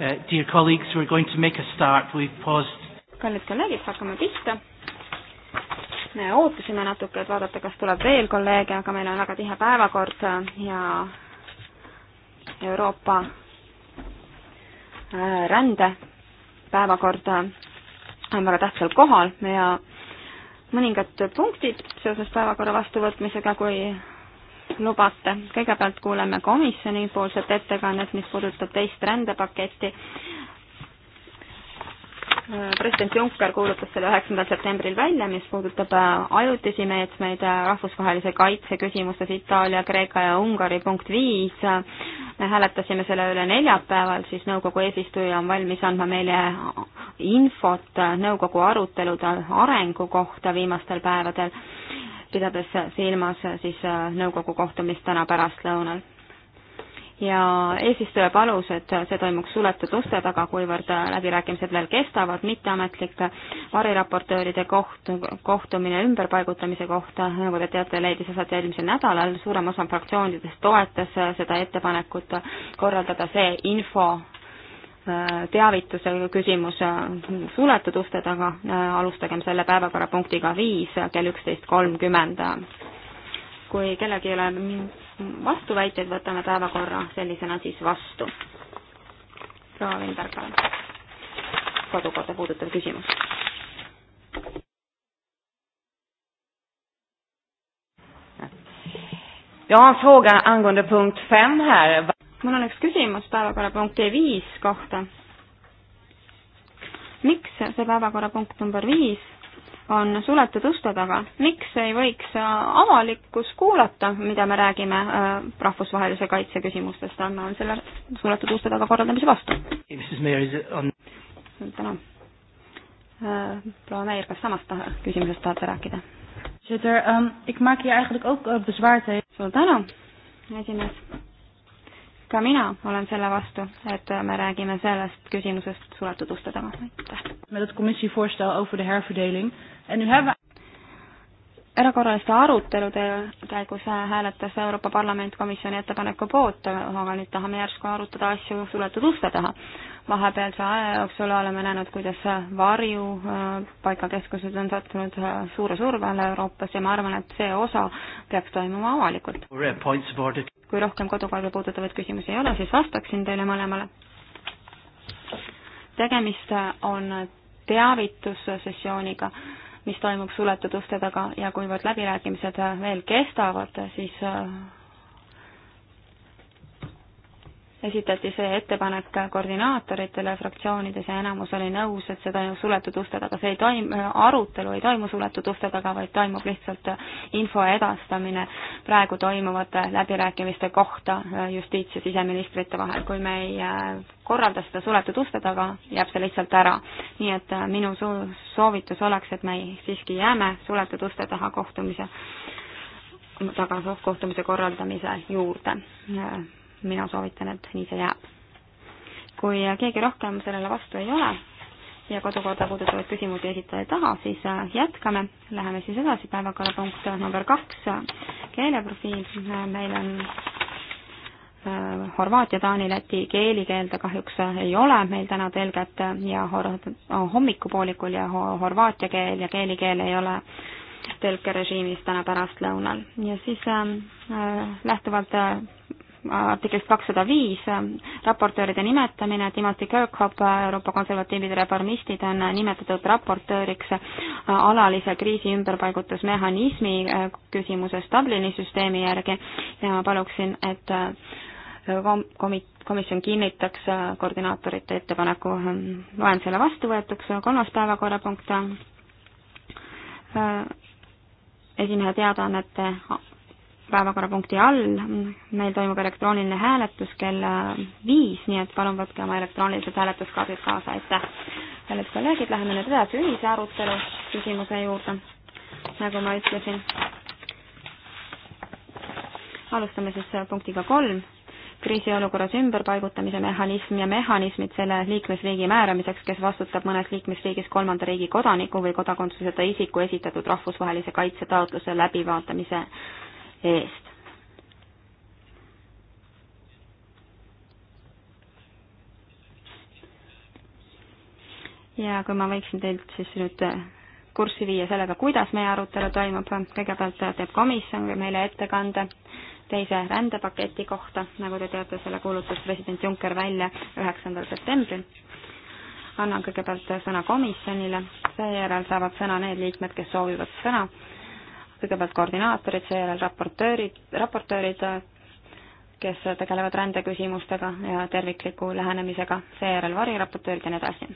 Uh, dear colleagues, we're going to make a start. We've paused. kallid kolleegid, hakkame pihta. me ootasime natuke, et vaadata, kas tuleb veel kolleege, aga meil on väga tihe päevakord ja Euroopa äh, rände päevakord on väga tähtsal kohal ja mõningad punktid seoses päevakorra vastuvõtmisega, kui lubate, kõigepealt kuuleme komisjoni poolset ettekannet, mis puudutab teist rändepaketti president Juncker kuulutas selle üheksandal septembril välja, mis puudutab äh, ajutisi meetmeid äh, rahvusvahelise kaitse küsimustes Itaalia, Kreeka ja Ungari punkt viis. me hääletasime selle üle neljapäeval, siis nõukogu eesistuja on valmis andma meile infot äh, nõukogu arutelude arengu kohta viimastel päevadel, pidades silmas siis nõukogu kohtumist täna pärastlõunal ja eesistuja palus, et see toimuks suletud uste taga, kuivõrd läbirääkimised veel kestavad, mitteametlik variraportööride koht, kohtumine ümberpaigutamise kohta, nagu te teate, leidis aset eelmisel nädalal, suurem osa fraktsioonidest toetas seda ettepanekut korraldada see info äh, teavituse küsimus äh, suletud uste taga, äh, alustagem selle päevakorrapunktiga viis kell üksteist kolmkümmend. kui kellelgi ei ole vastuväiteid, võtame päevakorra sellisena siis vastu. proua Vindberg, palun. kodukorda puudutav küsimus. Jag har en fråga angående punkt 5 här. Mul on üks küsimus päevakorrapunkti viis kohta. miks see päevakorrapunkt number viis on suletud uste taga. miks ei võiks äh, avalikkus kuulata, mida me räägime äh, rahvusvahelise kaitse küsimustest, Anna on selle suletud uste taga korraldamise vastu. suur tänu. Äh, proua Meier, kas samast küsimusest tahate rääkida? Er, ehm, eh, suur tänu, esimees ka mina olen selle vastu, et me räägime sellest küsimusest suletud uste taga, aitäh. erakorraliste arutelude käigus hääletas Euroopa Parlament komisjoni ettepaneku poolt, aga nüüd tahame järsku arutada asju suletud uste taha. vahepealse aja jooksul oleme näinud, kuidas varjupaigakeskused äh, on sattunud äh, suure surve alla Euroopas ja ma arvan, et see osa peaks toimuma avalikult kui rohkem kodukorda puudutavaid küsimusi ei ole, siis vastaksin teile mõlemale. tegemist on teavitussessiooniga, mis toimub suletud uste taga ja kuivõrd läbirääkimised veel kestavad, siis esitati see ettepanek koordinaatoritele fraktsioonides ja enamus oli nõus, et seda suletud uste taga, see ei toim-, arutelu ei toimu suletud uste taga, vaid toimub lihtsalt info edastamine praegu toimuvate läbirääkimiste kohta justiits- ja siseministrite vahel. kui me ei äh, korralda seda suletud uste taga, jääb see lihtsalt ära. nii et äh, minu soovitus oleks, et me siiski jääme suletud uste taha kohtumise taga kohtumise korraldamise juurde äh, mina soovitan, et nii see jääb. kui keegi rohkem sellele vastu ei ole ja kodukorda puudutavaid küsimusi esitada ei taha, siis äh, jätkame, läheme siis edasi, päevakorrapunkt number kaks, keeleprofiil, meil on äh, Horvaatia, taani, läti keelikeelde kahjuks äh, ei ole meil täna tõlget ja hor-, oh, hommikupoolikul ja ho horvaatia keel ja keelikeel ei ole tõlkerežiimis täna pärastlõunal ja siis äh, lähtuvalt äh, artiklist kakssada viis, äh, raportööride nimetamine, Timothy Kirkhope, äh, Euroopa konservatiivide reformistid on äh, nimetatud raportööriks alalise kriisi ümberpaigutusmehhanismi küsimuses Dublini süsteemi järgi ja ma paluksin, et komi-, komisjon kinnitaks koordinaatorite ettepaneku, loen selle vastuvõetuks, kolmas päevakorrapunkt, esimehe teadaannete päevakorrapunkti all. meil toimub elektrooniline hääletus kell äh, viis, nii et palun võtke oma elektroonilised hääletuskaardid kaasa, aitäh. kallid kolleegid, läheme nüüd edasi ühise arutelu küsimuse juurde, nagu ma ütlesin. alustame siis äh, punktiga kolm, kriisiolukorras ümberpaigutamise mehhanism ja mehhanismid selle liikmesriigi määramiseks, kes vastutab mõnes liikmesriigis kolmanda riigi kodaniku või kodakondsuseta isiku esitatud rahvusvahelise kaitse taotluse läbivaatamise eest. ja kui ma võiksin teilt siis nüüd äh, kurssi viia sellega, kuidas meie arutelu toimub, kõigepealt äh, teeb komisjon meile ettekande teise rändepaketi kohta, nagu te teate, selle kuulutas president Juncker välja üheksandal septembril annan kõigepealt äh, sõna komisjonile, seejärel saavad sõna need liikmed, kes soovivad sõna kõigepealt koordinaatorid, seejärel raportöörid, raportöörid, kes tegelevad rändeküsimustega ja tervikliku lähenemisega, seejärel variraportöörid ja nii edasi.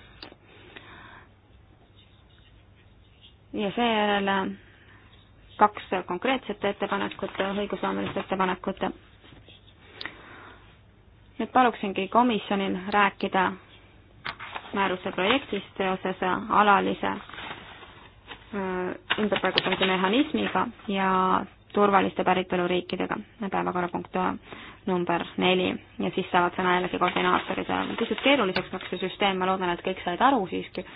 ja seejärel kaks konkreetset ettepanekut, õigusloomelist ettepanekut. nüüd paluksingi komisjonil rääkida määruse projektist seoses alalise Äh, ümberpaigutamise mehhanismiga ja turvaliste päritoluriikidega, päevakorrapunkt number neli ja siis saavad sõna jällegi koordinaatorid ja pisut keeruliseks läks nagu see süsteem, ma loodan, et kõik said aru siiski.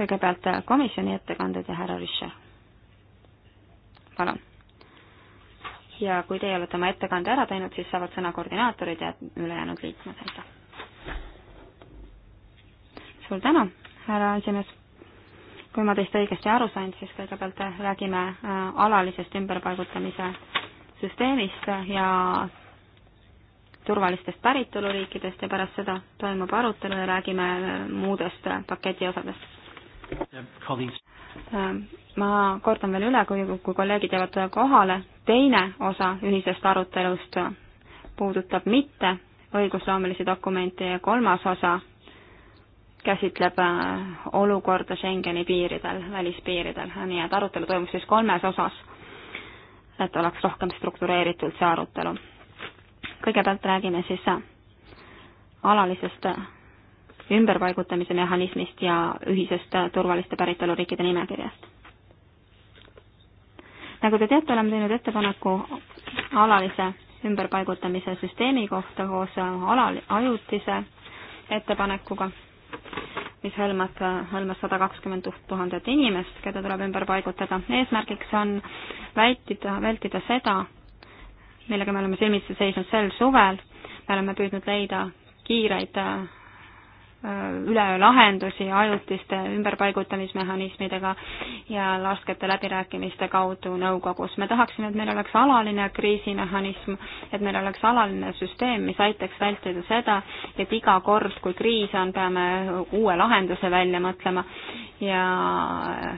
kõigepealt komisjoni ettekanded ja härra Riche, palun. ja kui teie olete oma ettekande ära teinud, siis saavad sõna koordinaatorid ja ülejäänud liikmed, aitäh suur tänu, härra esimees. kui ma teist õigesti aru sain, siis kõigepealt räägime äh, alalisest ümberpaigutamise süsteemist ja turvalistest päritoluriikidest ja pärast seda toimub arutelu ja räägime äh, muudest paketi osadest. Ähm, ma kordan veel üle, kui, kui kolleegid jäävad kohale, teine osa ühisest arutelust puudutab mitte õigusloomelisi dokumente ja kolmas osa käsitleb äh, olukorda Schengeni piiridel, välispiiridel, nii et arutelu toimus siis kolmes osas, et oleks rohkem struktureeritud see arutelu. kõigepealt räägime siis äh, alalisest äh, ümberpaigutamise mehhanismist ja ühisest turvaliste päritoluriikide nimekirjast. nagu te teate, oleme teinud ettepaneku alalise ümberpaigutamise süsteemi kohta koos alal-, ajutise ettepanekuga mis hõlmab, hõlmas sada kakskümmend tuhandet inimest, keda tuleb ümber paigutada. eesmärgiks on vältida, vältida seda, millega me oleme silmitsi seisnud sel suvel, me oleme püüdnud leida kiireid Äh, üleöö lahendusi ajutiste ümberpaigutamismehhanismidega ja raskete läbirääkimiste kaudu nõukogus. me tahaksime, et meil oleks alaline kriisimehhanism, et meil oleks alaline süsteem, mis aitaks vältida seda, et iga kord, kui kriis on, peame uue lahenduse välja mõtlema ja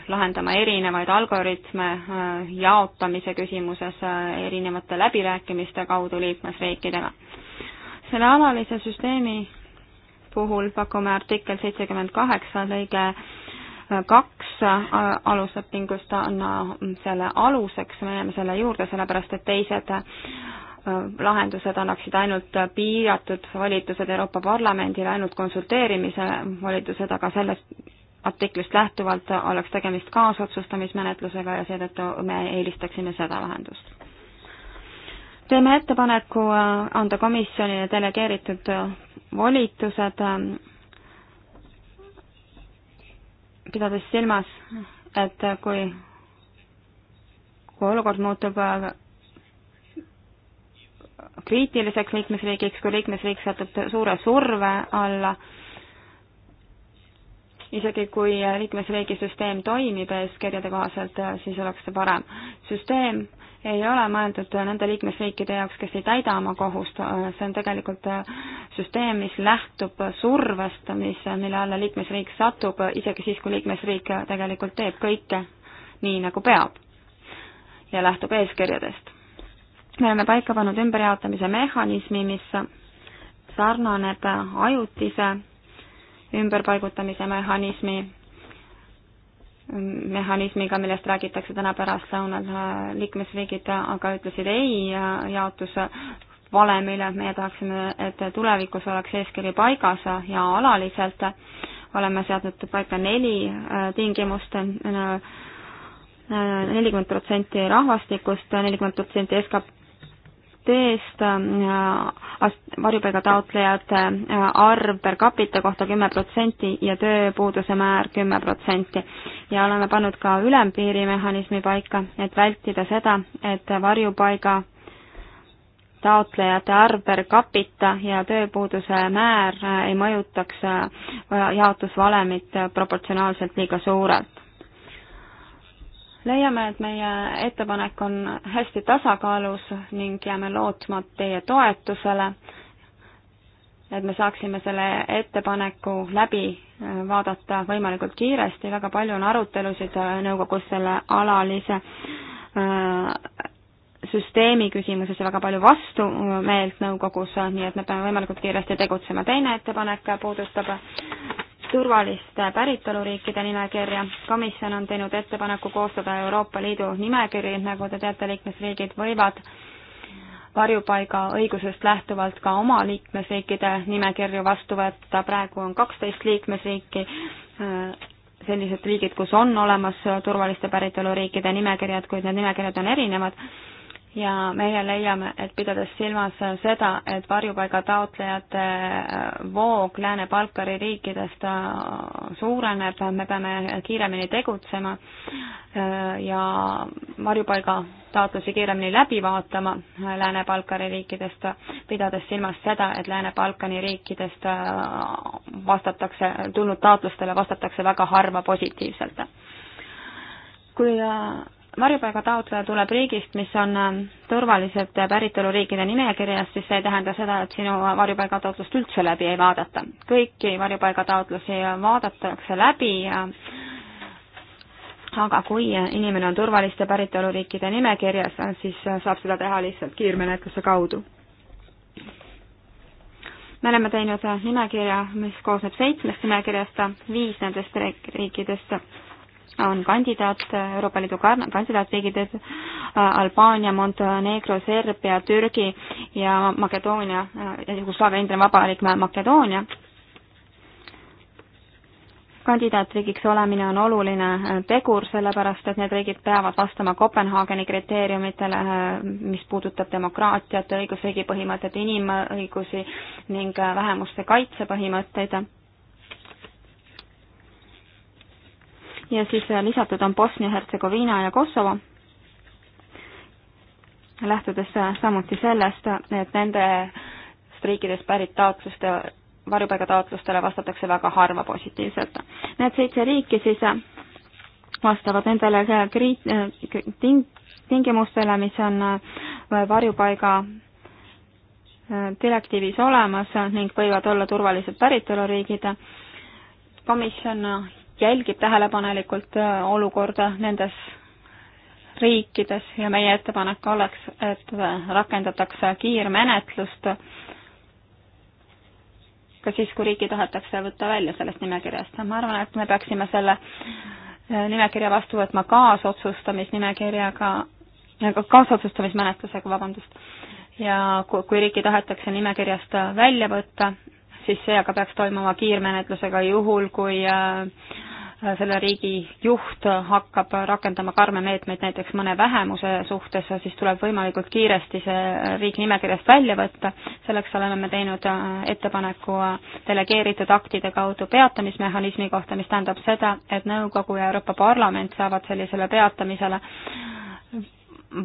lahendama erinevaid algoritme äh, jaotamise küsimuses äh, erinevate läbirääkimiste kaudu liikmesriikidega. selle alalise süsteemi puhul pakume artikkel seitsekümmend kaheksa lõige kaks aluslepingust on selle aluseks, me jääme selle juurde, sellepärast et teised äh, lahendused annaksid ainult piiratud volitused Euroopa Parlamendile, ainult konsulteerimise volitused, aga sellest artiklist lähtuvalt oleks tegemist kaasotsustamismenetlusega ja seetõttu me eelistaksime seda lahendust teeme ettepaneku äh, anda komisjonile delegeeritud äh, volitused, äh, pidades silmas, et kui, kui olukord muutub kriitiliseks liikmesriigiks, kui liikmesriik satub suure surve alla, isegi kui liikmesriigi süsteem toimib eeskirjade kohaselt, siis oleks see parem. süsteem ei ole mõeldud nende liikmesriikide jaoks, kes ei täida oma kohust, see on tegelikult äh, süsteem, mis lähtub survest, mis, mille alla liikmesriik satub, isegi siis, kui liikmesriik tegelikult teeb kõike nii, nagu peab ja lähtub eeskirjadest. me oleme paika pannud ümberjaotamise mehhanismi, mis sarnaneb ajutise ümberpaigutamise mehhanismi mehhanismiga, millest räägitakse täna pärastlõunal, äh, liikmesriigid äh, aga ütlesid ei äh, jaotuse valemile, meie tahaksime, et tulevikus oleks eeskiri paigas ja alaliselt oleme seadnud paika neli tingimust, nelikümmend protsenti rahvastikust, nelikümmend protsenti SKP SKT-st, äh, varjupaiga taotlejate äh, arv per capita kohta kümme protsenti ja tööpuuduse määr kümme protsenti. ja oleme pannud ka ülempiirimehhanismi paika, et vältida seda, et varjupaiga taotlejate arv per capita ja tööpuuduse määr äh, ei mõjutaks jaotusvalemit proportsionaalselt liiga suurelt leiame, et meie ettepanek on hästi tasakaalus ning jääme lootma teie toetusele, et me saaksime selle ettepaneku läbi äh, vaadata võimalikult kiiresti, väga palju on arutelusid äh, nõukogus selle alalise äh, süsteemi küsimuses ja väga palju vastumeelt nõukogus, nii et me peame võimalikult kiiresti tegutsema. teine ettepanek puudutab turvaliste päritoluriikide nimekirja. komisjon on teinud ettepaneku koostada Euroopa Liidu nimekiri, nagu te teate, liikmesriigid võivad varjupaiga õigusest lähtuvalt ka oma liikmesriikide nimekirju vastu võtta, praegu on kaksteist liikmesriiki, äh, sellised riigid, kus on olemas turvaliste päritoluriikide nimekirjad, kuid need nimekirjad on erinevad ja meie leiame, et pidades silmas seda, et varjupaiga taotlejate äh, voog Lääne-Balkari riikidest äh, suureneb, me peame kiiremini tegutsema äh, ja varjupaiga taotlusi kiiremini läbi vaatama Lääne-Balkari riikidest, pidades silmas seda, et Lääne-Balkani riikidest vastatakse, tulnud taotlustele vastatakse väga harva positiivselt. kui varjupaiga taotleja tuleb riigist, mis on äh, turvalised päritoluriikide nimekirjas, siis see ei tähenda seda, et sinu varjupaigataotlust üldse läbi ei vaadata. kõiki varjupaigataotlusi vaadatakse läbi ja aga kui inimene on turvaliste päritoluriikide nimekirjas, siis saab seda teha lihtsalt kiirmenetluse kaudu. me oleme teinud nimekirja, mis koosneb seitsmest nimekirjast, viis nendest riikidest on kandidaat, Euroopa Liidu kandidaatriigid äh, Albaania, Montenegro, Serbia, Türgi ja Makedoonia, äh, Jugoslaavia endine vabariik Makedoonia. kandidaatriigiks olemine on oluline äh, tegur, sellepärast et need riigid peavad vastama Kopenhaageni kriteeriumitele, mis puudutab demokraatiat, õigusriigi põhimõtet, inimõigusi ning vähemuste kaitse põhimõtteid ja siis äh, lisatud on Bosnia-Hertsegoviina ja Kosovo, lähtudes äh, samuti sellest, et nendest riikidest pärit taotluste, varjupaigataotlustele vastatakse väga harva positiivselt. Need seitse riiki siis äh, vastavad nendele kriit-, ting-, tingimustele, mis on varjupaiga direktiivis olemas ning võivad olla turvalised päritoluriigid. komisjon jälgib tähelepanelikult äh, olukorda nendes riikides ja meie ettepanek oleks, et äh, rakendatakse kiirmenetlust ka siis, kui riiki tahetakse võtta välja sellest nimekirjast. ma arvan, et me peaksime selle äh, nimekirja vastu võtma kaasotsustamisnimekirjaga, kaasotsustamismenetlusega, vabandust. ja kui, kui riiki tahetakse nimekirjast välja võtta, siis see aga peaks toimuma kiirmenetlusega, juhul kui äh, selle riigi juht hakkab rakendama karme meetmeid näiteks mõne vähemuse suhtes, siis tuleb võimalikult kiiresti see riik nimekirjast välja võtta. selleks oleme me teinud äh, ettepaneku äh, delegeeritud aktide kaudu peatamismehhanismi kohta, mis tähendab seda, et Nõukogu ja Euroopa Parlament saavad sellisele peatamisele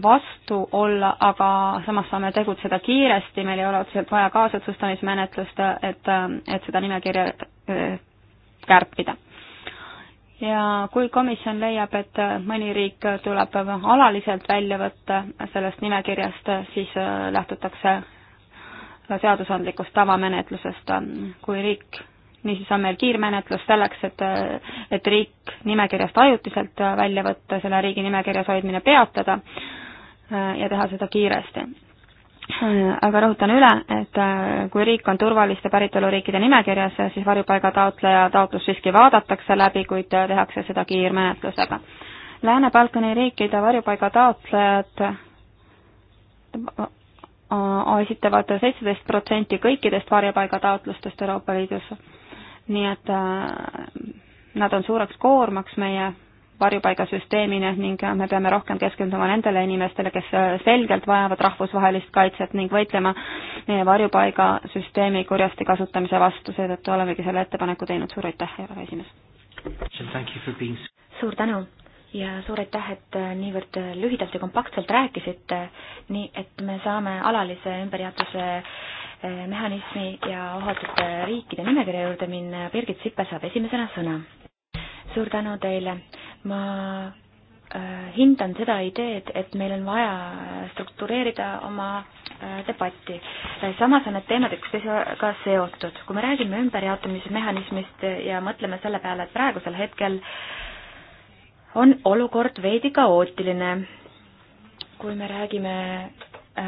vastu olla, aga samas saame tegutseda kiiresti, meil ei ole otseselt vaja kaasotsustamismenetlust, et, äh, et seda nimekirja kärpida ja kui komisjon leiab, et mõni riik tuleb alaliselt välja võtta sellest nimekirjast, siis äh, lähtutakse seadusandlikust tavamenetlusest. kui riik, niisiis on meil kiirmenetlus selleks, et, et riik nimekirjast ajutiselt välja võtta, selle riigi nimekirjas hoidmine peatada äh, ja teha seda kiiresti aga rõhutan üle, et äh, kui riik on turvaliste päritoluriikide nimekirjas, siis varjupaiga taotleja taotlus siiski vaadatakse läbi, kuid äh, tehakse seda kiirmenetlusega. Lääne-Balkani riikide varjupaiga taotlejad äh, esitavad seitseteist protsenti kõikidest varjupaiga taotlustest Euroopa Liidus, nii et nad on suureks koormaks meie varjupaigasüsteemina ning äh, me peame rohkem keskenduma nendele inimestele, kes äh, selgelt vajavad rahvusvahelist kaitset ning võitlema meie varjupaigasüsteemi kurjasti kasutamise vastu, seetõttu olemegi selle ettepaneku teinud, suur aitäh, härra esimees! suur tänu ja suur aitäh, et äh, niivõrd lühidalt ja kompaktselt rääkisite, nii et me saame alalise ümberjaotuse mehhanismi ja ohutud riikide nimekirja juurde minna, Birgit Sippe saab esimesena sõna. suur tänu teile ma äh, hindan seda ideed, et meil on vaja äh, struktureerida oma äh, debatti. samas on need teemad üksteisega seotud. kui me räägime ümberjaotamise mehhanismist ja mõtleme selle peale, et praegusel hetkel on olukord veidi kaootiline. kui me räägime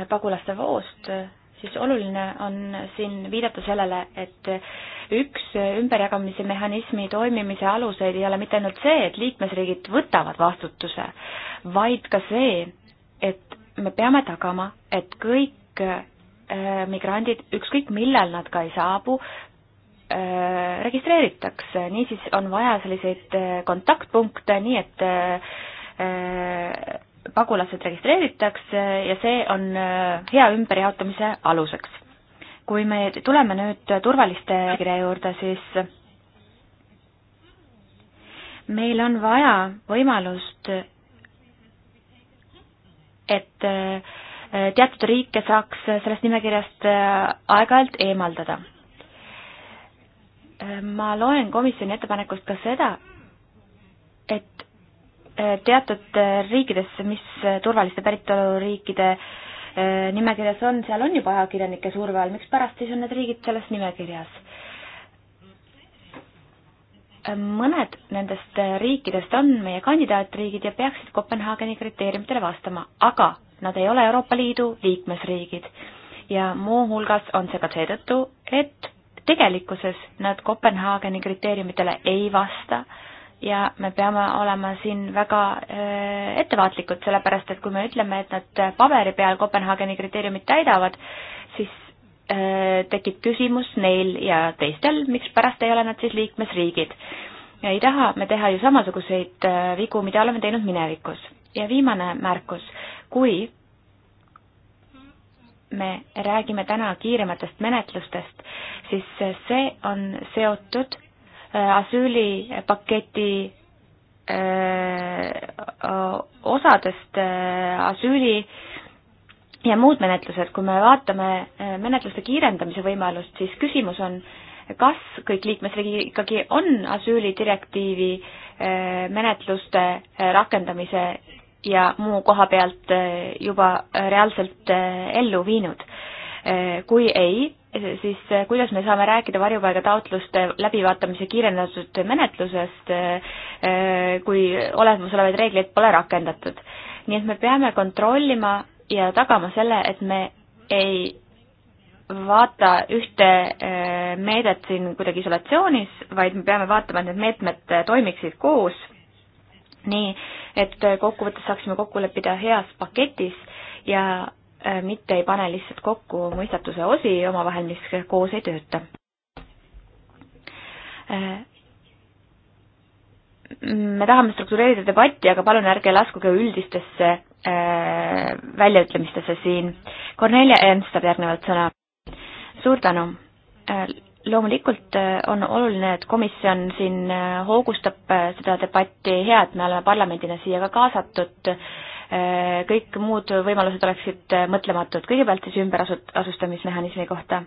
pagulaste voost, siis oluline on siin viidata sellele, et üks ümberjagamise mehhanismi toimimise aluseid ei ole mitte ainult see, et liikmesriigid võtavad vastutuse, vaid ka see, et me peame tagama, et kõik äh, migrandid, ükskõik millal nad ka ei saabu äh,, registreeritakse, niisiis on vaja selliseid äh, kontaktpunkte, nii et äh, pagulased registreeritakse ja see on äh, hea ümberjaotamise aluseks. kui me tuleme nüüd turvaliste kirja juurde, siis meil on vaja võimalust, et äh, teatud riike saaks sellest nimekirjast äh, aeg-ajalt eemaldada. ma loen komisjoni ettepanekust ka seda, teatud riikidesse, mis turvaliste päritoluriikide äh, nimekirjas on, seal on juba ajakirjanike surve all, mikspärast siis on need riigid selles nimekirjas? mõned nendest riikidest on meie kandidaatriigid ja peaksid Kopenhaageni kriteeriumitele vastama, aga nad ei ole Euroopa Liidu liikmesriigid. ja muuhulgas on see ka seetõttu, et tegelikkuses nad Kopenhaageni kriteeriumitele ei vasta äh, ja me peame olema siin väga äh, ettevaatlikud, sellepärast et kui me ütleme, et nad paberi peal Kopenhaageni kriteeriumid täidavad, siis äh, tekib küsimus neil ja teistel, mikspärast ei ole nad siis liikmesriigid. ei taha me teha ju samasuguseid äh, vigu, mida oleme teinud minevikus. ja viimane märkus, kui me räägime täna kiirematest menetlustest, siis see on seotud Äh, asüülipaketi äh, osadest äh, asüüli ja muud menetlused, kui me vaatame menetluste kiirendamise võimalust, siis küsimus on, kas kõik liikmesriigid ikkagi on asüülidirektiivi menetluste rakendamise ja muu koha pealt juba reaalselt ellu viinud. kui ei, siis eh, kuidas me saame rääkida varjupaigataotluste läbivaatamise kiirendatud menetlusest, eh, eh, kui olemasolevaid reegleid pole rakendatud. nii et me peame kontrollima ja tagama selle, et me ei vaata ühte meedet siin kuidagi isolatsioonis, vaid me peame vaatama, et need meetmed toimiksid koos, nii et kokkuvõttes saaksime kokku leppida heas paketis ja Äh, mitte ei pane lihtsalt kokku mõistatuse osi omavahel, mis koos ei tööta. Äh, me tahame struktureerida debatti, aga palun ärge laskuge üldistesse äh, väljaütlemistesse siin. Kornelia Ernst saab järgnevalt sõna. suur tänu loomulikult on oluline, et komisjon siin hoogustab seda debatti, hea, et me oleme parlamendina siia ka kaasatud Äh, kõik muud võimalused oleksid äh, mõtlematud. kõigepealt siis ümberasustamismehhanismi kohta.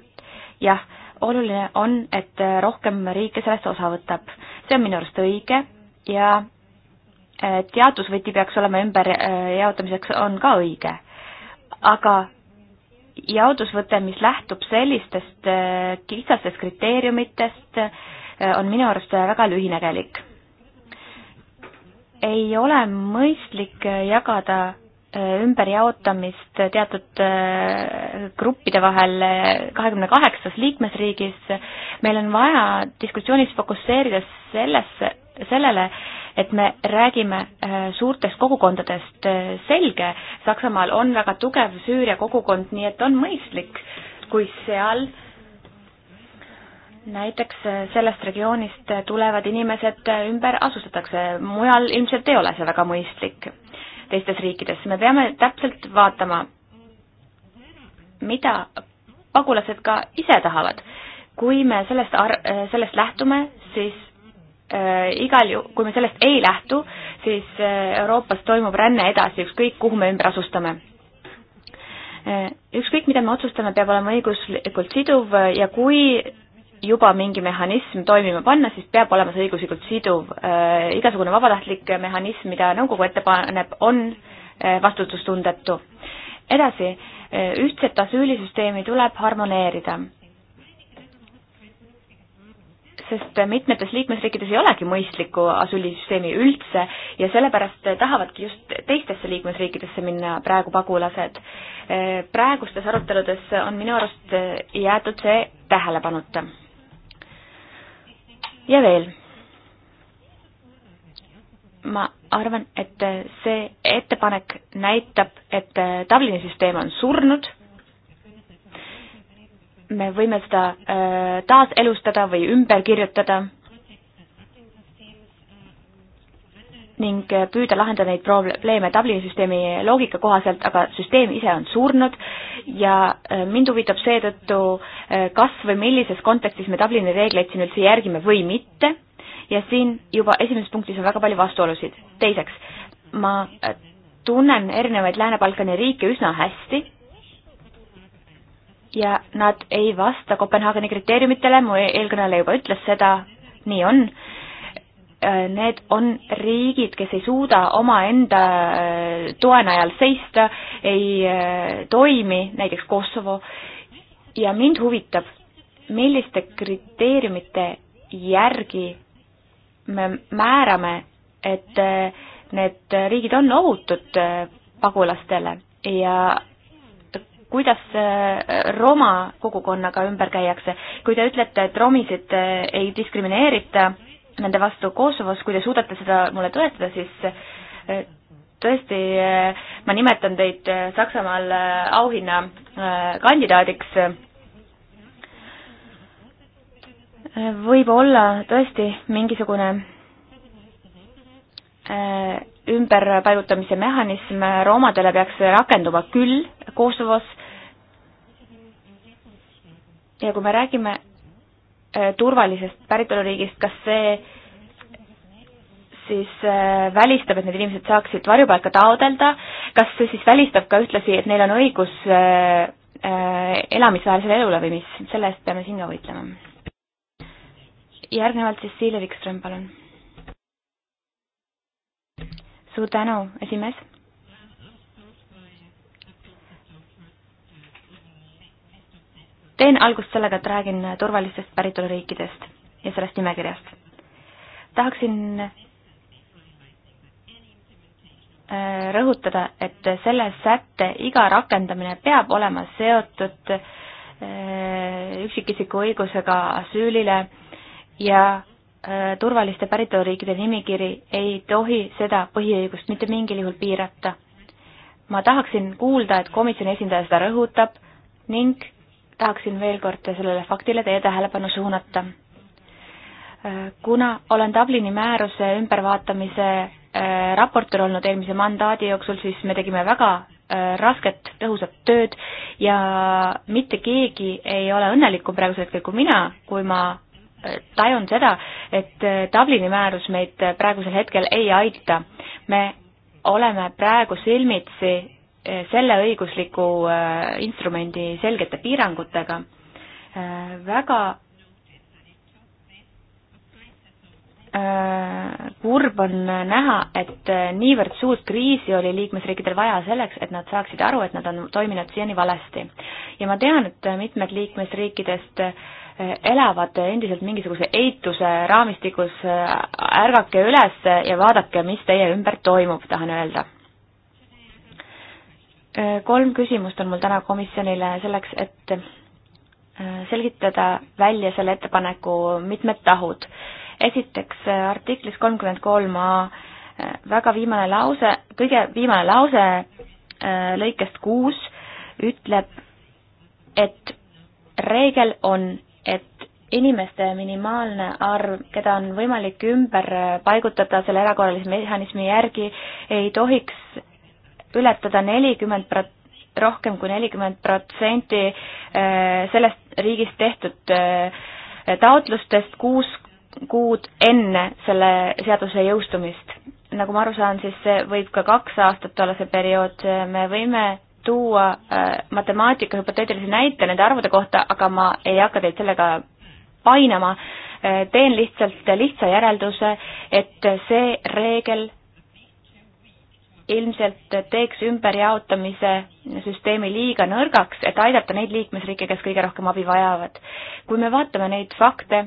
jah, oluline on, et äh, rohkem riike sellest osa võtab. see on minu arust õige ja teadusvõti peaks olema ümberjaotamiseks, on ka õige. aga jaotusvõte, mis lähtub sellistest kitsastest kriteeriumitest, on minu arust väga lühinägelik ei ole mõistlik äh, jagada äh, ümberjaotamist äh, teatud gruppide vahel kahekümne kaheksas liikmesriigis. meil on vaja diskussioonis fokusseerida sellesse, sellele, et me räägime suurtest kogukondadest, selge, Saksamaal on väga tugev Süüria kogukond, nii et on mõistlik, kui seal äh, näiteks äh, sellest regioonist äh, tulevad inimesed äh, ümber asustatakse, mujal ilmselt ei ole see väga mõistlik teistes riikides, me peame täpselt vaatama, mida pagulased ka ise tahavad. kui me sellest ar-, sellest lähtume, siis äh, igal ju-, kui me sellest ei lähtu, siis äh, Euroopas toimub ränne edasi, ükskõik kuhu me ümber asustame äh,. Ükskõik, mida me otsustame, peab olema õiguslikult siduv ja kui juba mingi mehhanism toimima panna, siis peab olema see õiguslikult siduv. Äh, igasugune vabatahtlik mehhanism, mida nõukogu ette paneb, on äh, vastutustundetu. edasi, äh, ühtset asüülisüsteemi tuleb harmoneerida. sest mitmetes liikmesriikides ei olegi mõistlikku asüülisüsteemi üldse ja sellepärast tahavadki just teistesse liikmesriikidesse minna praegu pagulased. praegustes aruteludes on minu arust jäetud see tähelepanuta ja veel. ma arvan, et see ettepanek näitab, et Dublini süsteem on surnud me võime seda äh, taaselustada või ümber kirjutada ning püüda lahendada neid probleeme Dublini süsteemi loogika kohaselt, aga süsteem ise on surnud ja äh, mind huvitab seetõttu, äh, kas või millises kontekstis me Dublini reegleid siin üldse järgime või mitte ja siin juba esimeses punktis on väga palju vastuolusid. teiseks, ma äh, tunnen erinevaid Lääne-Balkani riike üsna hästi ja nad ei vasta Kopenhaageni kriteeriumitele, mu eelkõneleja juba ütles seda, nii on Äh, need on riigid, kes ei suuda omaenda äh, toe najal seista, ei äh, toimi, näiteks Kosovo. ja mind huvitab, milliste kriteeriumite järgi me määrame, et need riigid on ohutud pagulastele ja kuidas Roma kogukonnaga ümber käiakse. kui te ütlete, et romisid ei diskrimineerita, nende vastu Kosovos, kui te suudate seda mulle toetada, siis eh, tõesti, eh, ma nimetan teid eh, Saksamaal auhinna kandidaadiks. võib olla tõesti mingisugune ümberpaigutamise mehhanism roomadele peaks rakenduma küll Kosovos. ja kui me räägime Äh, turvalisest päritoluriigist, kas see siis äh, välistab, et need inimesed saaksid varjupaika taodelda, kas see siis välistab ka ühtlasi, et neil on õigus äh, elamisväärsele elule või mis, selle eest peame siin ka võitlema. järgnevalt siis Siili Vikström, palun. suur tänu, esimees teen algust sellega, et räägin turvalistest päritoluriikidest ja sellest nimekirjast. tahaksin äh, rõhutada, et selle sätte iga rakendamine peab olema seotud äh, üksikisiku õigusega asüülile ja äh, turvaliste päritoluriikide nimekiri ei tohi seda põhiõigust mitte mingil juhul piirata. ma tahaksin kuulda, et komisjoni esindaja seda rõhutab ning tahaksin veel kord sellele faktile teie tähelepanu suunata. kuna olen Dublini määruse ümbervaatamise äh, raportöör olnud eelmise mandaadi jooksul, siis me tegime väga äh, rasket, tõhusat tööd ja mitte keegi ei ole õnnelikum praegusel hetkel kui mina, kui ma äh, tajun seda, et Dublini määrus meid praegusel hetkel ei aita. me oleme praegu silmitsi selle õigusliku äh, instrumendi selgete piirangutega. Äh, väga äh, kurb on näha, et niivõrd suurt kriisi oli liikmesriikidel vaja selleks, et nad saaksid aru, et nad on toiminud siiani valesti. ja ma tean, et mitmed liikmesriikidest elavad endiselt mingisuguse eituse raamistikus, ärgake üles ja vaadake, mis teie ümber toimub, tahan öelda Äh, kolm küsimust on mul täna komisjonile selleks, et äh, selgitada välja selle ettepaneku mitmed tahud. esiteks äh, artiklis kolmkümmend kolm A väga viimane lause, kõige viimane lause lõikest kuus ütleb, et reegel on, et inimeste minimaalne arv, keda on võimalik ümber paigutada selle erakorralise mehhanismi järgi, ei tohiks ületada nelikümmend prot-, rohkem kui nelikümmend protsenti äh, sellest riigist tehtud äh, taotlustest kuus kuud enne selle seaduse jõustumist. nagu ma aru saan, siis see võib ka kaks aastat olla see periood, me võime tuua äh, matemaatika hüpoteetilise näite nende arvude kohta, aga ma ei hakka teid sellega painama, teen lihtsalt lihtsa järelduse, et see reegel ilmselt teeks ümberjaotamise süsteemi liiga nõrgaks, et aidata neid liikmesriike, kes kõige rohkem abi vajavad. kui me vaatame neid fakte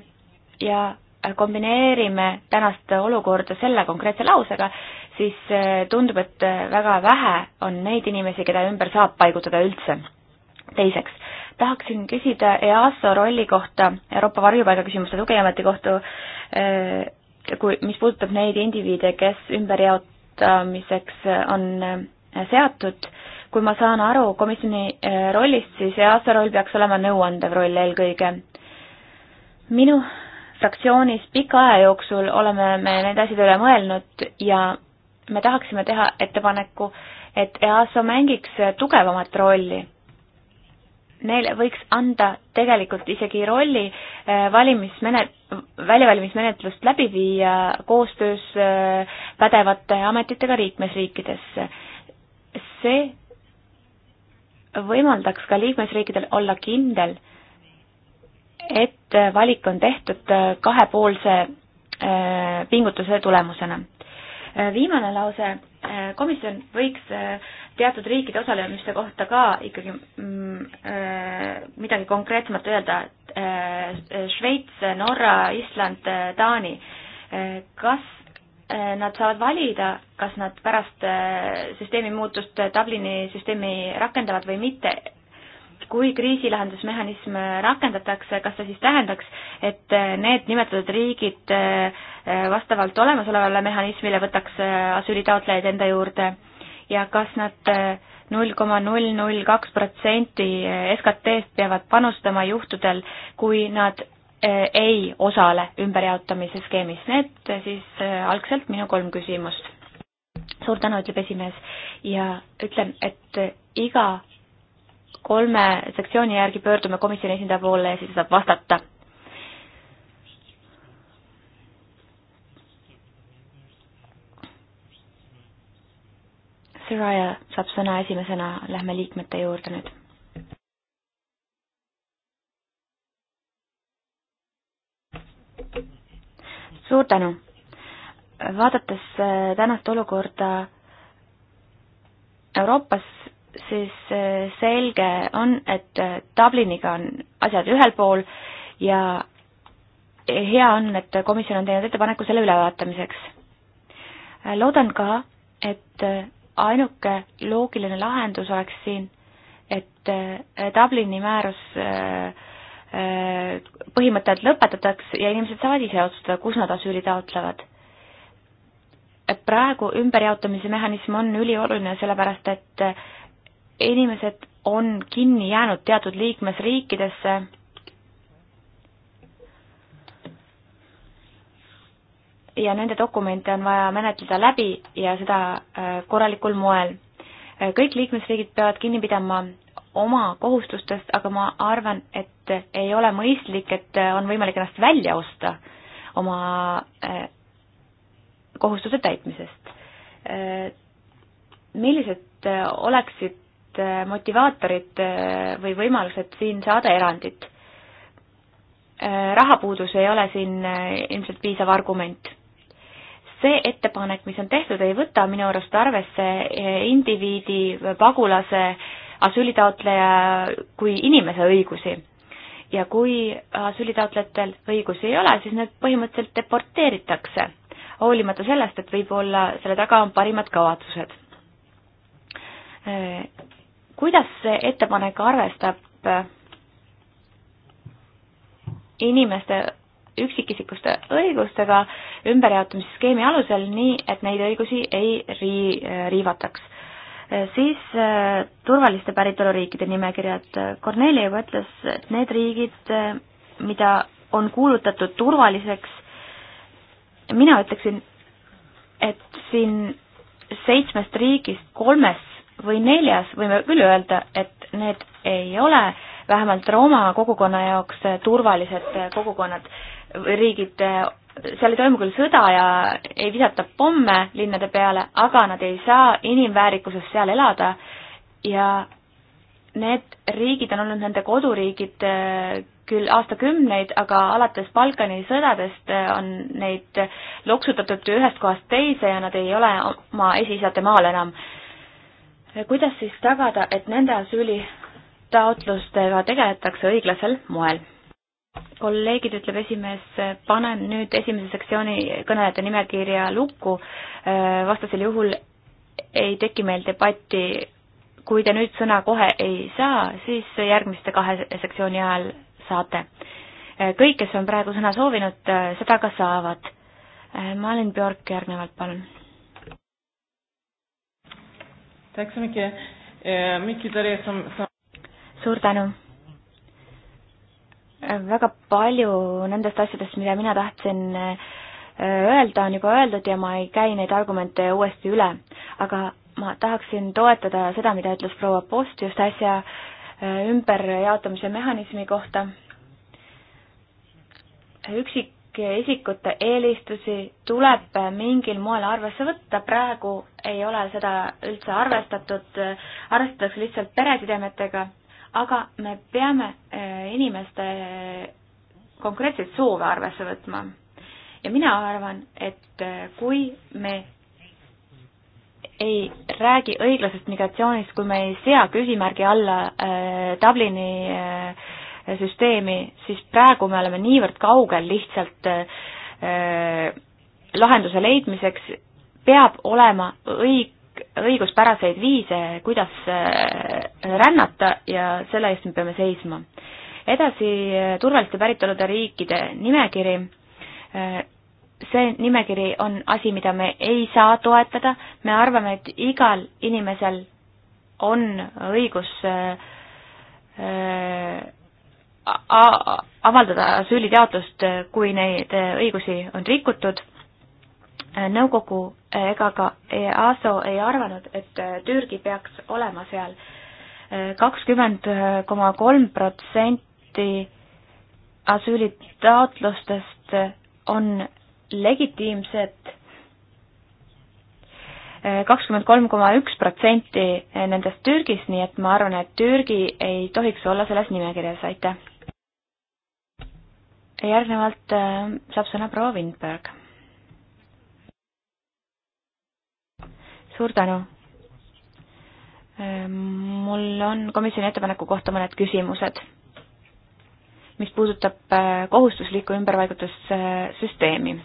ja kombineerime tänast olukorda selle konkreetse lausega, siis eh, tundub, et väga vähe on neid inimesi, keda ümber saab paigutada üldse. teiseks, tahaksin küsida EASO rolli kohta, Euroopa varjupaigaküsimuste tugiameti kohta, eh, kui, mis puudutab neid indiviide, kes ümber jaot-, kasutamiseks on seatud. kui ma saan aru komisjoni eh, rollist, siis EASA roll peaks olema nõuandev roll eelkõige. minu fraktsioonis pika aja jooksul oleme me need asjad üle mõelnud ja me tahaksime teha ettepaneku, et EASA mängiks tugevamat rolli neile võiks anda tegelikult isegi rolli äh, valimismenet-, väljavalimismenetlust läbi viia koostöös äh, pädevate ametitega liikmesriikides. see võimaldaks ka liikmesriikidel olla kindel, et valik on tehtud äh, kahepoolse pingutuse tulemusena. viimane lause Äh, komisjon võiks äh, teatud riikide osalemiste kohta ka ikkagi mm, äh, midagi konkreetsemat öelda, et Šveits, Norra, Island, Taani, kas nad saavad valida, kas nad pärast süsteemi muutust Dublini süsteemi rakendavad või mitte, kui kriisilahendusmehhanism rakendatakse, kas see siis tähendaks, et need nimetatud riigid eh, vastavalt olemasolevale mehhanismile võtaks eh, asüülitaotlejaid enda juurde ja kas nad eh, null koma null null kaks protsenti SKT-st peavad panustama juhtudel, kui nad ei osale ümberjaotamise skeemis. Need siis algselt minu kolm küsimust. suur tänu, ütleb esimees ja ütlen, et iga kolme sektsiooni järgi pöördume komisjoni esindaja poole ja siis saab vastata. Soraya saab sõna esimesena, lähme liikmete juurde nüüd suur tänu. vaadates äh, tänast olukorda Euroopas siis eh, selge on, et eh, Dubliniga on asjad ühel pool ja hea on, et komisjon on teinud ettepaneku selle ülevaatamiseks. Eh, loodan ka, et ainuke loogiline lahendus oleks siin, et Dublini määrus põhimõtteliselt lõpetatakse ja inimesed saavad ise otsustada, kus nad asüüli taotlevad. praegu ümberjaotamise mehhanism on ülioluline, sellepärast et inimesed on kinni jäänud teatud liikmesriikidesse ja nende dokumente on vaja menetleda läbi ja seda äh, korralikul moel. Äh, kõik liikmesriigid peavad kinni pidama oma kohustustest, aga ma arvan, et ei ole mõistlik, et äh, on võimalik ennast välja osta oma kohustuse täitmisest. millised oleksid motivaatorid eh, või võimalused siin saada erandit. Eh, rahapuudus ei ole siin eh, ilmselt piisav argument. see ettepanek, mis on tehtud, ei võta minu arust arvesse indiviidi, pagulase, asüülitaotleja kui inimese õigusi. ja kui asüülitaotlejatel õigusi ei ole, siis need põhimõtteliselt deporteeritakse, hoolimata sellest, et võib-olla selle taga on parimad kavatsused kuidas see ettepanek arvestab äh, inimeste üksikisikuste õigustega ümberjaotamisskeemi alusel, nii et neid õigusi ei rii-, äh, riivataks. Äh, siis turvaliste päritoluriikide nimekirjad, Kornelia juba ütles, et need riigid, mida on kuulutatud turvaliseks, mina ütleksin, et siin seitsmest riigist kolmest või neljas, võime küll öelda, et need ei ole vähemalt Rooma kogukonna jaoks turvalised kogukonnad, riigid, seal ei toimu küll sõda ja ei visata pomme linnade peale, aga nad ei saa inimväärikuses seal elada ja need riigid on olnud nende koduriigid eh, küll aastakümneid, aga alates Balkani sõdadest eh, on neid loksutatud ühest kohast teise ja nad ei ole oma esiisade maal enam kuidas siis tagada, et nende asüülitaotlustega tegeletakse õiglasel moel? kolleegid, ütleb esimees, panen nüüd esimese sektsiooni kõnelejate nimekirja lukku, äh, vastasel juhul ei teki meil debatti kui te nüüd sõna kohe ei saa, siis järgmiste kahe sektsiooni ajal saate. Äh, kõik, kes on praegu sõna soovinud, äh, seda ka saavad. Malin Björk järgnevalt, palun Tack så mycket. Eh, mycket av det som... som... Suur tänu. Väga palju nendest asjadest, mida mina tahtsin eh, öelda, on juba öeldud ja ma ei käi neid argumente uuesti üle. Aga ma tahaksin toetada seda, mida ütles proua Post just äsja eh, ümberjaotamise mehhanismi kohta. üksik isikute eelistusi tuleb mingil moel arvesse võtta, praegu ei ole seda üldse arvestatud, arvestatakse lihtsalt peresidemetega, aga me peame eh, inimeste eh, konkreetseid soove arvesse võtma. ja mina arvan, et eh, kui me ei räägi õiglasest migratsioonist, kui me ei sea küsimärgi alla äh, Dublini äh, Äh, süsteemi, siis praegu me oleme niivõrd kaugel lihtsalt äh, äh, lahenduse leidmiseks, peab olema õig-, õiguspäraseid viise, kuidas äh, rännata ja selle eest me peame seisma. edasi äh, turvaliste päritolude riikide nimekiri äh,, see nimekiri on asi, mida me ei saa toetada, me arvame, et igal inimesel on õigus äh, avaldada asüüliteadlust, kui neid õigusi on rikutud. nõukogu ega ka EASO ei arvanud, et Türgi peaks olema seal kakskümmend koma kolm protsenti asüülitaotlustest on legitiimsed kakskümmend kolm koma üks protsenti nendest Türgis, nii et ma arvan, et Türgi ei tohiks olla selles nimekirjas, aitäh järgnevalt äh, saab sõna proua Windberg. suur tänu. Äh, mul on komisjoni ettepaneku kohta mõned küsimused, mis puudutab äh, kohustuslikku ümberpaigutussüsteemi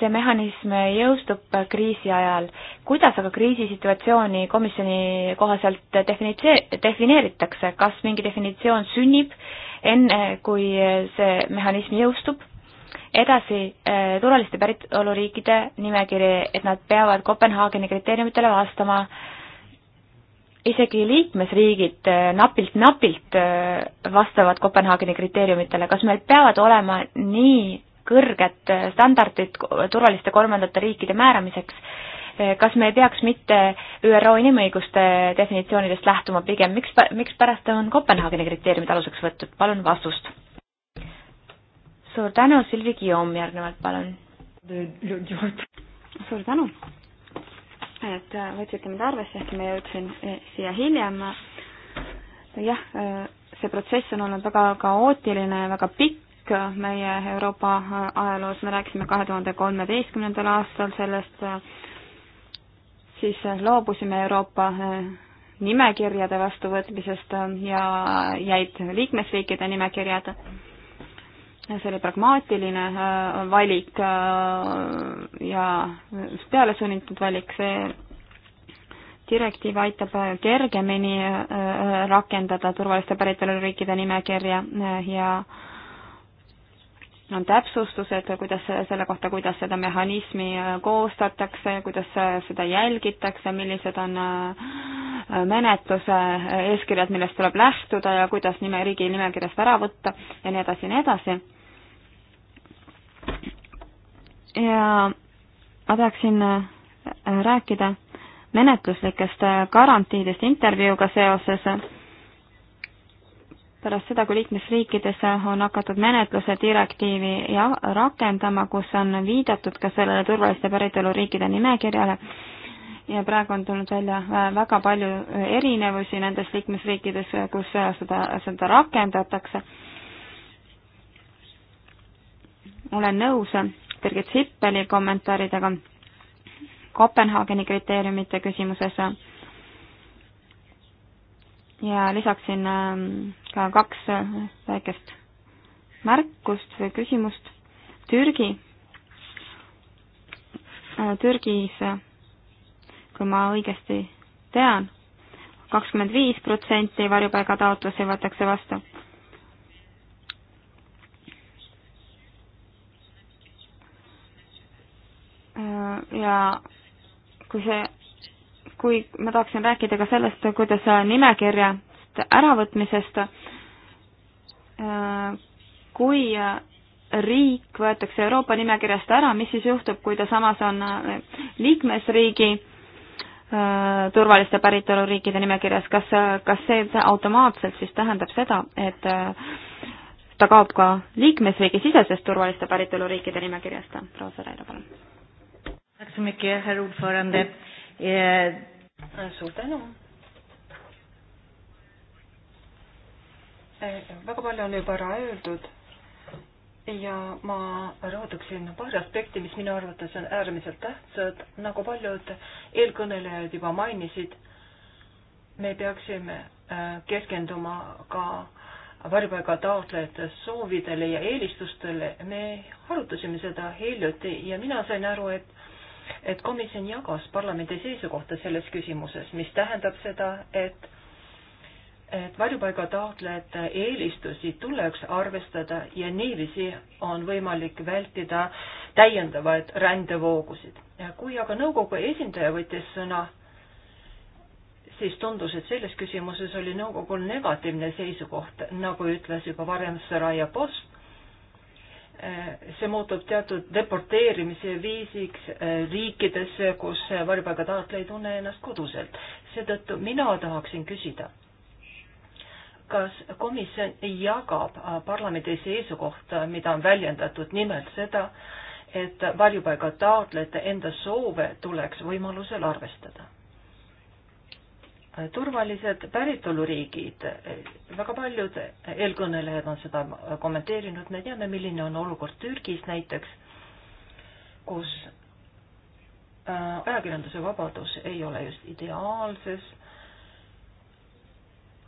see mehhanism jõustub kriisi ajal. kuidas aga kriisisituatsiooni komisjoni kohaselt definitse-, defineeritakse, kas mingi definitsioon sünnib enne, kui see mehhanism jõustub. edasi, äh, turvaliste päritoluriikide nimekiri, et nad peavad Kopenhaageni kriteeriumitele vastama. isegi liikmesriigid napilt-napilt äh, äh, vastavad Kopenhaageni kriteeriumitele, kas meil peavad olema nii kõrged standardid turvaliste kolmandate riikide määramiseks, Eh, kas me ei peaks mitte ÜRO inimõiguste definitsioonidest lähtuma pigem, miks, mikspärast on Kopenhaageni kriteeriumid aluseks võetud, palun vastust. suur tänu, Silvi Guillaume järgnevalt, palun. suur tänu, et äh, võtsite mind arvesse, ehkki ma jõudsin äh, siia hiljem. jah, äh, see protsess on olnud väga kaootiline ja väga pikk, kõik meie Euroopa ajaloos, me rääkisime kahe tuhande kolmeteistkümnendal aastal sellest siis loobusime Euroopa eh, nimekirjade vastuvõtmisest eh, ja jäid liikmesriikide nimekirjad. see oli pragmaatiline eh, valik ja pealesunnitud valik, see direktiiv aitab kergemini rakendada turvaliste päritoluriikide nimekirja ja on täpsustused, kuidas selle kohta, kuidas seda mehhanismi äh, koostatakse, kuidas äh, seda jälgitakse, millised on äh, menetluse eeskirjad, millest tuleb lähtuda ja kuidas nime, riigi nimekirjast ära võtta ja nii edasi ja nii edasi. ja ma tahaksin rääkida menetluslikest garantiidest intervjuuga seoses pärast seda, kui liikmesriikides on hakatud menetluse direktiivi ja rakendama, kus on viidatud ka sellele turvaliste päritoluriikide nimekirjale ja praegu on tulnud välja väga palju erinevusi nendes liikmesriikides, kus seda, seda rakendatakse. olen nõus Birgit Sippeli kommentaaridega Kopenhaageni kriteeriumite küsimuses ja lisaksin ähm, ka kaks äh, väikest märkust või küsimust. Türgi, äh, Türgis, äh, kui ma õigesti tean, kakskümmend viis protsenti varjupaigataotlusi võetakse vastu. ja kui see kui ma tahaksin rääkida ka sellest, kuidas nimekirjast äravõtmisest, äh, kui riik võetakse Euroopa nimekirjast ära, mis siis juhtub, kui ta samas on liikmesriigi äh, turvaliste päritoluriikide nimekirjas, kas, kas see automaatselt siis tähendab seda, et äh, ta kaob ka liikmesriigi sisesest turvaliste päritoluriikide nimekirjast? proua Sõreda, palun suur tänu. Eh, väga palju on juba ära öeldud ja ma rõhutaksin paari aspekti, mis minu arvates on äärmiselt tähtsad, nagu paljud eelkõnelejad juba mainisid. me peaksime eh, keskenduma ka varjupaiga taotlejate soovidele ja eelistustele. me arutasime seda hiljuti ja mina sain aru, et et komisjon jagas parlamendi seisukohta selles küsimuses, mis tähendab seda, et et varjupaigataotlejate eelistusi tuleks arvestada ja niiviisi on võimalik vältida täiendavaid rändevoogusid. kui aga nõukogu esindaja võttis sõna, siis tundus, et selles küsimuses oli nõukogul negatiivne seisukoht, nagu ütles juba varem Soraya Post, see muutub teatud deporteerimise viisiks äh, riikidesse, kus varjupaiga taotleja ei tunne ennast koduselt. seetõttu mina tahaksin küsida, kas komisjon jagab äh, parlamendi seisukohta, mida on väljendatud nimelt seda, et varjupaiga taotlejate enda soove tuleks võimalusel arvestada? turvalised päritoluriigid, väga paljud eelkõnelejad on seda kommenteerinud, me teame, milline on olukord Türgis näiteks, kus äh, ajakirjanduse vabadus ei ole just ideaalses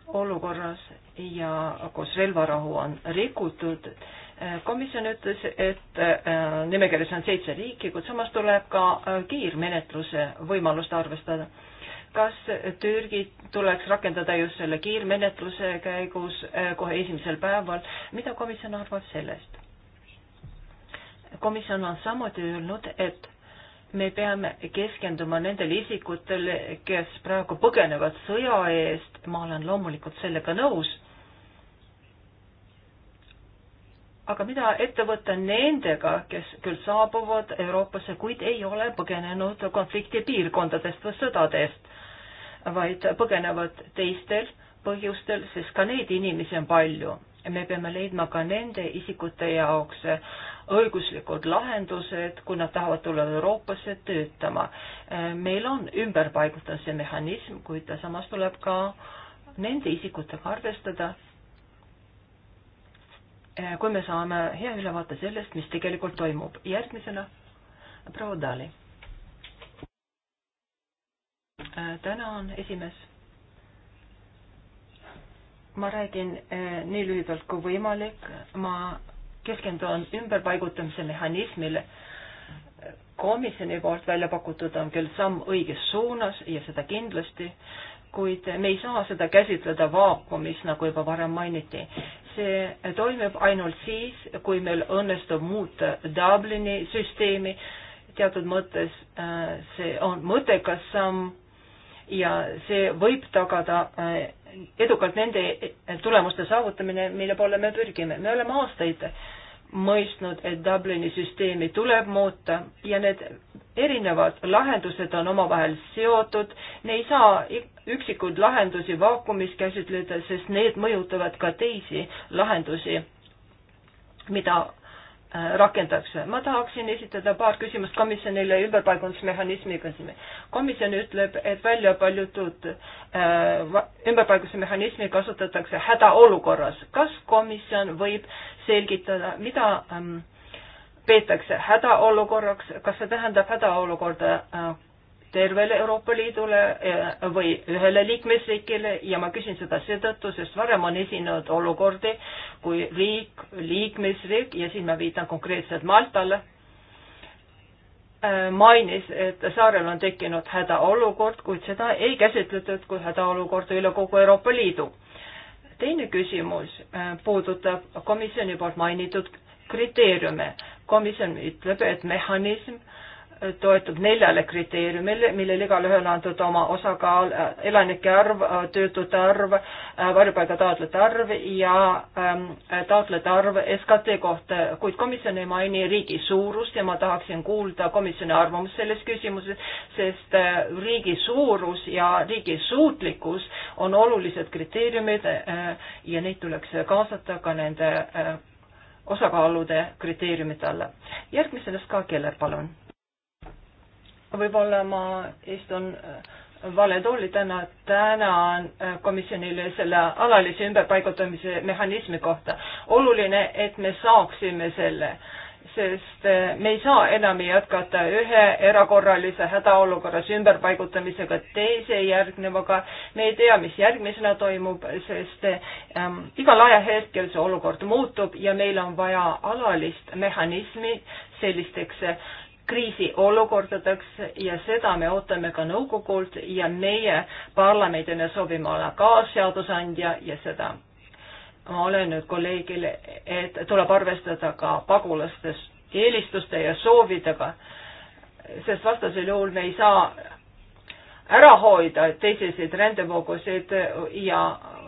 olukorras ja kus relvarahu on rikutud. Äh, komisjon ütles, et äh, nimekirjas on seitse riiki, kuid samas tuleb ka kiirmenetluse võimalust arvestada kas Türgit tuleks rakendada just selle kiirmenetluse käigus eh, kohe esimesel päeval, mida komisjon arvab sellest? komisjon on samuti öelnud, et me peame keskenduma nendele isikutele, kes praegu põgenevad sõja eest, ma olen loomulikult sellega nõus aga mida ette võtta nendega, kes küll saabuvad Euroopasse, kuid ei ole põgenenud konflikti piirkondadest või sõdadest, vaid põgenevad teistel põhjustel, sest ka neid inimesi on palju. me peame leidma ka nende isikute jaoks õiguslikud lahendused, kui nad tahavad tulla Euroopasse töötama. meil on ümberpaigutamise mehhanism, kuid samas tuleb ka nende isikutega arvestada Eh, kui me saame hea ülevaate sellest, mis tegelikult toimub. järgmisena proua Dali. Eh, tänan, esimees. ma räägin eh, nii lühidalt kui võimalik, ma keskendun ümberpaigutamise mehhanismile. komisjoni poolt välja pakutud on küll samm õiges suunas ja seda kindlasti, kuid me ei saa seda käsitleda vaakumis, nagu juba varem mainiti see toimib ainult siis, kui meil õnnestub muuta Dublini süsteemi. teatud mõttes äh, see on mõttekas samm ja see võib tagada äh, edukalt nende tulemuste saavutamine, mille poole me pürgime. me oleme aastaid mõistnud, et Dublini süsteemi tuleb muuta ja need erinevad lahendused on omavahel seotud, me ei saa üksikuid lahendusi vaakumis käsitleda, sest need mõjutavad ka teisi lahendusi, mida Äh, rakendatakse. ma tahaksin esitada paar küsimust komisjonile ümberpaigutusmehhanismiga. komisjon ütleb, et välja paljutud äh, ümberpaigutusmehhanismi kasutatakse hädaolukorras. kas komisjon võib selgitada, mida ähm, peetakse hädaolukorraks, kas see tähendab hädaolukorda äh, tervele Euroopa Liidule eh, või ühele liikmesriigile ja ma küsin seda seetõttu, sest varem on esinenud olukordi, kui riik, liikmesriik ja siin ma viitan konkreetselt Maltale, eh, mainis, et saarel on tekkinud hädaolukord, kuid seda ei käsitletud kui hädaolukorda üle kogu Euroopa Liidu. teine küsimus eh, puudutab komisjoni poolt mainitud kriteeriume. komisjon ütleb, et mehhanism toetub neljale kriteeriumile, millele igalühel on antud oma osakaal, elanike arv, töötute arv, varjupaiga taotlejate arv ja ähm, taotlejate arv SKT kohta, kuid komisjon ei maini riigi suurust ja ma tahaksin kuulda komisjoni arvamust selles küsimuses, sest äh, riigi suurus ja riigi suutlikkus on olulised kriteeriumid äh, ja neid tuleks kaasata ka nende äh, osakaalude kriteeriumid alla. järgmisena Ska Keller, palun võib-olla ma istun äh, vale tooli täna, tänan äh, komisjonile selle alalise ümberpaigutamise mehhanismi kohta. oluline, et me saaksime selle, sest äh, me ei saa enam jätkata ühe erakorralise hädaolukorras ümberpaigutamisega teise järgnevaga. me ei tea, mis järgmisena toimub, sest ähm, igal ajahetkel see olukord muutub ja meil on vaja alalist mehhanismi sellisteks äh, kriisiolukordadeks ja seda me ootame ka nõukogult ja meie parlamendina soovime olla kaasseadusandja ja seda ma olen nüüd kolleegile, et tuleb arvestada ka pagulaste eelistuste ja soovidega, sest vastasel juhul me ei saa ära hoida teiseseid rändevoogusid ja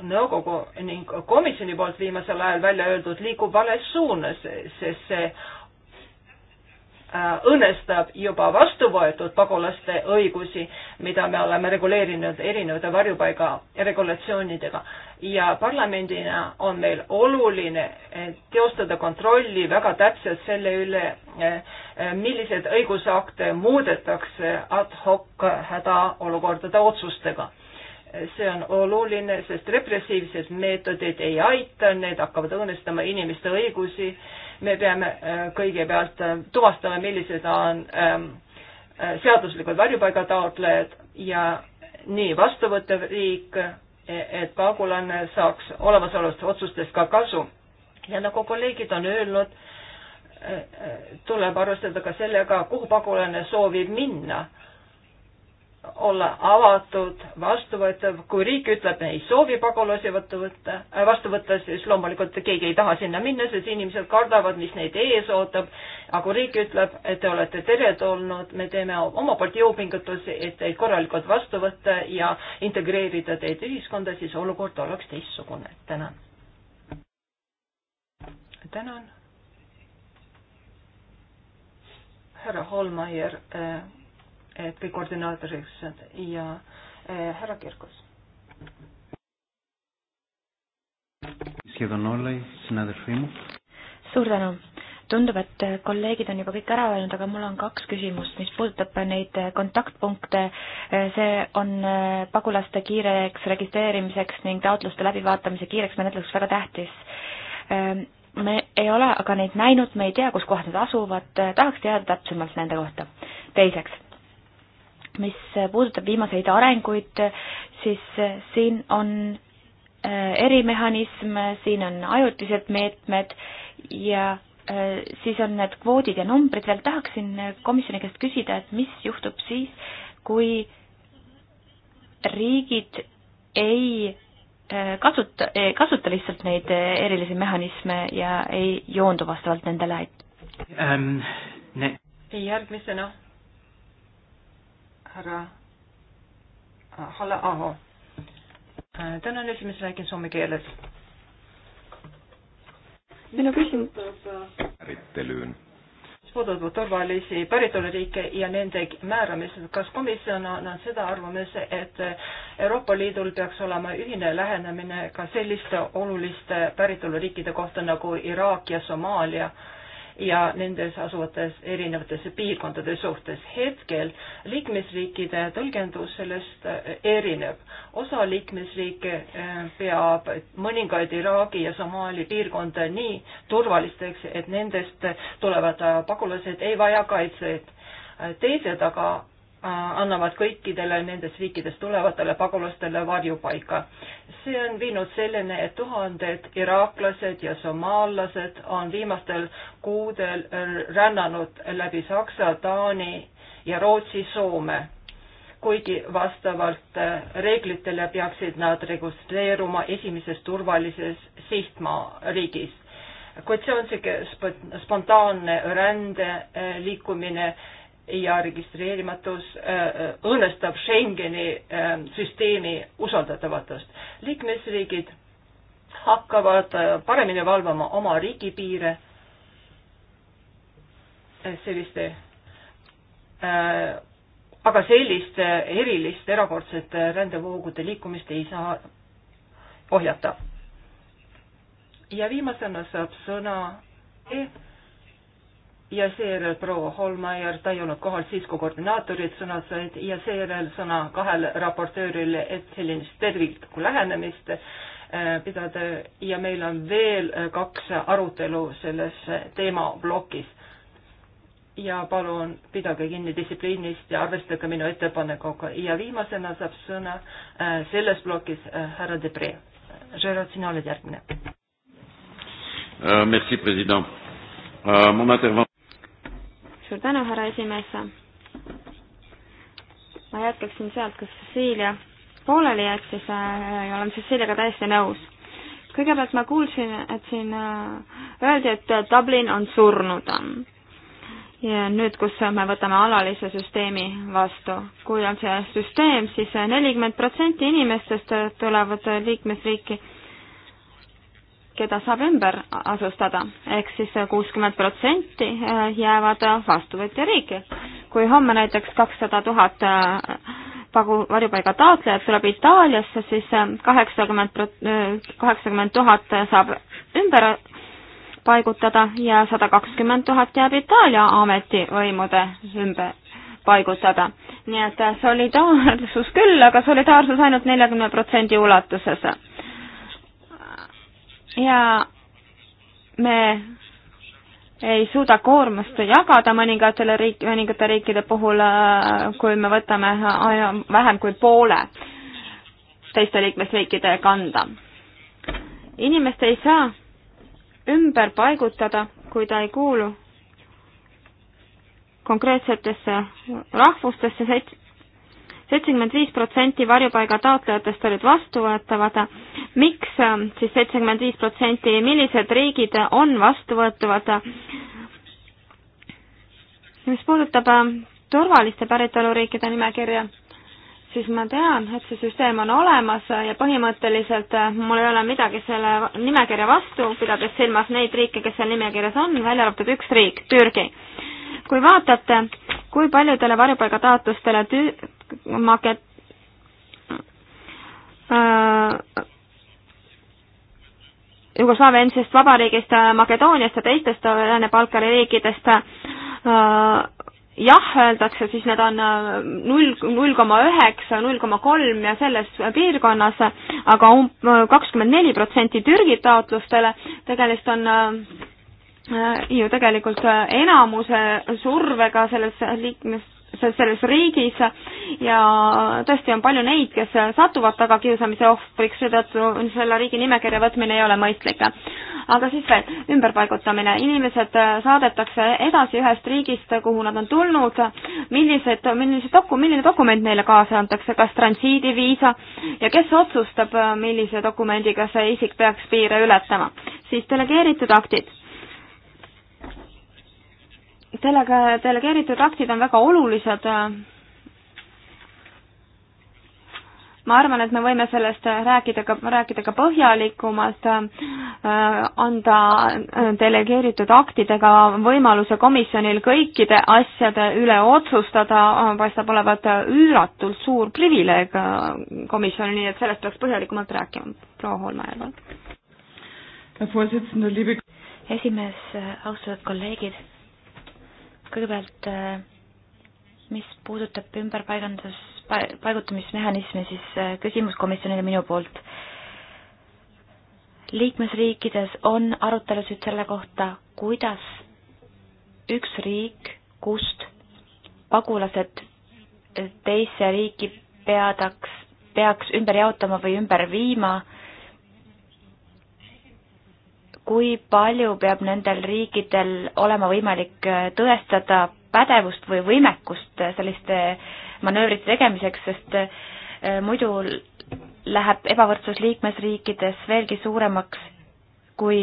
nõukogu ning komisjoni poolt viimasel ajal välja öeldud liigub vales suunas, sest see Äh, õõnestab juba vastu võetud pagulaste õigusi, mida me oleme reguleerinud erinevate varjupaiga regulatsioonidega. ja parlamendina on meil oluline teostada kontrolli väga täpselt selle üle, äh, äh, milliseid õigusakte muudetakse ad hoc hädaolukordade otsustega see on oluline, sest repressiivsed meetodid ei aita, need hakkavad õõnestama inimeste õigusi me peame äh, kõigepealt äh, tuvastama, millised on ähm, äh, seaduslikud varjupaigataotlejad ja nii vastuvõttev riik, e, et pagulane saaks olemasolevast otsustest ka kasu. ja nagu kolleegid on öelnud, tuleb arvestada ka sellega, kuhu pagulane soovib minna olla avatud, vastuvõetav, kui riik ütleb, ei soovi pagulasi vastu võtta, äh, vastu võtta, siis loomulikult keegi ei taha sinna minna, sest inimesed kardavad, mis neid ees ootab. aga kui riik ütleb, et te olete teretulnud, me teeme oma poolt jõupingutusi, et teid korralikult vastu võtta ja integreerida teid ühiskonda, siis olukord oleks teistsugune. tänan. tänan. härra Holmeier äh, kui koordinaatoriks ja eh, härra Kirkus. suur tänu tundub, et kolleegid on juba kõik ära öelnud, aga mul on kaks küsimust, mis puudutab neid kontaktpunkte. Eh, see on eh, pagulaste kiireks registreerimiseks ning taotluste läbivaatamise kiireks menetluseks väga tähtis. me ei ole aga neid näinud, me ei tea, kus kohas nad asuvad, tahaks teada täpsemalt nende kohta. teiseks mis puudutab viimaseid arenguid, siis siin on äh, erimehhanism, siin on ajutised meetmed ja äh, siis on need kvoodid ja numbrid, veel tahaksin komisjoni käest küsida, et mis juhtub siis, kui riigid ei äh, kasuta, kasuta lihtsalt neid erilisi mehhanisme ja ei joondu vastavalt nendele um,. Ne. järgmisena härra äh, Halle Aho. Äh, tänan, esimees, räägin soome keeles. minu küsimus päritoluun. mis puudutab turvalisi päritoluriike ja nende määramist, kas komisjon on, on seda arvamus, et Euroopa Liidul peaks olema ühine lähenemine ka selliste oluliste päritoluriikide kohta nagu Iraak ja Somaalia äh,? ja nendes asuvates erinevates piirkondade suhtes. hetkel liikmesriikide tõlgendus sellest äh, erineb. osa liikmesriike äh, peab mõningaid Iraagi ja Somaali piirkonda nii turvalisteks, et nendest tulevad äh, pagulased ei vaja kaitset. teised aga Äh, annavad kõikidele nendest riikidest tulevatele pagulastele varjupaika. see on viinud selleni, et tuhanded iraaklased ja somaallased on viimastel kuudel rännanud läbi Saksa, Taani ja Rootsi Soome. kuigi vastavalt äh, reeglitele peaksid nad registreeruma esimeses turvalises sihtmaa riigis. kuid see on sihuke spontaanne rände äh, liikumine ja registreerimatus äh, äh, õõnestab Schengeni äh, süsteemi usaldatavust. liikmesriigid hakkavad paremini valvama oma riigipiire selliste aga selliste eriliste erakordsete rändevoogude liikumist ei saa ohjata. ja viimasena saab sõna e ja seejärel proua Holmeier, ta ei olnud kohal siis, kui koordinaatorid sõna said ja seejärel sõna kahel raportööril, et sellist terviklikku lähenemist äh, pidada ja meil on veel äh, kaks arutelu selles äh, teemaplokis. ja palun pidage kinni distsipliinist ja arvestage minu ettepanekuga ja viimasena saab sõna selles plokis härra Debre. Gerard, sina oled järgmine uh,. Merci, president. Uh, mon intervention suur tänu, härra esimees. ma jätkaksin sealt, kus Cecilia pooleli jättis ja äh, olen Ceciliaga täiesti nõus. kõigepealt ma kuulsin, et siin äh, öeldi, et äh, Dublin on surnud. ja nüüd, kus me võtame alalise süsteemi vastu, kui on see süsteem siis, siis nelikümmend protsenti inimestest tulevad liikmesriiki keda saab ümber asustada, ehk siis kuuskümmend protsenti äh, jäävad vastuvõtja riiki. kui homme näiteks kakssada tuhat äh, pagu-, varjupaiga taotlejat tuleb Itaaliasse, siis äh, kaheksakümmend prot-, kaheksakümmend tuhat saab ümber paigutada ja sada kakskümmend tuhat jääb Itaalia ametivõimude ümber paigutada. nii et solidaarsus küll, aga solidaarsus ainult neljakümne protsendi ulatuses ja me ei suuda koormust jagada mõningatele riik, mõningate riikide puhul, äh, kui me võtame äh, vähem kui poole teiste liikmesriikide kanda. inimest ei saa ümber paigutada, kui ta ei kuulu konkreetsetesse rahvustesse, seitsekümmend viis protsenti varjupaiga taotlejatest olid vastuvõetavad. miks äh, siis seitsekümmend viis protsenti, millised riigid on vastuvõetavad? mis puudutab äh, turvaliste päritoluriikide nimekirja, siis ma tean, et see süsteem on olemas ja põhimõtteliselt äh, mul ei ole midagi selle nimekirja vastu, pidades silmas neid riike, kes seal nimekirjas on, välja arvatud üks riik, Türgi. kui vaatate, kui paljudele varjupaigataotlustele tü-, maket-, äh, Jugoslaavia endisest vabariigist äh, Makedooniast ja teistest äh, Lääne-Balkani riikidest jah, öeldakse, siis need on null, null koma üheksa, null koma kolm ja selles piirkonnas aga, aga um-, kakskümmend neli protsenti Türgi taotlustele, tegelikult on ju tegelikult enamuse survega selles liikmes selles riigis ja tõesti on palju neid, kes satuvad tagakiusamise ohvriks, seetõttu selle riigi nimekirja võtmine ei ole mõistlik. aga siis veel, ümberpaigutamine. inimesed saadetakse edasi ühest riigist, kuhu nad on tulnud, millised, millised doku-, milline dokument neile kaasa antakse, kas transiidiviisa ja kes otsustab, millise dokumendiga see isik peaks piire ületama. siis delegeeritud aktid delega-, delegeeritud aktid on väga olulised. ma arvan, et me võime sellest rääkida ka, rääkida ka põhjalikumalt, anda delegeeritud aktidega võimaluse komisjonil kõikide asjade üle otsustada, paistab olevat üüratult suur privileeg komisjonil, nii et sellest peaks põhjalikumalt rääkima. proua Holmajärv. esimees, austatud kolleegid kõigepealt, äh, mis puudutab ümberpaigandus, paigutamismehhanismi, siis äh, küsimus komisjonile minu poolt. liikmesriikides on arutelusid selle kohta, kuidas üks riik, kust pagulased äh, teise riiki peadaks, peaks ümber jaotama või ümber viima äh, kui palju peab nendel riikidel olema võimalik äh, tõestada pädevust või võimekust äh, selliste äh, manöövrite tegemiseks, sest muidu läheb ebavõrdsus liikmesriikides veelgi suuremaks, kui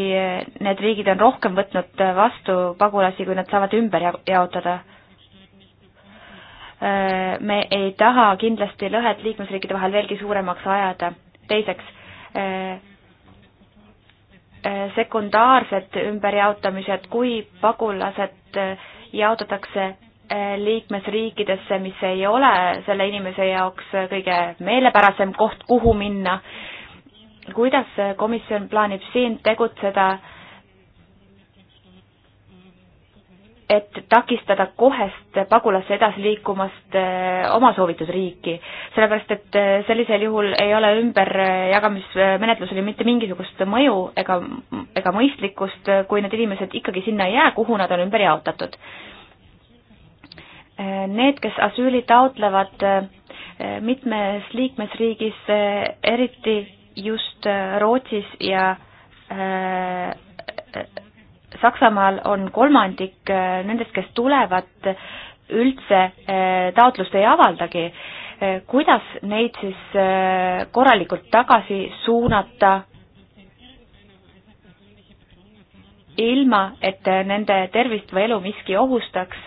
need riigid on rohkem võtnud vastu pagulasi, kui nad saavad ümber jaotada me ei taha kindlasti lõhet liikmesriikide vahel veelgi suuremaks ajada. teiseks, Äh, sekundaarsed ümberjaotamised, kui pagulased äh, jaotatakse äh, liikmesriikidesse, mis ei ole selle inimese jaoks kõige meelepärasem koht, kuhu minna. kuidas komisjon plaanib siin tegutseda äh, et takistada kohest pagulasse edasiliikumast eh, oma soovitud riiki. sellepärast, et eh, sellisel juhul ei ole ümberjagamismenetlusel ju mitte mingisugust mõju ega, ega mõistlikkust, kui need inimesed ikkagi sinna ei jää, kuhu nad on ümber jaotatud. Eh, need, kes asüüli taotlevad mitmes liikmesriigis, eriti just Rootsis ja Saksamaal on kolmandik äh, nendest, kes tulevad, üldse äh, taotlust ei avaldagi. Äh, kuidas neid siis korralikult tagasi suunata ilma, et nende tervist või elu miski ohustaks,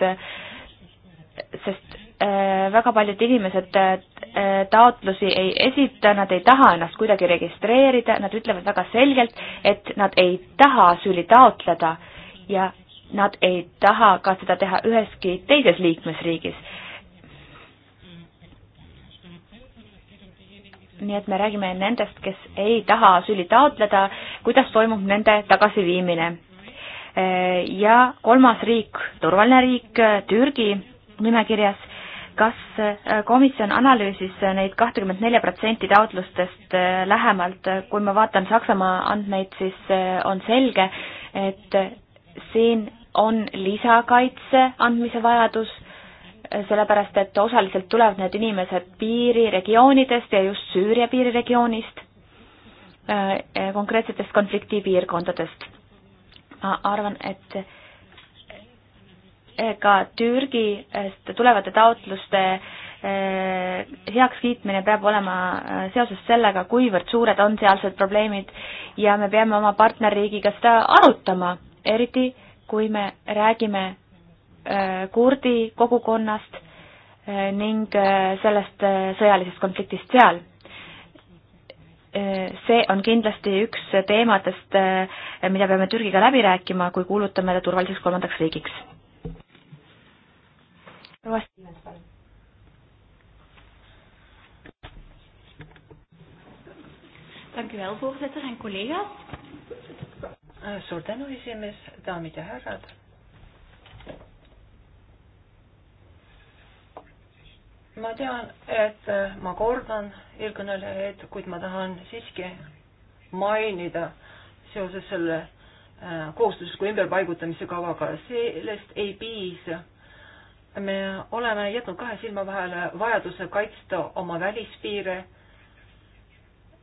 sest Äh, väga paljud inimesed äh, taotlusi ei esita, nad ei taha ennast kuidagi registreerida, nad ütlevad väga selgelt, et nad ei taha asüüli taotleda ja nad ei taha ka seda teha üheski teises liikmesriigis. nii et me räägime nendest, kes ei taha asüüli taotleda, kuidas toimub nende tagasiviimine. Äh, ja kolmas riik, turvaline riik, Türgi nimekirjas kas äh, komisjon analüüsis äh, neid kahtekümmet nelja protsenti taotlustest äh, lähemalt, kui ma vaatan Saksamaa andmeid, siis on selge, et siin on lisakaitse andmise vajadus, sellepärast et osaliselt tulevad need inimesed piiriregioonidest ja just Süüria piiriregioonist, konkreetsetest konfliktipiirkondadest. ma arvan, et ka Türgist eh, tulevate taotluste eh, heakskiitmine peab olema eh, seoses sellega, kuivõrd suured on sealsed probleemid ja me peame oma partnerriigiga seda arutama, eriti kui me räägime kurdi kogukonnast ning sellest sõjalisest konfliktist seal see on kindlasti üks teemadest, mida peame Türgiga läbi rääkima, kui kuulutame ta turvaliseks kolmandaks riigiks proua Stevens, palun. Dank u wel, voorzitter en collega's. Eh, suur tänu, esimees, daamid ja härrad. ma tean, et eh, ma kordan eelkõnelejaid, kuid ma tahan siiski mainida seoses selle eh, kohustusliku ümberpaigutamise kavaga, sellest ei piisa me oleme jätnud kahe silma vahele vajaduse kaitsta oma välispiire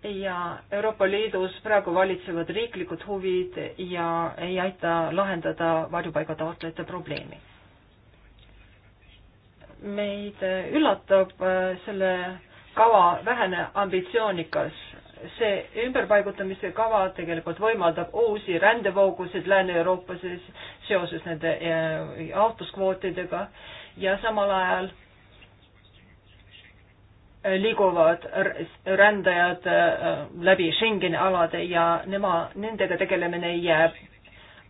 ja Euroopa Liidus praegu valitsevad riiklikud huvid ja ei aita lahendada varjupaiga taotlejate probleemi. meid üllatab äh, selle kava vähene ambitsioonikas see ümberpaigutamise kava tegelikult võimaldab uusi rändevoogusid Lääne-Euroopasse seoses nende eh, autoskvootidega ja samal ajal liiguvad rändajad eh, läbi Schengeni alade ja nema, nendega tegelemine jääb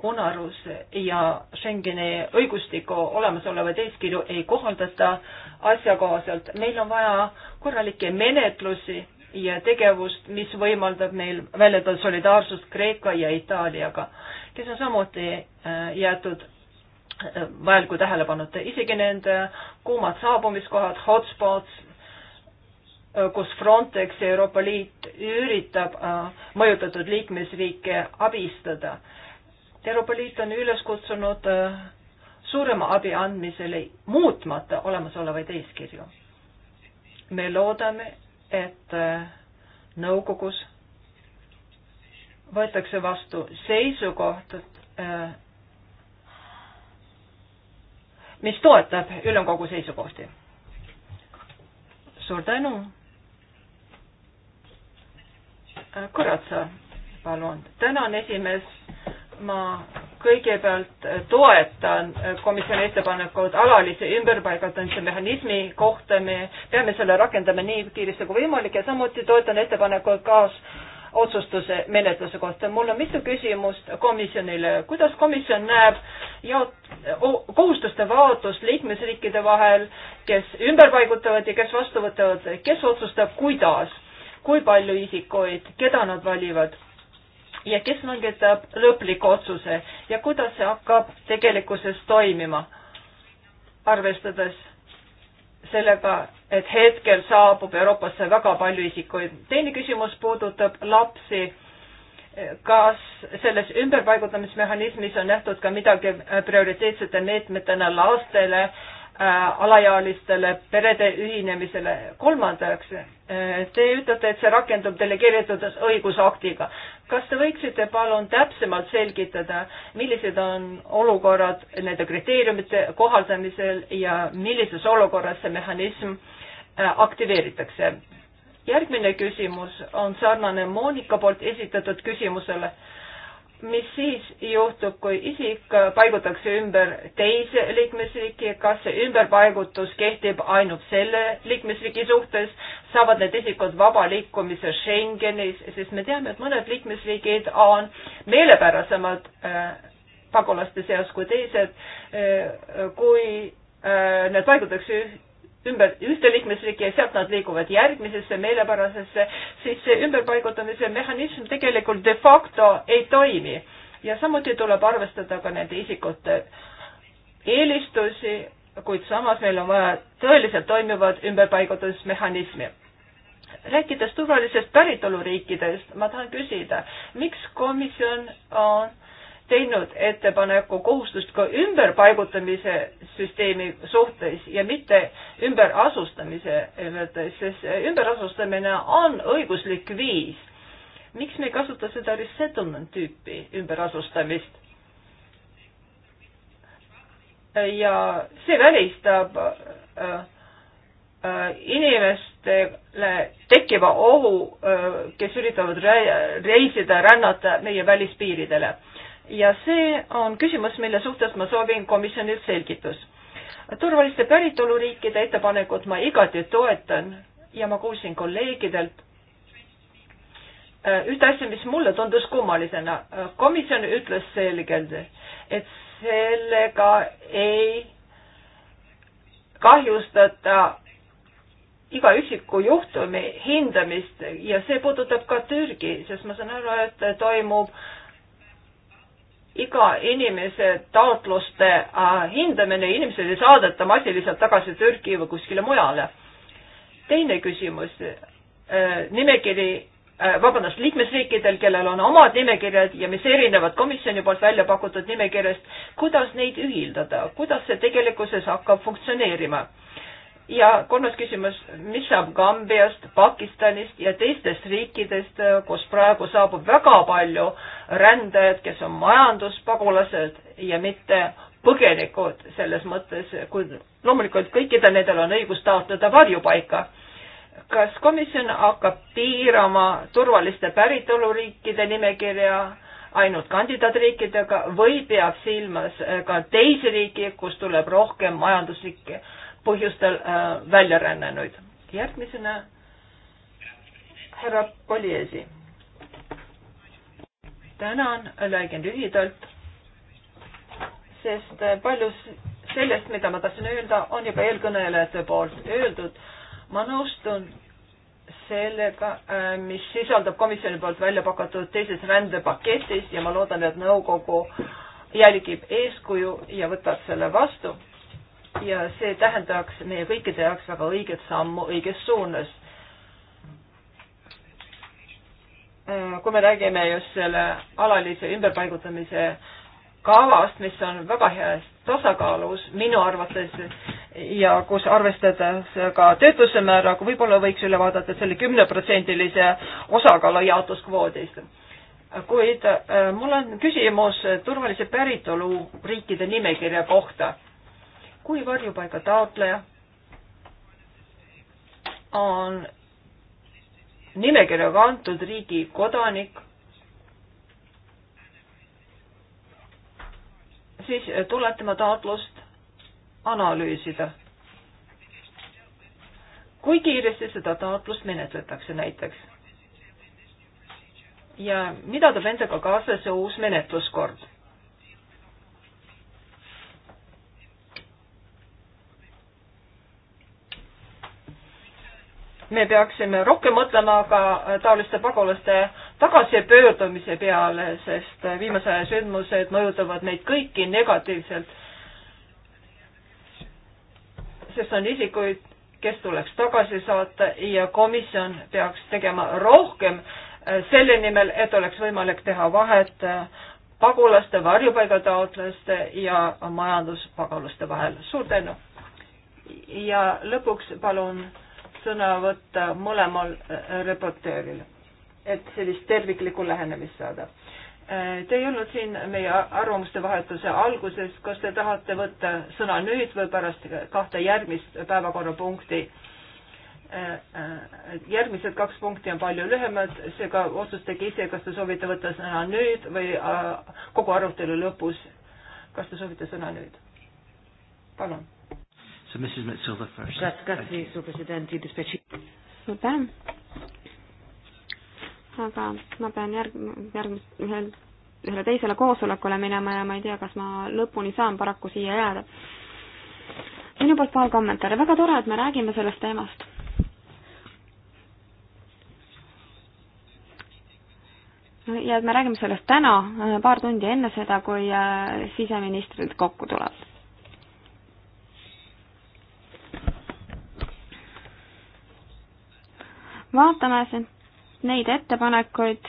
unarus ja Schengeni õigustiku olemasolevaid eeskirju ei kohaldata asjakohaselt. meil on vaja korralikke menetlusi ja tegevust, mis võimaldab neil väljendada solidaarsust Kreeka ja Itaaliaga, kes on samuti äh, jäetud äh, vajaliku tähelepanuta, isegi nende äh, kuumad saabumiskohad, hotspots, kus Frontex ja Euroopa Liit üritab mõjutatud liikmesriike abistada. Euroopa Liit on üles kutsunud suurema abi andmisele muutmata olemasolevaid eeskirju. me loodame, et äh, nõukogus võetakse vastu seisukoht, äh, mis toetab ülemkogu seisukohti. suur tänu. Äh, Kuratsa, palun. tänan, esimees ma kõigepealt toetan komisjoni ettepanekut alalise ümberpaigutamise mehhanismi kohta, me peame selle rakendama nii kiiresti kui võimalik ja samuti toetan ettepanekut kaas- otsustuse menetluse kohta. mul on mitu küsimust komisjonile. kuidas komisjon näeb jaot-, kohustuste vaatust liikmesriikide vahel, kes ümber paigutavad ja kes vastu võtavad, kes otsustab, kuidas, kui palju isikuid, keda nad valivad? ja kes langetab lõpliku otsuse ja kuidas see hakkab tegelikkuses toimima, arvestades sellega, et hetkel saabub Euroopasse väga palju isikuid. teine küsimus puudutab lapsi. kas selles ümberpaigutamismehhanismis on nähtud ka midagi prioriteetsete meetmetena lastele Äh, alaealistele perede ühinemisele. kolmandaks, äh, te ütlete, et see rakendub delegeeritud õigusaktiga. kas te võiksite palun täpsemalt selgitada, millised on olukorrad nende kriteeriumite kohaldamisel ja millises olukorras see mehhanism äh, aktiveeritakse? järgmine küsimus on sarnane Monika poolt esitatud küsimusele mis siis juhtub, kui isik paigutakse ümber teise liikmesriiki, kas see ümberpaigutus kehtib ainult selle liikmesriigi suhtes, saavad need isikud vaba liikumise Schengenis, sest me teame, et mõned liikmesriigid on meelepärasemad äh, pagulaste seas kui teised, äh, kui äh, need paigutakse ümber ühte liikmesriiki ja sealt nad liiguvad järgmisesse meelepärasesse, siis see ümberpaigutamise mehhanism tegelikult de facto ei toimi. ja samuti tuleb arvestada ka nende isikute eelistusi, kuid samas meil on vaja tõeliselt toimivat ümberpaigutusmehhanismi. rääkides turvalisest päritoluriikidest, ma tahan küsida, miks komisjon on äh, teinud ettepaneku kohustust ka ümberpaigutamise süsteemi suhtes ja mitte ümberasustamise mõttes, sest ümberasustamine on õiguslik viis. miks me ei kasuta seda resettlement tüüpi ümberasustamist? ja see välistab äh, äh inimestele tekkiva ohu, äh, kes üritavad reisida, rännata meie välispiiridele ja see on küsimus, mille suhtes ma soovin komisjonilt selgitus. turvaliste päritoluriikide ettepanekut ma igati toetan ja ma kuulsin kolleegidelt äh, ühte asja, mis mulle tundus kummalisena. komisjon ütles selgelt, et sellega ei kahjustata iga üksiku juhtumi hindamist ja see puudutab ka Türgi, sest ma saan aru, et toimub äh, iga inimese taotluste äh, hindamine, inimesed ei saadeta massiliselt tagasi Türki või kuskile mujale. teine küsimus, äh, nimekiri, äh, vabandust, liikmesriikidel, kellel on omad nimekirjad ja mis erinevad komisjoni poolt välja pakutud nimekirjast, kuidas neid ühildada, kuidas see tegelikkuses hakkab funktsioneerima? ja kolmas küsimus, mis saab Gambiast, Pakistanist ja teistest riikidest, kus praegu saabub väga palju rändajaid, kes on majanduspagulased ja mitte põgenikud selles mõttes, kui loomulikult kõikidel nendel on õigus taotleda varjupaika. kas komisjon hakkab piirama turvaliste päritoluriikide nimekirja ainult kandidaatriikidega või peab silmas ka teisi riike, kus tuleb rohkem majanduslikke põhjustel äh, välja rännenuid. järgmisena härra Poliesi. tänan, räägin lühidalt, sest äh, paljus sellest, mida ma tahtsin öelda, on juba eelkõnelejate poolt öeldud. ma nõustun sellega, äh, mis sisaldab komisjoni poolt välja pakatud teises rändepaketis ja ma loodan, et nõukogu jälgib eeskuju ja võtab selle vastu ja see tähendaks meie kõikide jaoks väga õiget sammu õiges suunas. Äh, kui me räägime just selle alalise ümberpaigutamise kavast, mis on väga heas tasakaalus minu arvates ja kus arvestades ka töötuse määraga, võib-olla võiks üle vaadata selle kümneprotsendilise osakaalu jaotuskvoodist. kuid äh, mul on küsimus turvalise päritolu riikide nimekirja kohta kui varjupaiga taotleja on nimekirjaga antud riigi kodanik, siis tuleb tema taotlust analüüsida. kui kiiresti seda taotlust menetletakse näiteks? ja mida toob endaga kaasa see uus menetluskord? me peaksime rohkem mõtlema ka taoliste pagulaste tagasipöördumise peale, sest viimase aja sündmused mõjutavad meid kõiki negatiivselt. sest on isikuid, kes tuleks tagasi saata ja komisjon peaks tegema rohkem selle nimel, et oleks võimalik teha vahet pagulaste, varjupaigataotlaste ja majanduspagulaste vahel. suur tänu! ja lõpuks palun sõna võtta mõlemal äh, reportööril, et sellist terviklikku lähenemist saada. Äh, te ei olnud siin meie arvamuste vahetuse alguses, kas te tahate võtta sõna nüüd või pärast kahte järgmist päevakorrapunkti? Äh, järgmised kaks punkti on palju lühemad, seega otsustage ise, kas te soovite võtta sõna nüüd või kogu arutelu lõpus. kas te soovite sõna nüüd? palun So Mrs Metsola first. Grazie, su presidenti, dispiaci. suur tänu. aga ma pean järg-, järg-, ühel, ühele teisele koosolekule minema ja ma ei tea, kas ma lõpuni saan paraku siia jääda. minu poolt paar kommentaari, väga tore, et me räägime sellest teemast. ja et me räägime sellest täna, paar tundi enne seda, kui äh, siseministrid kokku tulevad vaatame neid ettepanekuid,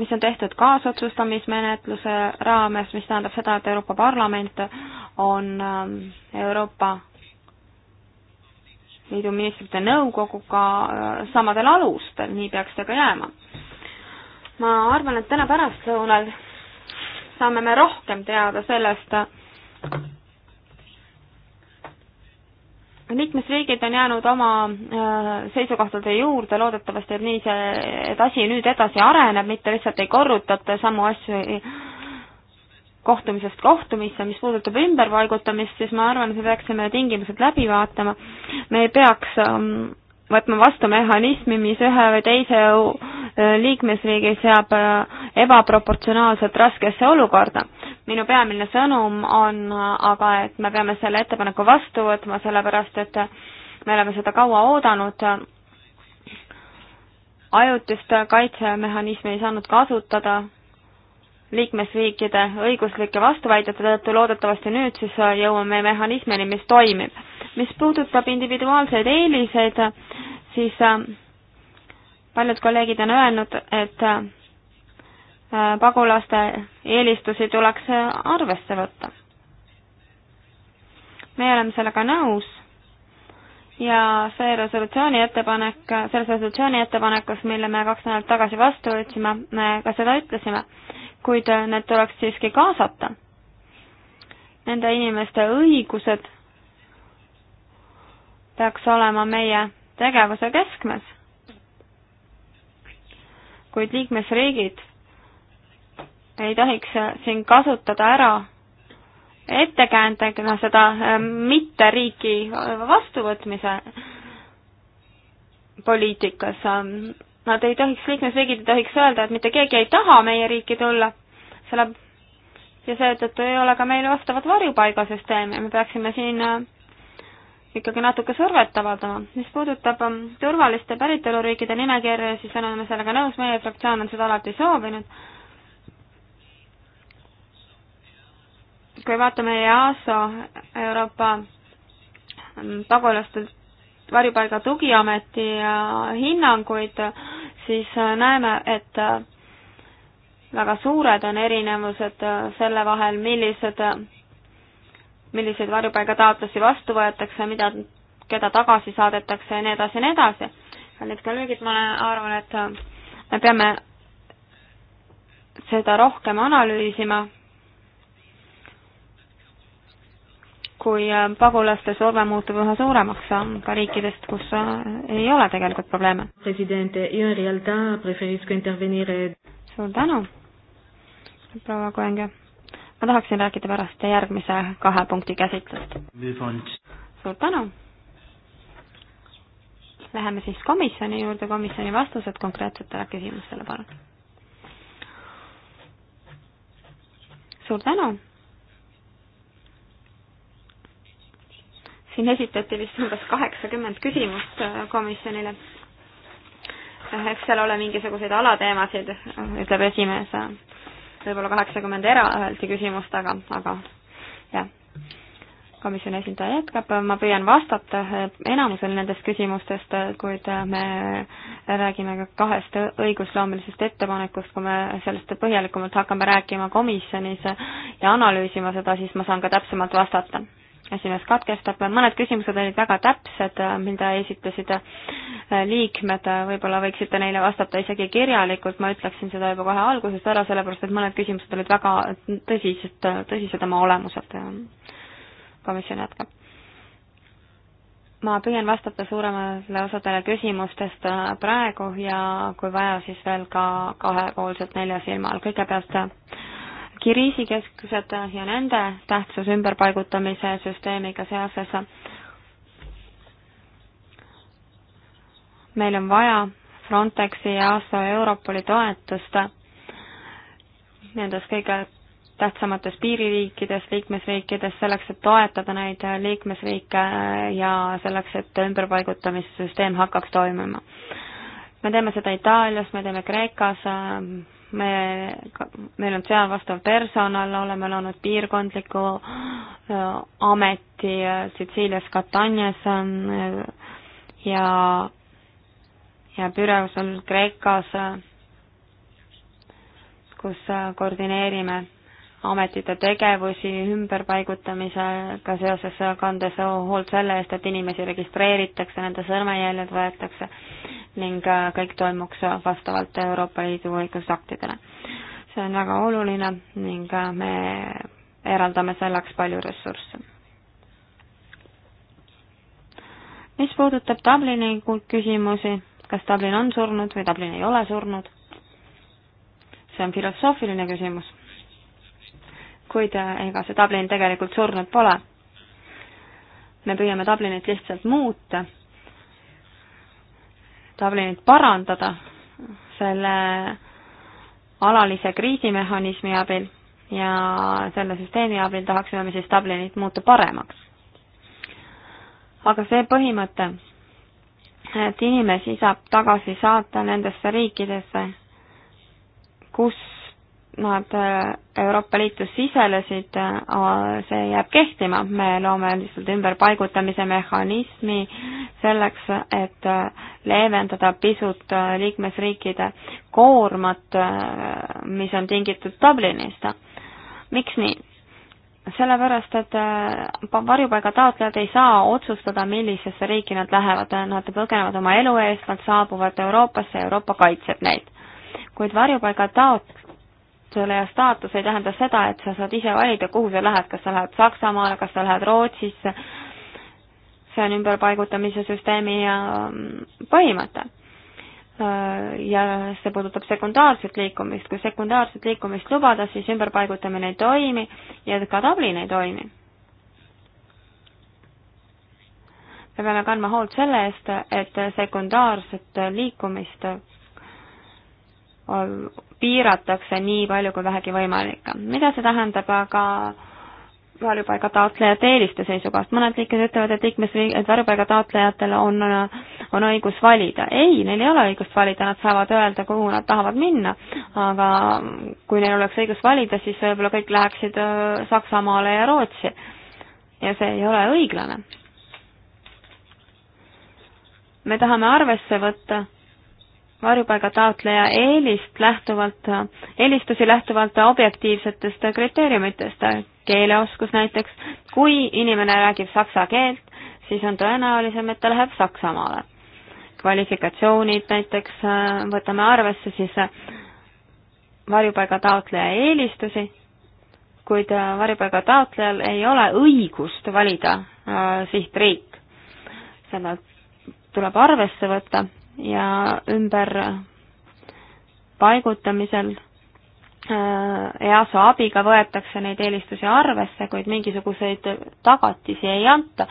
mis on tehtud kaasotsustamismenetluse raames, mis tähendab seda, et Euroopa Parlament on ähm, Euroopa Liidu ministrite nõukoguga äh, samadel alustel, nii peaks see ka jääma. ma arvan, et täna pärastlõunal saame me rohkem teada sellest, liikmesriigid on jäänud oma äh, seisukohtade juurde, loodetavasti, et nii see, et asi nüüd edasi areneb, mitte lihtsalt ei korrutata samu asju kohtumisest kohtumisse, mis puudutab ümberpaigutamist, siis ma arvan, et me peaksime tingimused läbi vaatama. me ei peaks ähm, võtma vastu mehhanismi, mis ühe või teise äh, liikmesriigi seab äh, ebaproportsionaalselt raskesse olukorda minu peamine sõnum on aga, et me peame selle ettepaneku vastu võtma, sellepärast et me oleme seda kaua oodanud. ajutist kaitsemehhanismi ei saanud kasutada liikmesriikide õiguslike vastuväidete tõttu, loodetavasti nüüd siis jõuame mehhanismini, mis toimib. mis puudutab individuaalseid eeliseid, siis äh, paljud kolleegid on öelnud, et Äh, pagulaste eelistusi tuleks arvesse võtta. meie oleme sellega nõus ja see resolutsiooni ettepanek, selles resolutsiooni ettepanekus, mille me kaks nädalat tagasi vastu võtsime, me ka seda ütlesime, kuid need tuleks siiski kaasata. Nende inimeste õigused peaks olema meie tegevuse keskmes. kuid liikmesriigid ei tohiks äh, siin kasutada ära ettekäändena seda äh, mitte riigi äh, vastuvõtmise poliitikas. Ähm, nad ei tohiks, liikmesriigid ei tohiks öelda, et mitte keegi ei taha meie riiki tulla, selle ja seetõttu ei ole ka meil vastavat varjupaigasüsteemi, me peaksime siin ikkagi natuke survet avaldama. mis puudutab ähm, turvaliste päritoluriikide nimekirja, siis oleme sellega nõus, meie fraktsioon on seda alati soovinud kui vaatame EASO, Euroopa pagulaste varjupaiga tugiameti äh, hinnanguid, siis äh, näeme, et äh, väga suured on erinevused selle vahel, millised, milliseid varjupaigataotlusi vastu võetakse, mida, keda tagasi saadetakse ja nii edasi ja nii edasi. kallid kolleegid, ma arvan, et me peame seda rohkem analüüsima kui äh, pagulaste surve muutub üha suuremaks äh, ka riikidest, kus äh, ei ole tegelikult probleeme. suur tänu, proua Koenge. ma tahaksin rääkida pärast järgmise kahe punkti käsitlust. suur tänu. Läheme siis komisjoni juurde, komisjoni vastused konkreetsetele küsimustele, palun. suur tänu siin esitati vist umbes kaheksakümmend küsimust äh, komisjonile. eks seal ole mingisuguseid alateemasid, ütleb esimees, võib-olla kaheksakümmend eraldi küsimust, aga, aga jah. komisjoni esindaja jätkab, ma püüan vastata äh, enamusel nendest küsimustest, äh, kuid me räägime ka kahest õigusloomelisest ettepanekust, kui me sellest põhjalikumalt hakkame rääkima komisjonis ja analüüsima seda, siis ma saan ka täpsemalt vastata esimees katkestab, mõned küsimused olid väga täpsed, mida esitasid liikmed, võib-olla võiksite neile vastata isegi kirjalikult, ma ütleksin seda juba kohe algusest ära, sellepärast et mõned küsimused olid väga tõsised, tõsised oma olemuselt. komisjon jätkab. ma püüan vastata suuremale osadele küsimustest praegu ja kui vaja, siis veel ka kahepoolselt nelja silma all, kõigepealt kriisikeskused ja nende tähtsus ümberpaigutamise süsteemiga seoses. meil on vaja Frontexi ja ASO Europoli toetust nendes kõige tähtsamates piiririikides, liikmesriikides, selleks, et toetada neid liikmesriike ja selleks, et ümberpaigutamissüsteem hakkaks toimima. me teeme seda Itaalias, me teeme Kreekas, me, meil on seal vastav personal, oleme loonud piirkondliku ameti Sitsiilias Katanias ja, ja Püreusel Kreekas, kus koordineerime ametite tegevusi ümberpaigutamisega seoses, kandes hoolt selle eest, et inimesi registreeritakse, nende sõrmejäljed võetakse ning äh, kõik toimuks vastavalt Euroopa Liidu õigusaktidele. see on väga oluline ning äh, me eraldame selleks palju ressursse. mis puudutab Dublini küsimusi, kas Dublin on surnud või Dublin ei ole surnud, see on filosoofiline küsimus kuid äh, ega see Dublin tegelikult surnud pole. me püüame Dublinit lihtsalt muuta, Dublinit parandada selle alalise kriisimehhanismi abil ja selle süsteemi abil tahaksime me siis Dublinit muuta paremaks. aga see põhimõte, et inimesi saab tagasi saata nendesse riikidesse, kus nad äh, Euroopa Liitu siselesid, äh, äh, see jääb kehtima, me loome lihtsalt ümberpaigutamise mehhanismi selleks, et leevendada pisut liikmesriikide koormat, mis on tingitud Dublinist. miks nii? sellepärast, et varjupaiga taotlejad ei saa otsustada, millisesse riiki nad lähevad, nad põgenevad oma elu eest, nad saabuvad Euroopasse, Euroopa kaitseb neid kuid varjupaiga taot-, staatusele ja staatus ei tähenda seda, et sa saad ise valida, kuhu sa lähed, kas sa lähed Saksamaale, kas sa lähed Rootsisse, see on ümberpaigutamise süsteemi äh, põhimõte. Äh, ja see puudutab sekundaarset liikumist, kui sekundaarset liikumist lubada, siis ümberpaigutamine ei toimi ja ka Dublin ei toimi. me peame kandma hoolt selle eest, et sekundaarset liikumist piiratakse nii palju kui vähegi võimalik. mida see tähendab aga varjupaiga taotlejate eeliste seisukohast, mõned liikmed ütlevad, et liikmesriik, et varjupaiga taotlejatel on, on õigus valida. ei, neil ei ole õigust valida, nad saavad öelda, kuhu nad tahavad minna, aga kui neil oleks õigus valida, siis võib-olla kõik läheksid äh, Saksamaale ja Rootsi. ja see ei ole õiglane. me tahame arvesse võtta varjupaigataotleja eelist lähtuvalt, eelistusi lähtuvalt objektiivsetest kriteeriumitest, keeleoskus näiteks, kui inimene räägib saksa keelt, siis on tõenäolisem, et ta läheb Saksamaale. kvalifikatsioonid näiteks võtame arvesse siis varjupaigataotleja eelistusi, kuid varjupaigataotlejal ei ole õigust valida äh, sihtriik. seda tuleb arvesse võtta ja ümberpaigutamisel äh, EASO abiga võetakse neid eelistusi arvesse, kuid mingisuguseid tagatisi ei anta,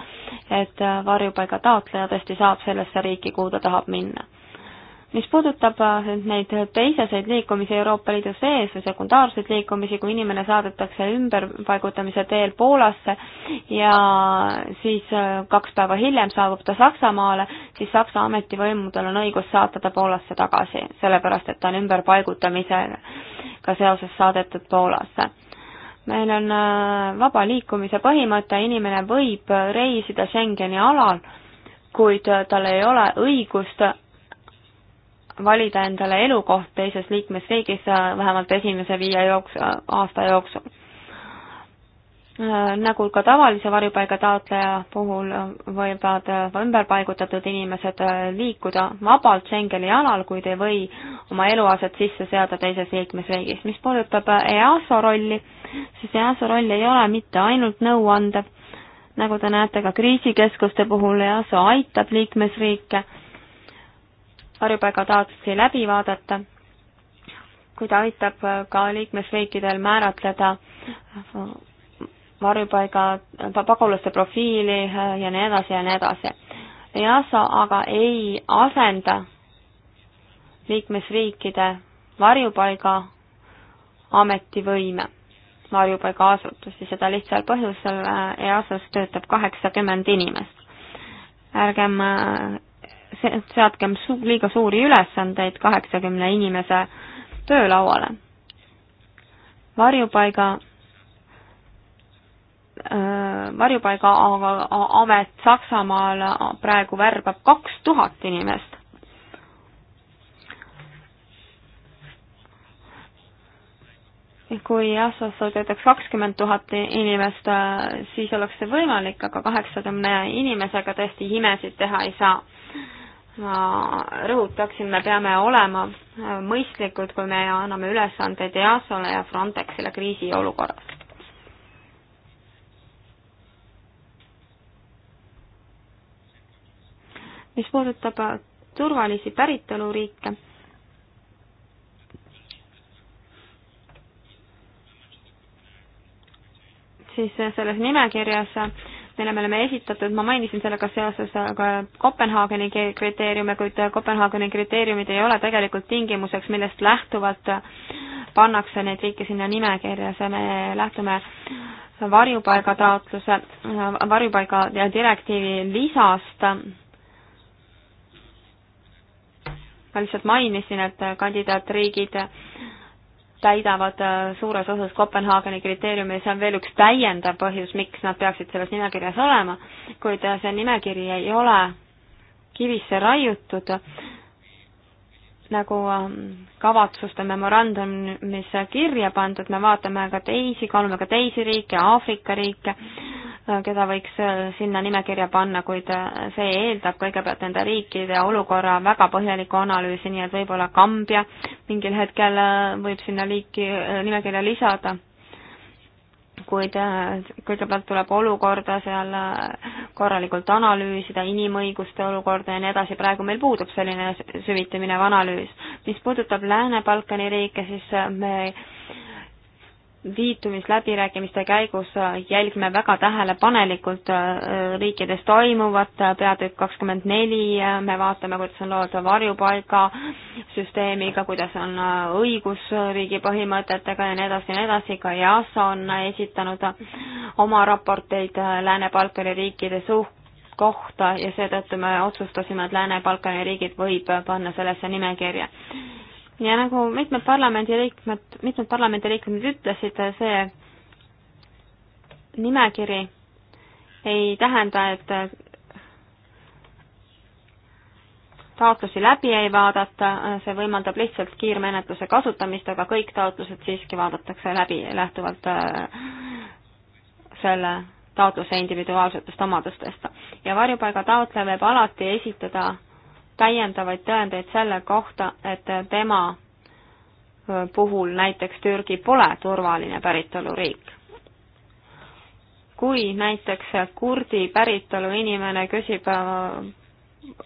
et äh, varjupaiga taotleja tõesti saab sellesse riiki, kuhu ta tahab minna mis puudutab äh, neid teiseseid liikumisi Euroopa Liidu sees või sekundaarseid liikumisi, kui inimene saadetakse ümberpaigutamise teel Poolasse ja siis äh, kaks päeva hiljem saabub ta Saksamaale, siis Saksa ametivõimudel on õigus saata ta Poolasse tagasi, sellepärast et ta on ümberpaigutamisega seoses saadetud Poolasse meil on äh, vaba liikumise põhimõte, inimene võib reisida Schengeni alal, kuid tal ei ole õigust valida endale elukoht teises liikmesriigis äh, vähemalt esimese viie jooks-, aasta jooksul. Äh, nagu ka tavalise varjupaiga taotleja puhul äh, võivad ümberpaigutatud inimesed liikuda vabalt Schengeni alal, kuid ei või oma eluaset sisse seada teises liikmesriigis. mis puudutab EASO rolli, siis EASO roll ei ole mitte ainult nõuandev, nagu te näete ka kriisikeskuste puhul EASO aitab liikmesriike varjupaigataotlusi läbi vaadata, kui ta aitab ka liikmesriikidel määratleda varjupaiga, pagulaste profiili ja nii edasi ja nii edasi. EASO aga ei asenda liikmesriikide varjupaiga ametivõime, varjupaigaasutus ja seda lihtsal põhjusel äh, EASO-s töötab kaheksakümmend inimest. ärgem äh, seadkem su-, liiga suuri ülesandeid kaheksakümne inimese töölauale. varjupaiga varjupaiga amet Saksamaal praegu värbab kaks tuhat inimest. kui Assosso töötaks kakskümmend tuhat inimest, siis oleks see võimalik, aga kaheksakümne inimesega tõesti imesid teha ei saa ma rõhutaksin, me peame olema mõistlikud, kui me anname ülesandeid EASO-le ja Frontexile kriisiolukorras. mis puudutab turvalisi päritoluriike, siis selles nimekirjas mille me oleme esitatud, ma mainisin sellega seoses ka Kopenhaageni kriteeriume, kuid Kopenhaageni kriteeriumid ei ole tegelikult tingimuseks, millest lähtuvalt pannakse neid riike sinna nimekirja, see me lähtume varjupaigataotluse, varjupaiga direktiivi lisast. ma lihtsalt mainisin, et kandidaatriigid täidavad äh, suures osas Kopenhaageni kriteeriumi ja see on veel üks täiendav põhjus, miks nad peaksid selles nimekirjas olema, kuid äh, see nimekiri ei ole kivisse raiutud, nagu ähm, kavatsuste memorandumis kirja pandud, me vaatame ka teisi, kaalume ka teisi riike, Aafrika riike, Äh, keda võiks äh, sinna nimekirja panna, kuid äh, see eeldab kõigepealt nende riikide olukorra väga põhjalikku analüüsi, nii et võib-olla Kambja mingil hetkel võib sinna liiki, nimekirja lisada. kuid kõigepealt tuleb olukorda seal korralikult analüüsida, inimõiguste olukorda ja nii edasi, praegu meil puudub selline süviti minev analüüs. mis puudutab Lääne-Balkani riike, siis me liitumisläbirääkimiste käigus äh, jälgime väga tähelepanelikult äh, riikides toimuvat, äh, peatükk kakskümmend neli, me vaatame, kuidas on lood varjupaigasüsteemiga, kuidas on õigusriigi põhimõtetega ja nii edasi ja nii edasi, ka EASA on esitanud oma raporteid Lääne-Balkani riikide suht-, kohta ja seetõttu me otsustasime, et Lääne-Balkani riigid võib panna sellesse nimekirja ja nagu mitmed parlamendiliikmed, mitmed parlamendiliikmed ütlesid, see nimekiri ei tähenda, et taotlusi läbi ei vaadata, see võimaldab lihtsalt kiirmenetluse kasutamist, aga kõik taotlused siiski vaadatakse läbi lähtuvalt äh, selle taotluse individuaalsetest omadustest. ja varjupaiga taotleja võib alati esitada täiendavaid tõendeid selle kohta, et tema puhul näiteks Türgi pole turvaline päritoluriik. kui näiteks kurdi päritolu inimene küsib,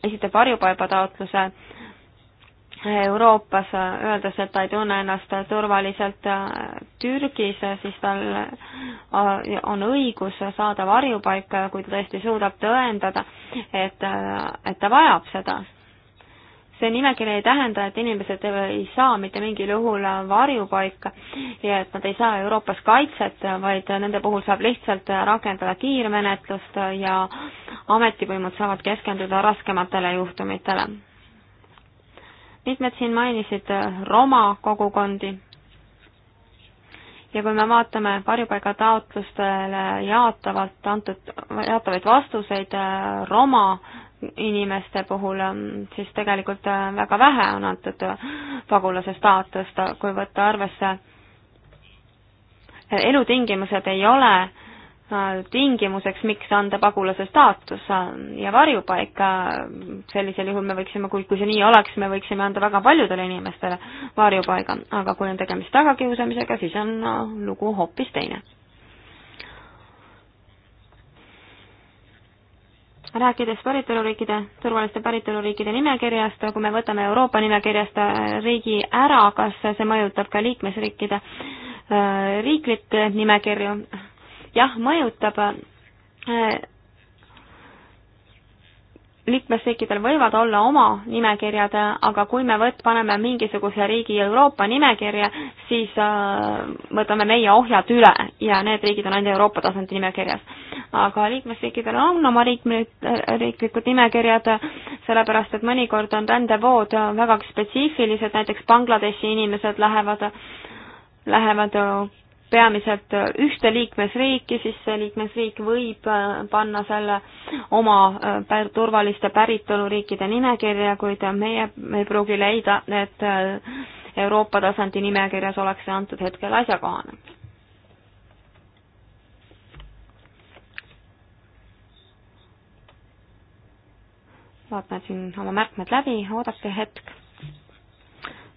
esitab varjupaigataotluse Euroopas, öeldes, et ta ei tunne ennast turvaliselt Türgis, siis tal on õigus saada varjupaika, kui ta tõesti suudab tõendada, et, et ta vajab seda, see nimekiri ei tähenda, et inimesed ei saa mitte mingil juhul varjupaika ja et nad ei saa Euroopas kaitset, vaid nende puhul saab lihtsalt rakendada kiirmenetlust ja ametivõimud saavad keskenduda raskematele juhtumitele. mitmed siin mainisid Roma kogukondi ja kui me vaatame varjupaigataotlustele jaatavalt antud, jaatavaid vastuseid Roma inimeste puhul ähm, siis tegelikult äh, väga vähe on antud äh, pagulase staatust, äh, kui võtta arvesse elutingimused ei ole tingimuseks, miks anda pagulase staatus ja varjupaika, sellisel juhul me võiksime, kui, kui see nii oleks, me võiksime anda väga paljudele inimestele varjupaiga, aga kui on tegemist tagakiusamisega, siis on lugu hoopis teine rääkides päritoluriikide, turvaliste päritoluriikide nimekirjast, kui me võtame Euroopa nimekirjast äh, riigi ära, kas see mõjutab ka liikmesriikide äh, riiklikke nimekirju? jah, mõjutab äh, liikmesriikidel võivad olla oma nimekirjad, aga kui me võt-, paneme mingisuguse riigi Euroopa nimekirja, siis äh, võtame meie ohjad üle ja need riigid on ainult Euroopa tasandi nimekirjas. aga liikmesriikidel on oma riiklik, riiklikud nimekirjad, sellepärast et mõnikord on rändevood vägagi spetsiifilised, näiteks Bangladeshi inimesed lähevad, lähevad peamiselt ühte liikmesriiki, siis see liikmesriik võib äh, panna selle oma äh, turvaliste päritoluriikide nimekirja, kuid meie ei pruugi leida, et äh, Euroopa tasandi nimekirjas oleks see antud hetkel asjakohane. vaatan siin oma märkmed läbi, oodake hetk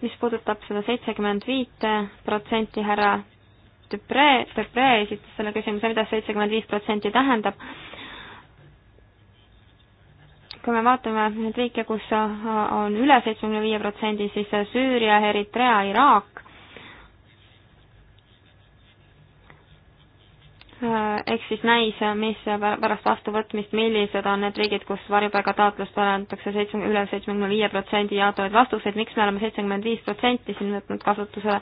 mis puudutab seda seitsekümmend viite protsenti, härra Dupre, Dupre esitas selle küsimuse, mida seitsekümmend viis protsenti tähendab. kui me vaatame neid riike, kus on üle seitsmekümne viie protsendi, siis Süüria, Eritrea, Iraak ehk siis näis, mis pärast vastuvõtmist, millised on need riigid, kus varjupaigataotlustele antakse seitsme, üle seitsmekümne viie protsendi jaatavaid vastuseid, miks me oleme seitsekümmend viis protsenti siin võtnud kasutusele,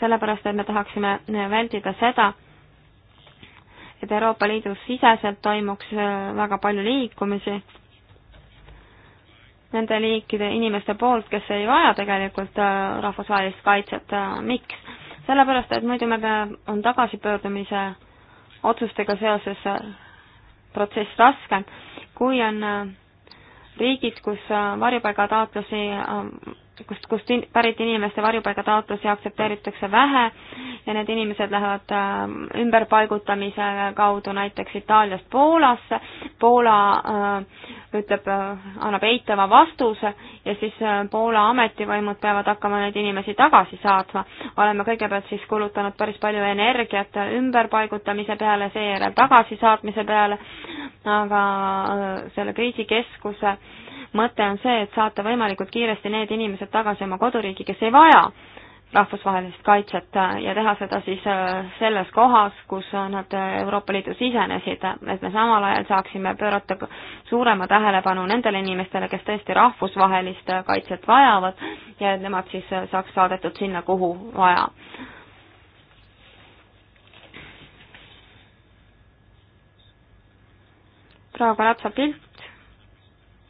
sellepärast et me tahaksime vältida seda, et Euroopa Liidu siseselt toimuks äh, väga palju liikumisi nende liikide inimeste poolt, kes ei vaja tegelikult äh, rahvusvahelist kaitset, äh, miks? sellepärast, et muidu me, on tagasipöördumise otsustega seoses äh, protsess raskem, kui on äh, riigid, kus äh, varjupaigataotlusi kust, kust in, pärit inimeste varjupaigataotlusi aktsepteeritakse vähe ja need inimesed lähevad äh, ümberpaigutamise kaudu näiteks Itaaliast Poolasse, Poola äh, ütleb äh,, annab eitava vastuse ja siis äh, Poola ametivõimud peavad hakkama neid inimesi tagasi saatma. oleme kõigepealt siis kulutanud päris palju energiat ümberpaigutamise peale, seejärel tagasisaatmise peale, aga äh, selle kriisikeskuse äh, mõte on see, et saata võimalikult kiiresti need inimesed tagasi oma koduriiki, kes ei vaja rahvusvahelist kaitset äh, ja teha seda siis äh, selles kohas, kus äh, nad Euroopa Liidu sisenesid, et me samal ajal saaksime pöörata suurema tähelepanu nendele inimestele, kes tõesti rahvusvahelist kaitset vajavad ja et nemad siis saaks saadetud sinna, kuhu vaja. praegu lapsa pilt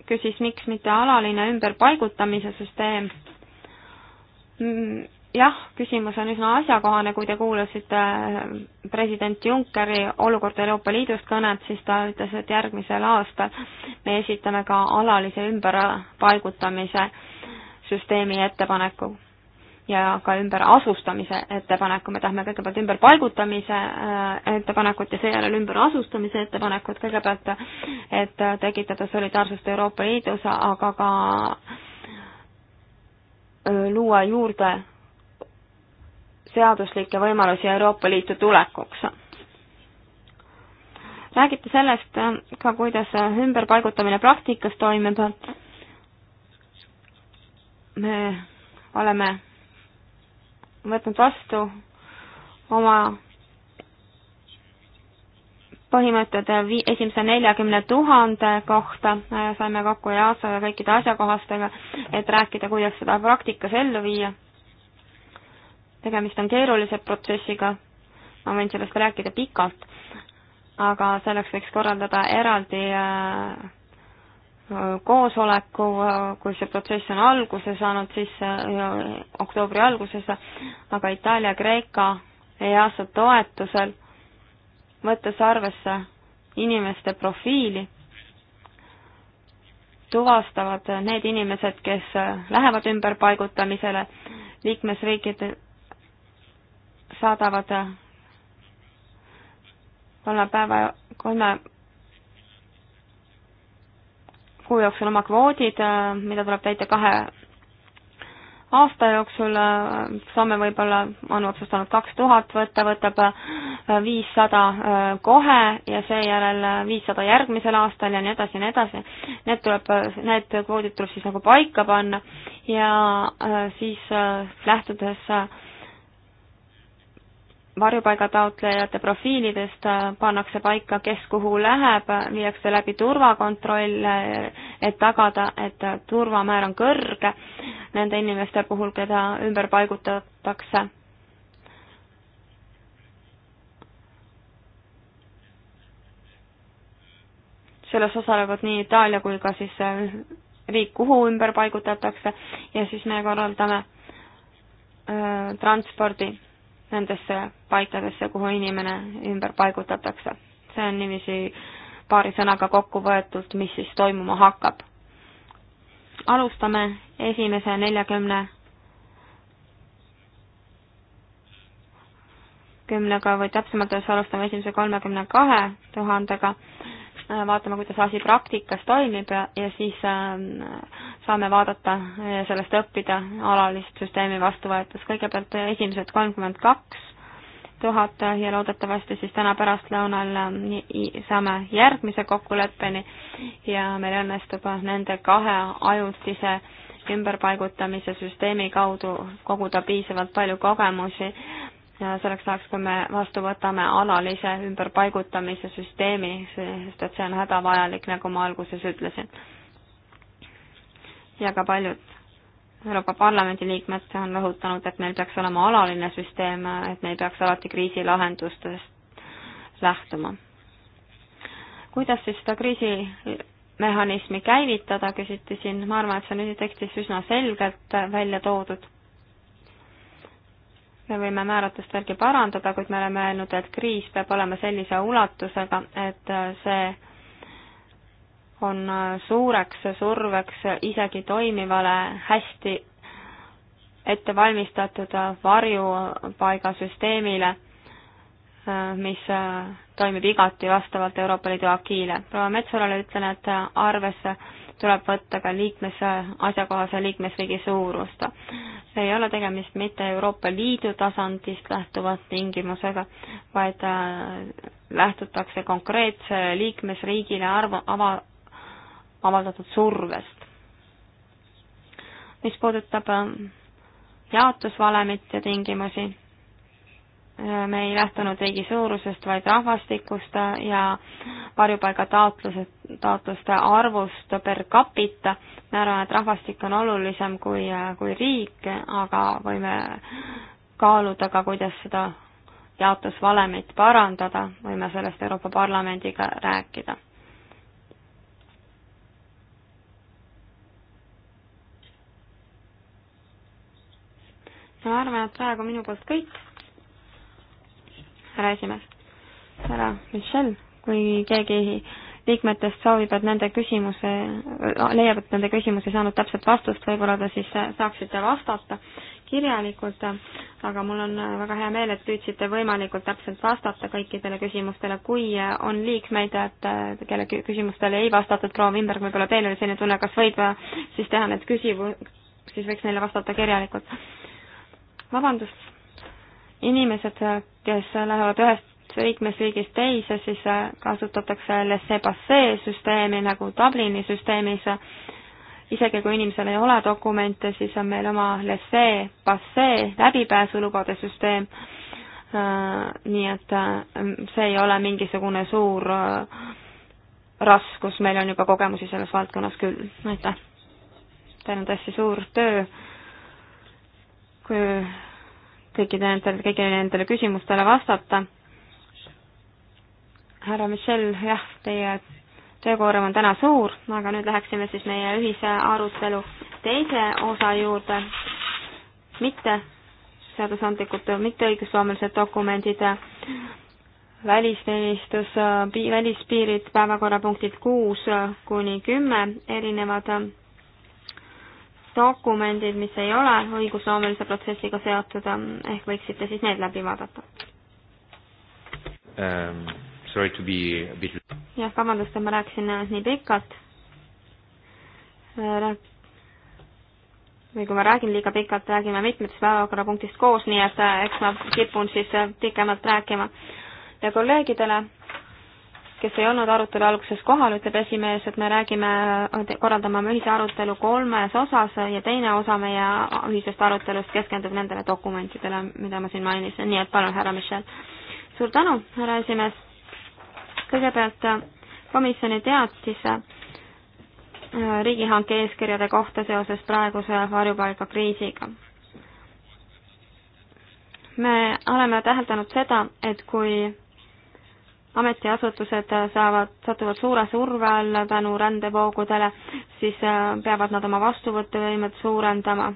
küsis, miks mitte alaline ümberpaigutamise süsteem. Mm, jah, küsimus on üsna asjakohane, kui te kuulasite äh, president Junckeri olukord Euroopa Liidus kõnet, siis ta ütles, et järgmisel aastal me esitame ka alalise ümberpaigutamise süsteemi ettepaneku ja ka ümberasustamise ettepaneku, me tahame kõigepealt ümberpaigutamise äh, ettepanekut ja seejärel ümberasustamise ettepanekut kõigepealt, et tekitada solidaarsust Euroopa Liidus, aga ka äh, luua juurde seaduslikke võimalusi Euroopa Liitu tulekuks. räägiti sellest äh, ka, kuidas ümberpaigutamine praktikas toimub. me oleme võtnud vastu oma põhimõtted esimese neljakümne tuhande kohta, saime kokku EASO ja kõikide asjakohastega, et rääkida, kuidas seda praktikas ellu viia. tegemist on keerulise protsessiga, ma võin sellest rääkida pikalt, aga selleks võiks korraldada eraldi äh, koosoleku, kui see protsess on alguse saanud, siis oktoobri alguses, aga Itaalia-Kreeka EASA toetusel, võttes arvesse inimeste profiili, tuvastavad need inimesed, kes lähevad ümberpaigutamisele, liikmesriigid saadavad kolme päeva, kolme kuu jooksul oma kvoodid, äh, mida tuleb täita kahe aasta jooksul, äh, Soome võib-olla on otsustanud kaks tuhat võtta, võtab äh, viissada kohe ja seejärel viissada järgmisel aastal ja nii edasi ja nii edasi. Need tuleb, need kvoodid tuleb siis nagu paika panna ja siis lähtudes äh, varjupaigataotlejate profiilidest äh, pannakse paika, kes kuhu läheb, viiakse läbi turvakontroll, äh, et tagada, et äh, turvamäär on kõrge nende inimeste puhul, keda ümber paigutatakse. selles osalevad nii Itaalia kui ka siis riik, kuhu ümber paigutatakse ja siis me korraldame öö, transpordi nendesse paikadesse, kuhu inimene ümber paigutatakse. see on niiviisi paari sõnaga kokku võetud, mis siis toimuma hakkab. alustame esimese neljakümne kümnega või täpsemalt öeldes alustame esimese kolmekümne kahe tuhandega Äh, vaatame, kuidas asi praktikas toimib ja, ja siis ähm, saame vaadata ja äh, sellest õppida alalist süsteemi vastuvõetus. kõigepealt esimesed kolmkümmend kaks tuhat ja loodetavasti siis täna pärastlõunal ähm, saame järgmise kokkuleppeni ja meil õnnestub nende kahe ajutise ümberpaigutamise süsteemi kaudu koguda piisavalt palju kogemusi selleks ajaks, kui me vastu võtame alalise ümberpaigutamise süsteemi, sest et see on hädavajalik, nagu ma alguses ütlesin. ja ka paljud Euroopa Parlamendi liikmed on rõhutanud, et meil peaks olema alaline süsteem, et me ei peaks alati kriisilahendustest lähtuma. kuidas siis seda kriisimehhanismi käivitada, küsiti siin, ma arvan, et see on nüüd tekstis üsna selgelt välja toodud me võime määratust veelgi parandada, kuid me oleme öelnud, et kriis peab olema sellise ulatusega, et see on suureks surveks isegi toimivale hästi ettevalmistatud varjupaigasüsteemile, mis toimib igati vastavalt Euroopa Liidu akiile. proua Metsolale ütlen, et arvesse tuleb võtta ka liikmes, asjakohase liikmesriigi suurust. ei ole tegemist mitte Euroopa Liidu tasandist lähtuva tingimusega, vaid äh, lähtutakse konkreetse liikmesriigile arv-, ava-, avaldatud survest. mis puudutab äh, jaotusvalemit ja tingimusi, Äh, me ei lähtunud riigi suurusest, vaid rahvastikust äh, ja varjupaigataotluse, taotluste arvust per capita. ma arvan, et rahvastik on olulisem kui, äh, kui riik, aga võime kaaluda ka, kuidas seda jaotusvalemit parandada, võime sellest Euroopa Parlamendiga rääkida. ma arvan, et praegu minu poolt kõik härra esimees, härra Michel, kui keegi liikmetest soovib, et nende küsimuse, leiab, et nende küsimus ei saanud täpset vastust, võib-olla te siis saaksite vastata kirjalikult, aga mul on väga hea meel, et püüdsite võimalikult täpselt vastata kõikidele küsimustele, kui on liikmeid, et kelle küsimustele ei vastatud, proua Vimberg, võib-olla teil oli selline tunne, kas võib siis teha need küsimus, siis võiks neile vastata kirjalikult. vabandust, inimesed kes lähevad ühest liikmesriigist teise, siis äh, kasutatakse laissez-passer süsteemi nagu Dublini süsteemis. isegi kui inimesel ei ole dokumente, siis on meil oma laissez-passer läbipääsulubade süsteem. Äh, nii et äh, see ei ole mingisugune suur raskus, meil on juba kogemusi selles valdkonnas küll, aitäh. Teil on tõesti suur töö, kui kõikide nendele, kõigile nendele küsimustele vastata. härra Michel, jah, teie töökoorem on täna suur, aga nüüd läheksime siis meie ühise arutelu teise osa juurde. mitte seadusandlikud, mitte õigusloomelised dokumendid, välisteenistus, välispiirid, päevakorrapunktid kuus kuni kümme erinevad dokumendid, mis ei ole õigusloomelise protsessiga seotud, ähm, ehk võiksite siis need läbi vaadata um,? Sorry to be a bit jah, vabandust, et ma rääkisin äh, nii pikalt äh, Rääk.... või kui ma räägin liiga pikalt, räägime mitmetest päevakorrapunktist koos, nii et äh, eks ma kipun siis pikemalt rääkima. ja kolleegidele kes ei olnud arutelu alguses kohal, ütleb esimees, et me räägime, korraldame oma ühise arutelu kolmes osas ja teine osa meie ühisest arutelust keskendub nendele dokumentidele, mida ma siin mainisin, nii et palun, härra Michel. suur tänu, härra esimees. kõigepealt äh, komisjoni teatis äh, riigihanke eeskirjade kohta seoses praeguse varjupaigakriisiga me oleme täheldanud seda, et kui ametiasutused saavad, satuvad suure surve alla tänu rändevoogudele, siis äh, peavad nad oma vastuvõtuvõimet suurendama,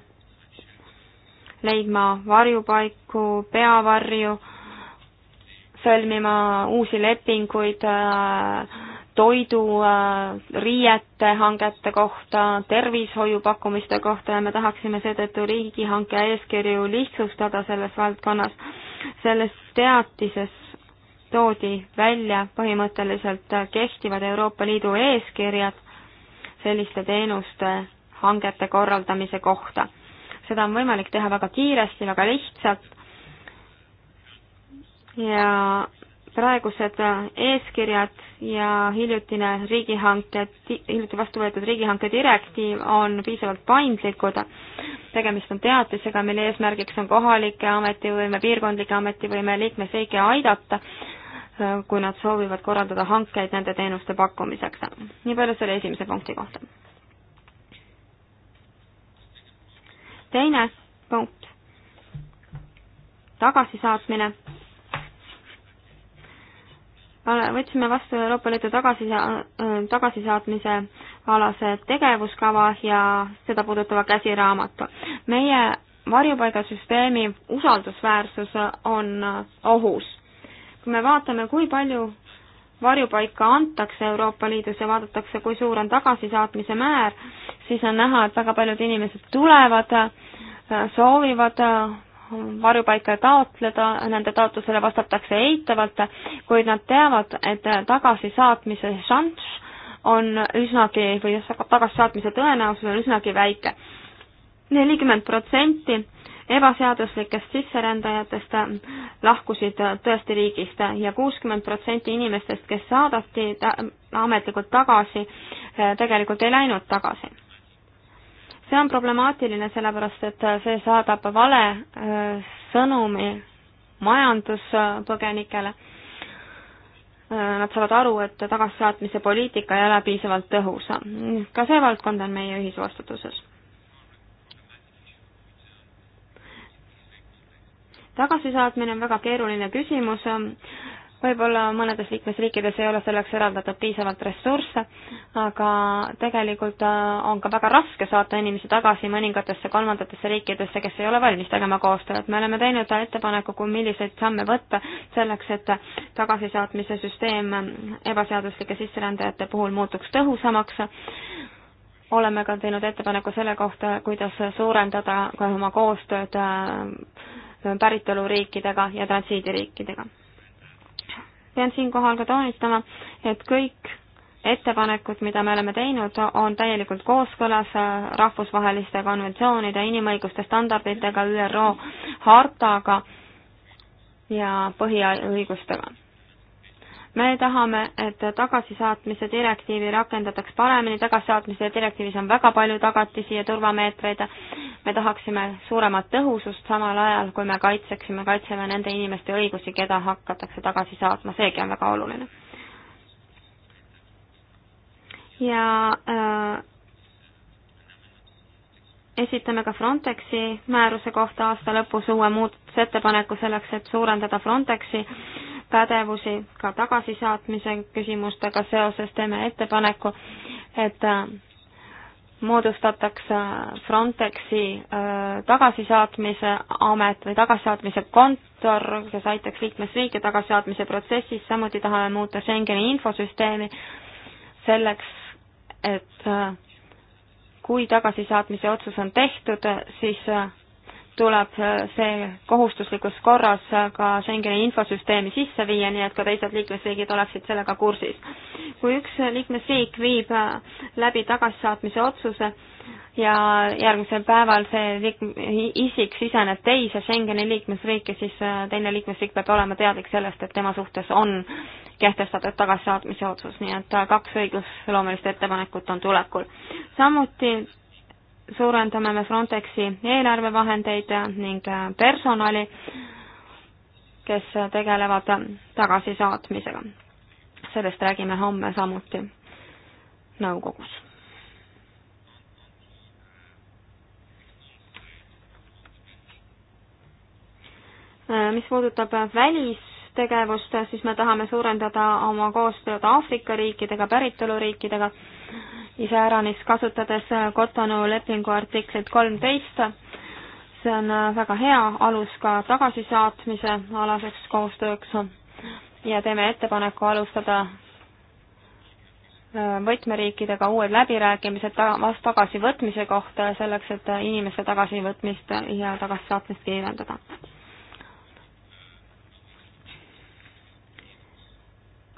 leidma varjupaiku, peavarju, sõlmima uusi lepinguid äh, toidu, äh, riiete hangete kohta, tervishoiu pakkumiste kohta ja me tahaksime seetõttu riigihanke eeskirju lihtsustada selles valdkonnas. selles teatises toodi välja põhimõtteliselt kehtivad Euroopa Liidu eeskirjad selliste teenuste hangete korraldamise kohta. seda on võimalik teha väga kiiresti, väga lihtsalt ja praegused eeskirjad ja hiljutine riigihanke, hiljuti vastu võetud riigihanke direktiiv on piisavalt paindlikud. tegemist on teatisega, mille eesmärgiks on kohalike ametivõime, piirkondlike ametivõime liikmesriike aidata kui nad soovivad korraldada hankeid nende teenuste pakkumiseks. nii palju selle esimese punkti kohta. teine punkt, tagasisaatmine. võtsime vastu Euroopa Liidu tagasisa-, tagasisaatmise alase tegevuskava ja seda puudutava käsiraamatu. meie varjupaigasüsteemi usaldusväärsus on ohus kui me vaatame, kui palju varjupaika antakse Euroopa Liidus ja vaadatakse, kui suur on tagasisaatmise määr, siis on näha, et väga paljud inimesed tulevad, soovivad varjupaika taotleda, nende taotlusele vastatakse eitavalt, kuid nad teavad, et tagasisaatmise šanss on üsnagi või tagasisaatmise tõenäosus on üsnagi väike. nelikümmend protsenti ebaseaduslikest sisserändajatest äh, lahkusid äh, tõesti riigist ja kuuskümmend protsenti inimestest, kes saadeti ta ametlikult tagasi, äh, tegelikult ei läinud tagasi. see on problemaatiline, sellepärast et see saadab vale sõnumi majanduspõgenikele. Nad saavad aru, et tagasisaatmise poliitika ei ole piisavalt tõhus. ka see valdkond on meie ühisvastutuses tagasisaatmine on väga keeruline küsimus, võib-olla mõnedes liikmesriikides ei ole selleks eraldatud piisavalt ressursse, aga tegelikult äh, on ka väga raske saata inimesi tagasi mõningatesse kolmandatesse riikidesse, kes ei ole valmis tegema koostööd. me oleme teinud ettepaneku, kui milliseid samme võtta selleks, et tagasisaatmise süsteem ebaseaduslike sisserändajate puhul muutuks tõhusamaks. oleme ka teinud ettepaneku selle kohta, kuidas suurendada oma koostööd äh, päritoluriikidega ja transiidiriikidega. pean siinkohal ka toonitama, et kõik ettepanekud, mida me oleme teinud, on täielikult kooskõlas äh, rahvusvaheliste konventsioonide, inimõiguste standarditega, ÜRO hartaga ja põhiõigustega me tahame, et tagasisaatmise direktiivi rakendataks paremini, tagasisaatmise direktiivis on väga palju tagatisi ja turvameetreid, me tahaksime suuremat tõhusust, samal ajal kui me kaitseksime, kaitseme nende inimeste õigusi, keda hakatakse tagasi saatma, seegi on väga oluline. ja äh, esitame ka Frontexi määruse kohta aasta lõpus uue muudatusettepaneku selleks, et suurendada Frontexi äh, pädevusi ka tagasisaatmise küsimustega seoses, teeme ettepaneku, et äh, moodustatakse Frontexi äh, tagasisaatmise amet või tagasisaatmise kontor, kes aitaks liikmesriike tagasisaatmise protsessis, samuti tahame muuta Schengeni infosüsteemi selleks, et äh, kui tagasisaatmise otsus on tehtud, siis tuleb äh, see kohustuslikus korras äh, ka Schengeni infosüsteemi sisse viia, nii et ka teised liikmesriigid oleksid sellega kursis. kui üks liikmesriik viib äh, läbi tagasisaatmise otsuse ja järgmisel päeval see isik siseneb teise Schengeni liikmesriiki, siis teine liikmesriik peab olema teadlik sellest, et tema suhtes on kehtestatud tagasisaatmise otsus, nii et kaks õigusloomelist ettepanekut on tulekul. samuti suurendame me Frontexi eelarvevahendeid ning personali, kes tegelevad tagasisaatmisega. sellest räägime homme samuti nõukogus. mis puudutab välistegevust, siis me tahame suurendada oma koostööd Aafrika riikidega, päritoluriikidega iseäranis kasutades Cotonou lepingu artiklit kolmteist. see on väga hea alus ka tagasisaatmise alaseks koostööks ja teeme ettepaneku alustada võtmeriikidega uued läbirääkimised vast tagasivõtmise kohta ja selleks, et inimeste tagasivõtmist ja tagasisaatmist kiirendada.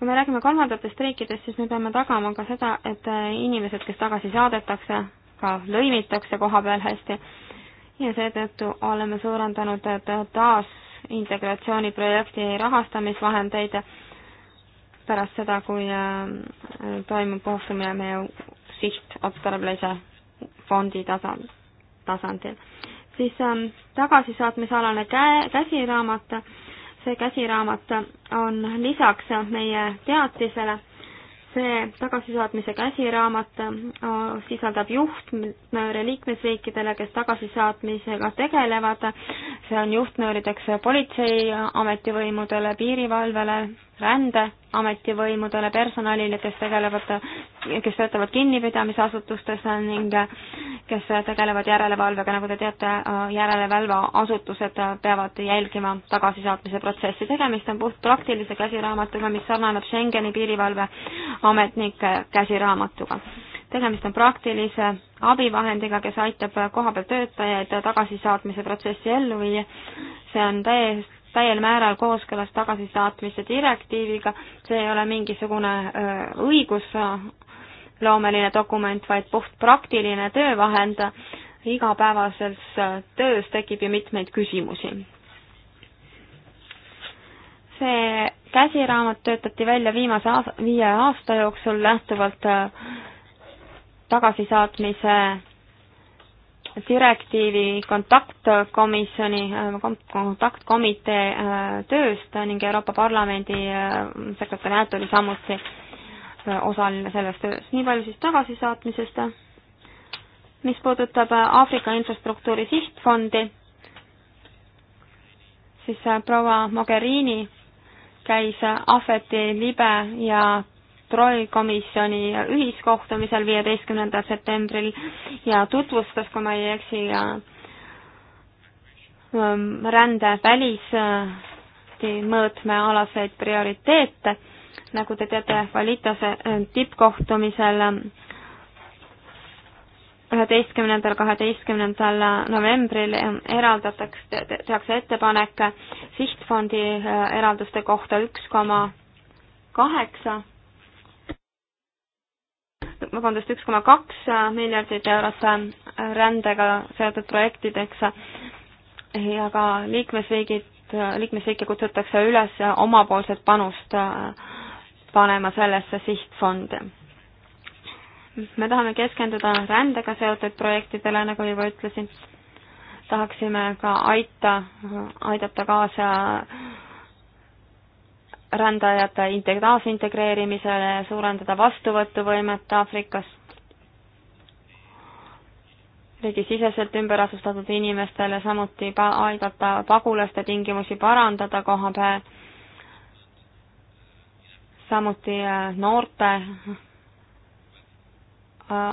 kui me räägime kolmandatest riikidest, siis me peame tagama ka seda, et äh, inimesed, kes tagasi saadetakse, ka lõimitakse koha peal hästi ja seetõttu oleme suurendanud äh, taasintegratsiooni projekti rahastamisvahendeid pärast seda, kui äh, toimub kohtumine meie sihtotstarbelise fondi tasand, tasandil. siis ähm, tagasisaatmisalane käe, käsiraamat see käsiraamat on lisaks meie teatisele, see tagasisaatmise käsiraamat äh, sisaldab juhtnööre liikmesriikidele, kes tagasisaatmisega tegelevad. see on juhtnöörideks politsei, ametivõimudele, piirivalvele, rände ametivõimudele, personalile, kes tegelevad, kes töötavad kinnipidamisasutustes ning kes tegelevad järelevalvega, nagu te teate, järelevalveasutused peavad jälgima tagasisaatmise protsessi. tegemist on puhtpraktilise käsiraamatuga, mis sarnaneb Schengeni piirivalveametnike käsiraamatuga tegemist on praktilise abivahendiga, kes aitab kohapeal töötajaid tagasisaatmise protsessi ellu viia. see on täiesti täiel määral kooskõlas tagasisaatmise direktiiviga, see ei ole mingisugune õigusloomeline dokument, vaid puht praktiline töövahend, igapäevases töös tekib ju mitmeid küsimusi. see käsiraamat töötati välja viimase aasta, viie aasta jooksul lähtuvalt tagasisaatmise direktiivi kontaktkomisjoni, kontaktkomitee äh, tööst ning Euroopa Parlamendi äh, sekretäriaat oli samuti äh, osaline selles töös. nii palju siis tagasisaatmisest. mis puudutab Aafrika Infrastruktuuri Sihtfondi, siis proua Mogherini käis Ahveti, Libe ja kontrollikomisjoni ühiskohtumisel viieteistkümnendal septembril ja tutvustas, kui ma ei eksi, ähm, rände välismõõtmealaseid prioriteete. nagu te teate, Valitase äh, tippkohtumisel ähm, üheteistkümnendal, kaheteistkümnendal novembril ähm, eraldatakse te,, tehakse ettepanek sihtfondi äh, eralduste kohta üks koma kaheksa vabandust, üks koma kaks miljardit eurot rändega seotud projektideks ja ka liikmesriigid, liikmesriike kutsutakse üles omapoolset panust panema sellesse sihtfondi. me tahame keskenduda rändega seotud projektidele, nagu juba ütlesin, tahaksime ka aita, aidata kaasa rändajate taasintegreerimisele, suurendada vastuvõtuvõimet Aafrikas, riigisiseselt ümber asustatud inimestele, samuti pa-, aidata pagulaste tingimusi parandada koha peal, samuti äh, noorte äh,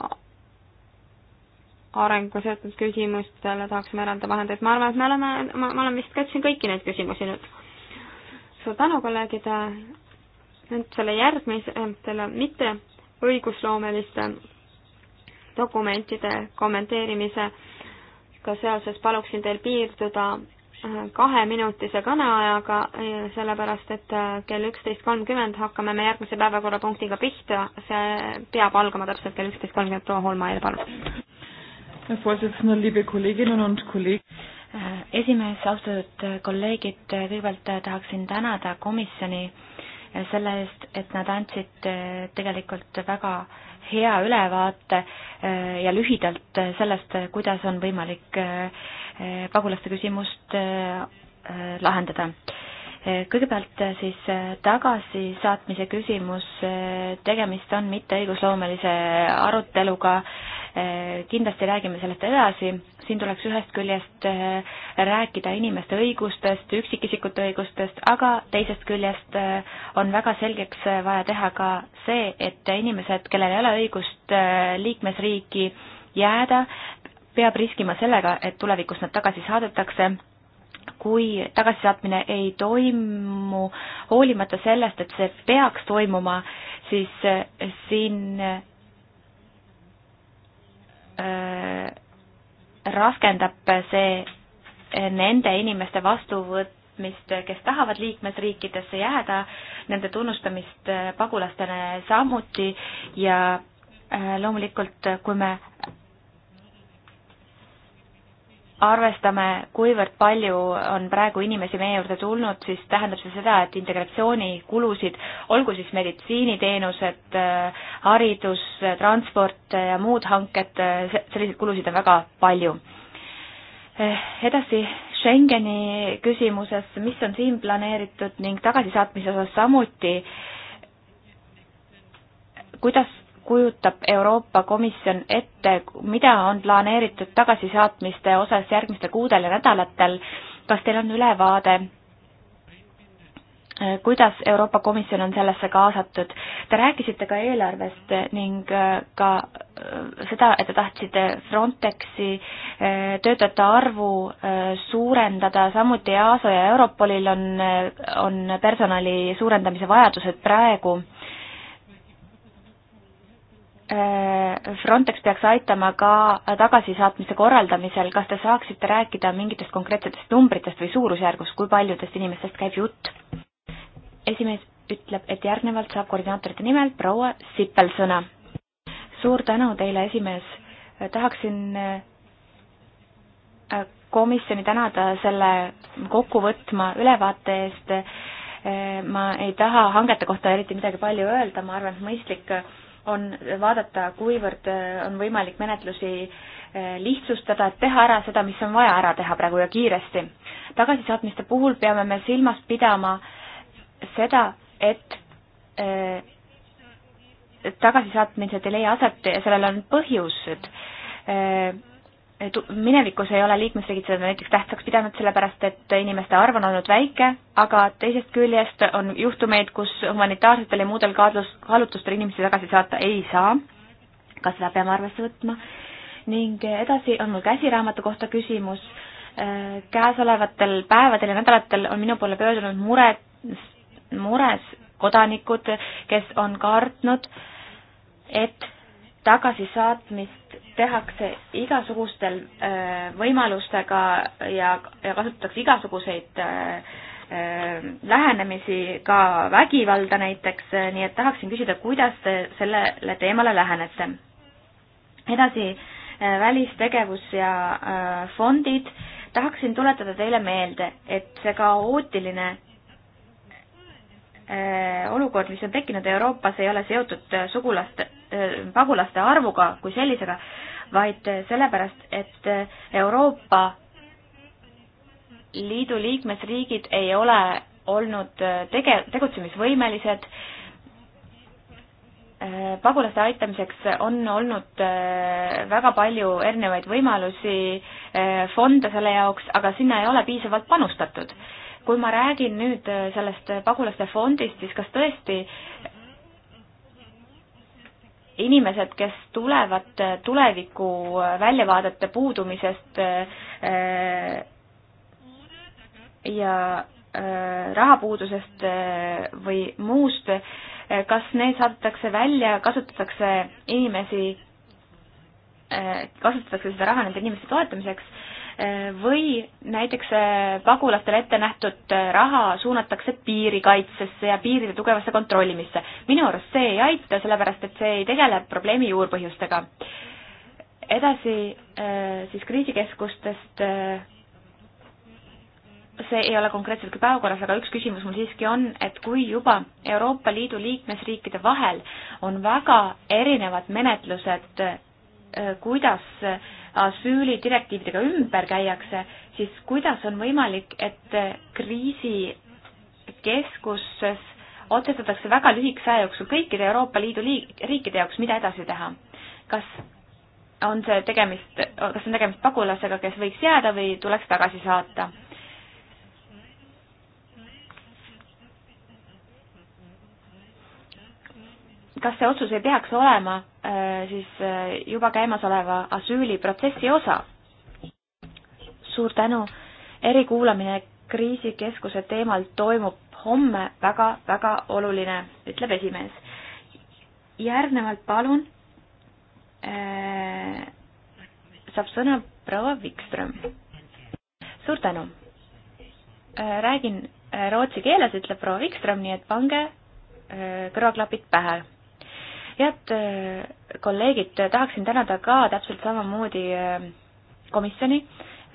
arenguga seotud küsimustele tahaksime eraldada vahendeid, ma arvan, et me oleme, ma, ma olen vist kätsin kõiki neid küsimusi nüüd suur tänu, kolleegid, selle järgmistele mitte õigusloomeliste dokumentide kommenteerimisega seoses paluksin teil piirduda kaheminutise kõneajaga, sellepärast et kell üksteist kolmkümmend hakkame me järgmise päevakorrapunktiga pihta, see peab algama täpselt kell üksteist kolmkümmend, proua Holma, palun. Äh, esimees, austatud kolleegid, kõigepealt äh, tahaksin tänada komisjoni äh, selle eest, et nad andsid tegelikult väga hea ülevaate ja lühidalt sellest, kuidas on võimalik pagulaste küsimust lahendada. kõigepealt siis tagasisaatmise küsimus, tegemist on mitteõigusloomelise aruteluga äh, Äh, kindlasti räägime sellest edasi, siin tuleks ühest küljest äh, rääkida inimeste õigustest, üksikisikute õigustest, aga teisest küljest äh, on väga selgeks vaja teha ka see, et inimesed, kellel ei ole õigust liikmesriiki jääda, peab riskima sellega, et tulevikus nad tagasi saadetakse kui tagasisaatmine ei toimu, hoolimata sellest, et see peaks toimuma, siis siin äh, raskendab see nende inimeste vastuvõtmist, kes tahavad liikmesriikidesse jääda, nende tunnustamist äh, pagulastele samuti ja äh, loomulikult, kui me arvestame, kuivõrd palju on praegu inimesi meie juurde tulnud, siis tähendab see seda, et integratsioonikulusid, olgu siis meditsiiniteenused, haridus, transport ja muud hanked, selliseid kulusid on väga palju. Edasi Schengeni küsimuses, mis on siin planeeritud ning tagasisaatmise osas samuti, kuidas kujutab Euroopa Komisjon ette, mida on planeeritud tagasisaatmiste osas järgmistel kuudel ja nädalatel, kas teil on ülevaade, äh, kuidas Euroopa Komisjon on sellesse kaasatud? Te rääkisite ka eelarvest ning äh, ka äh, seda, et te tahtsite Frontexi töötajate arvu suurendada, samuti EASO ja Europolil on, on personali suurendamise vajadused praegu Äh, Frontex peaks aitama ka tagasisaatmise korraldamisel, kas te saaksite rääkida mingitest konkreetsetest numbritest või suurusjärgust, kui paljudest inimestest käib jutt? esimees ütleb, et järgnevalt saab koordinaatorite nimel proua Sippel sõna. suur tänu teile, esimees. tahaksin äh, komisjoni tänada selle kokkuvõtma ülevaate eest. Äh, ma ei taha hangete kohta eriti midagi palju öelda, ma arvan, et mõistlik on vaadata, kuivõrd eh, on võimalik menetlusi eh, lihtsustada, et teha ära seda, mis on vaja ära teha praegu ja kiiresti. tagasisaatmiste puhul peame me silmas pidama seda, et eh, tagasisaatmise delay aset, sellel on põhjused minevikus ei ole liikmesriigid seda näiteks tähtsaks pidanud, sellepärast et inimeste arv on olnud väike, aga teisest küljest on juhtumeid, kus humanitaarsetel ja muudel kaalus, kaalutlustel inimesi tagasi saata ei saa. ka seda peame arvesse võtma. ning edasi on mul käsiraamatu kohta küsimus. Äh, käesolevatel päevadel ja nädalatel on minu poole pöördunud mure, mures kodanikud, kes on kartnud, et tagasisaatmist tehakse igasugustel äh, võimalustega ja, ja kasutatakse igasuguseid äh, äh, lähenemisi, ka vägivalda näiteks, nii et tahaksin küsida, kuidas te sellele teemale lähenete? edasi, välistegevus ja fondid, tahaksin tuletada teile meelde, et see kaootiline olukord, mis on tekkinud Euroopas, ei ole seotud sugulaste, Äh, pagulaste arvuga kui sellisega, vaid äh, sellepärast, et äh, Euroopa Liidu liikmesriigid ei ole olnud tege-, tegutsemisvõimelised. pagulaste aitamiseks on olnud väga palju erinevaid võimalusi, fonde selle jaoks, aga sinna ei ole piisavalt panustatud kui ma räägin nüüd sellest pagulaste fondist, siis kas tõesti inimesed, kes tulevad äh, tuleviku äh, väljavaadete puudumisest äh, ja rahapuudusest või muust, kas need saadetakse välja, kasutatakse inimesi, kasutatakse seda raha nende inimeste toetamiseks või näiteks äh, pagulastele ette nähtud äh, raha suunatakse piirikaitsesse ja piiride tugevasse kontrollimisse. minu arust see ei aita, sellepärast et see ei tegele probleemi juurpõhjustega. edasi äh, siis kriisikeskustest, see ei ole konkreetselt ka päevakorras, aga üks küsimus mul siiski on, et kui juba Euroopa Liidu liikmesriikide vahel on väga erinevad menetlused, kuidas äh, asüülidirektiividega ümber käiakse, siis kuidas on võimalik, et kriisikeskuses otsustatakse väga lühikese aja jooksul kõikide Euroopa Liidu liik-, riikide jaoks, mida edasi teha? kas on see tegemist, kas on tegemist pagulasega, kes võiks jääda või tuleks tagasi saata? kas see otsus ei peaks olema Äh, siis äh, juba käimasoleva asüüliprotsessi osa. suur tänu, erikuulamine kriisikeskuse teemal toimub homme väga-väga oluline, ütleb esimees. järgnevalt palun äh, saab sõna proua Wikström. suur tänu äh,. räägin äh, rootsi keeles, ütleb proua Wikström, nii et pange äh, kõrvaklapid pähe head äh, kolleegid, tahaksin tänada ka täpselt samamoodi äh, komisjoni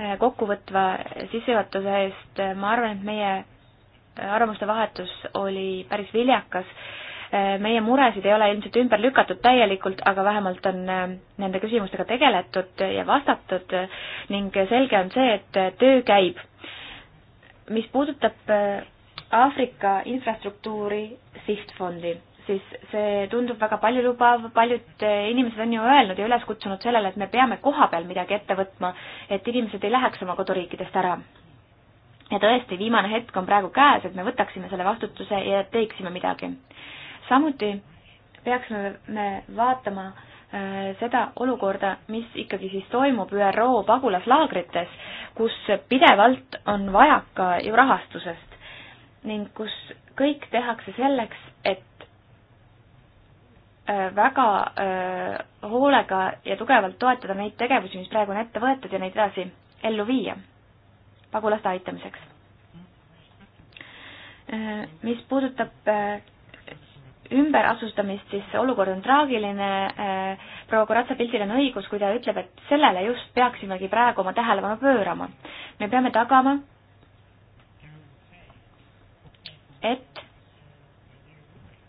äh, kokkuvõtva sissejuhatuse eest, ma arvan, et meie arvamuste vahetus oli päris viljakas. meie muresid ei ole ilmselt ümber lükatud täielikult, aga vähemalt on nende küsimustega tegeletud ja vastatud ning selge on see, et töö käib. mis puudutab Aafrika infrastruktuuri sihtfondi siis see tundub väga paljulubav, paljud eh, inimesed on ju öelnud ja üles kutsunud sellele, et me peame kohapeal midagi ette võtma, et inimesed ei läheks oma koduriikidest ära. ja tõesti, viimane hetk on praegu käes, et me võtaksime selle vastutuse ja teeksime midagi. samuti peaksime me vaatama eh, seda olukorda, mis ikkagi siis toimub ÜRO pagulaslaagrites, kus pidevalt on vajaka ju rahastusest ning kus kõik tehakse selleks, et Äh, väga äh, hoolega ja tugevalt toetada neid tegevusi, mis praegu on ette võetud ja neid edasi ellu viia pagulaste aitamiseks. Äh, mis puudutab ümberasustamist, siis olukord on traagiline, proua Koratsa pildil on õigus, kui ta ütleb, et sellele just peaksimegi praegu oma tähelepanu pöörama. me peame tagama, et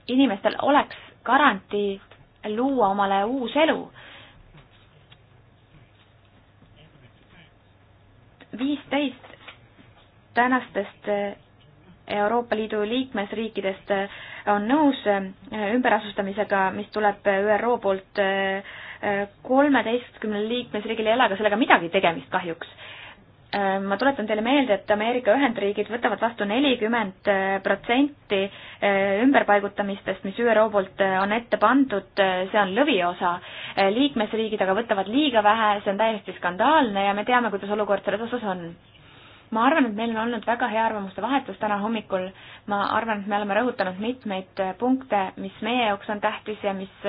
inimestel oleks garantii luua omale uus elu. viisteist tänastest Euroopa Liidu liikmesriikidest on nõus ümberasustamisega, mis tuleb ÜRO poolt kolmeteistkümnel liikmesriigil ei ole aga sellega midagi tegemist kahjuks Ehm, ma tuletan teile meelde, et Ameerika Ühendriigid võtavad vastu nelikümmend eh, protsenti eh, ümberpaigutamistest, mis ÜRO poolt eh, on ette pandud, see on lõviosa. liikmesriigid aga võtavad liiga vähe, see on täiesti skandaalne ja me teame, kuidas olukord selles osas on ma arvan, et meil on olnud väga hea arvamuste vahetus täna hommikul. ma arvan, et me oleme rõhutanud mitmeid punkte, mis meie jaoks on tähtis ja mis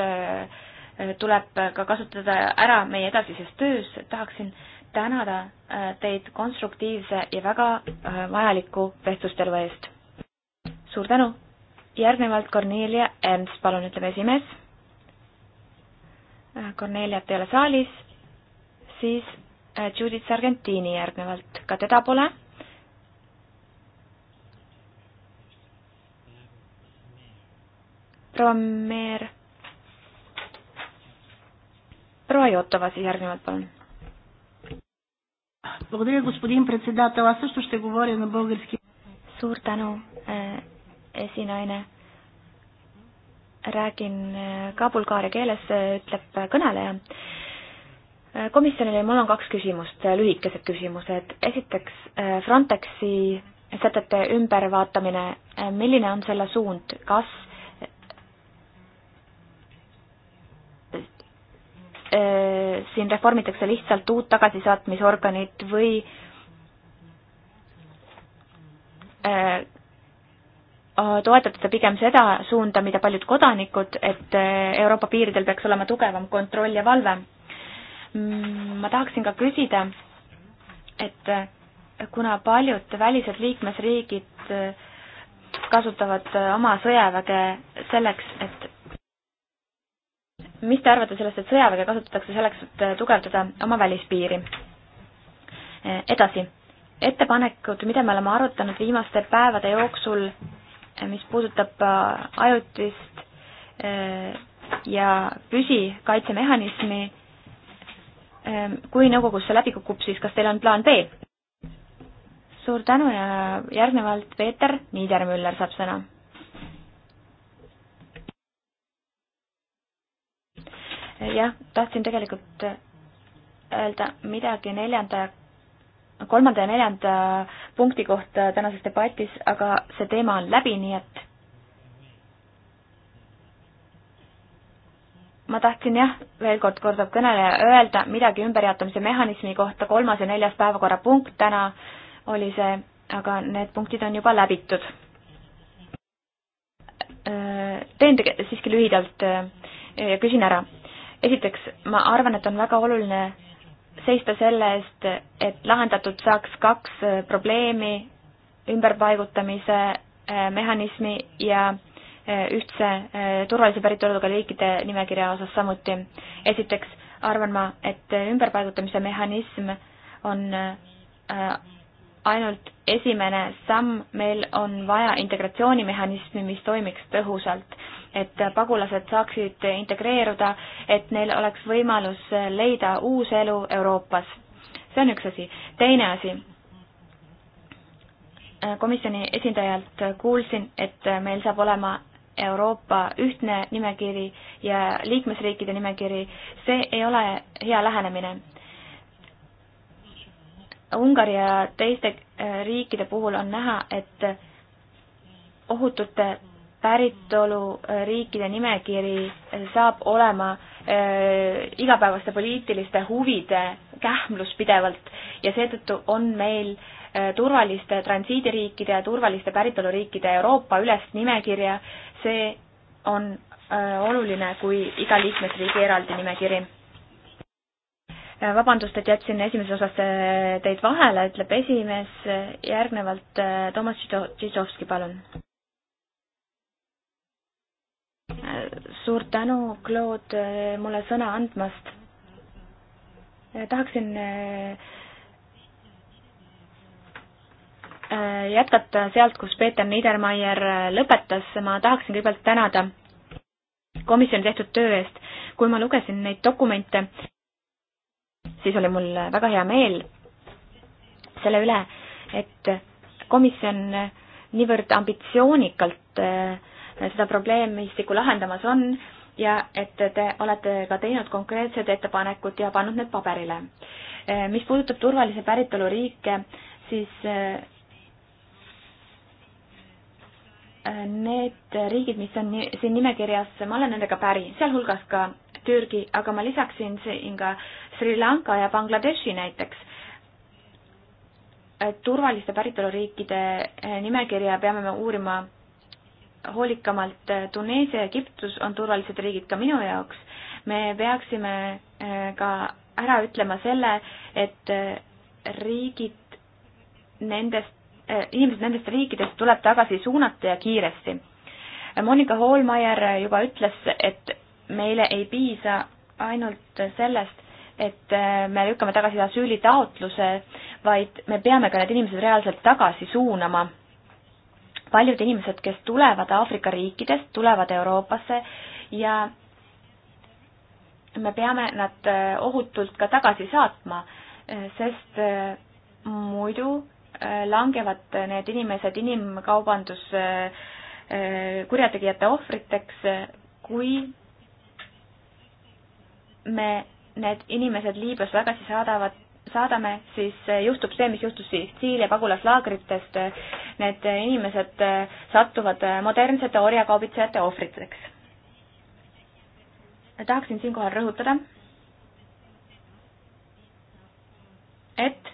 tuleb ka kasutada ära meie edasises töös. tahaksin äh, tänada äh, teid konstruktiivse ja väga äh, vajaliku vestlustelva eest. suur tänu. järgnevalt Kornelia Ernst, palun, ütleb esimees. Korneliat äh, ei ole saalis, siis Judith Sargentini järgnevalt, ka teda pole. proua Meer. proua Jotova siis järgnevalt, palun Благодаря, господин председател. Аз също ще говоря на български. Suur tänu, esinaine. räägin ka bulgaaria keeles, e, ütleb kõneleja. E, komisjonile mul on kaks küsimust, e, lühikesed küsimused. esiteks Frontexi sätete ümbervaatamine, milline on selle suund, kas Äh, siin reformitakse lihtsalt uut tagasisaatmisorganit või äh, äh, toetatakse pigem seda suunda, mida paljud kodanikud, et Euroopa piiridel peaks olema tugevam kontroll ja valve. Mm, ma tahaksin ka küsida, et kuna paljud välised liikmesriigid kasutavad oma sõjaväge selleks, et mis te arvate sellest, et sõjaväge kasutatakse selleks, et äh, tugevdada oma välispiiri? Äh, edasi, ettepanekud, mida me oleme arutanud viimaste päevade jooksul, äh, mis puudutab ajutist ja püsikaitsemehhanismi, kui nõukogus see läbi kukub, siis kas teil on plaan B? suur tänu ja järgnevalt Peeter Niidermüller saab sõna jah, tahtsin tegelikult öelda midagi neljanda, kolmanda ja neljanda punkti kohta tänases debatis, aga see teema on läbi, nii et ma tahtsin jah, veel kord kordab kõneleja, öelda midagi ümberjaotamise mehhanismi kohta, kolmas ja neljas päevakorrapunkt täna oli see, aga need punktid on juba läbitud. Teen tege-, siiski lühidalt ja küsin ära, esiteks, ma arvan, et on väga oluline seista selle eest, et lahendatud saaks kaks äh, probleemi, ümberpaigutamise äh, mehhanismi ja äh, ühtse turvalise päritoluga riikide nimekirja osas samuti. esiteks arvan ma, et ümberpaigutamise mehhanism on ainult esimene samm, meil on vaja integratsioonimehhanismi, mis toimiks tõhusalt, et pagulased saaksid integreeruda, et neil oleks võimalus leida uus elu Euroopas. see on üks asi. teine asi, komisjoni esindajalt kuulsin, et meil saab olema Euroopa ühtne nimekiri ja liikmesriikide nimekiri, see ei ole hea lähenemine Ungari ja teiste äh, riikide puhul on näha, et ohutute päritoluriikide äh, nimekiri äh, saab olema äh, igapäevaste poliitiliste huvide kähmlus pidevalt ja seetõttu on meil äh, turvaliste transiidiriikide ja turvaliste päritoluriikide Euroopa üles nimekirja, see on äh, oluline kui iga liikmesriigi eraldi nimekiri. Äh, vabandust, et jätsin esimeses osas teid vahele, ütleb esimees. järgnevalt äh, Toomas Tšižovski, palun. Äh, suur tänu, Claude, mulle sõna andmast. tahaksin jätkata sealt, kus Peeter Niedermeier lõpetas. ma tahaksin kõigepealt tänada komisjoni tehtud töö eest. kui ma lugesin neid dokumente, siis oli mul väga hea meel selle üle, et komisjon niivõrd ambitsioonikalt äh, seda probleemistikku lahendamas on ja et te olete ka teinud konkreetsed ettepanekud ja pannud need paberile. Äh, mis puudutab turvalise päritolu riike, siis äh, need riigid, mis on siin nimekirjas, ma olen nendega päri, sealhulgas ka Türgi, aga ma lisaksin siin ka Sri Lanka ja Bangladeshi näiteks. turvaliste päritoluriikide eh, nimekirja peame me uurima hoolikamalt. Tuneesia ja Egiptus on turvalised riigid ka minu jaoks. me peaksime eh, ka ära ütlema selle, et eh, riigid nendest, inimesed nendest riikidest tuleb tagasi suunata ja kiiresti Monika Hoolmeier juba ütles, et meile ei piisa ainult sellest, et äh, me lükkame tagasi asüülitaotluse, vaid me peame ka need inimesed reaalselt tagasi suunama. paljud inimesed, kes tulevad Aafrika riikidest, tulevad Euroopasse ja me peame nad äh, ohutult ka tagasi saatma, äh, sest muidu langevad need inimesed inimkaubandus kurjategijate ohvriteks, kui me need inimesed Liibüas tagasi saadavad, saadame, siis eh, juhtub see, mis juhtus Sitsiilia pagulaslaagritest. Need eh, inimesed eh, satuvad modernsete orjakaubitsejate ohvriteks. tahaksin siinkohal rõhutada, et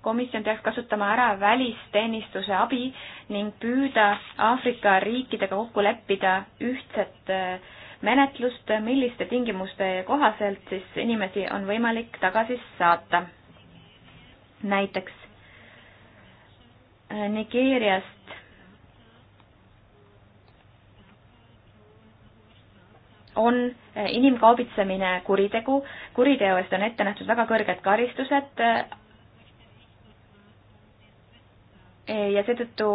komisjon peaks kasutama ära välisteenistuse abi ning püüda Aafrika riikidega kokku leppida ühtset äh, menetlust, milliste tingimuste kohaselt siis inimesi on võimalik tagasi saata. näiteks äh, Nigeeriast on äh, inimkaubitsemine kuritegu, kuriteo eest on ette nähtud väga kõrged karistused äh, ja seetõttu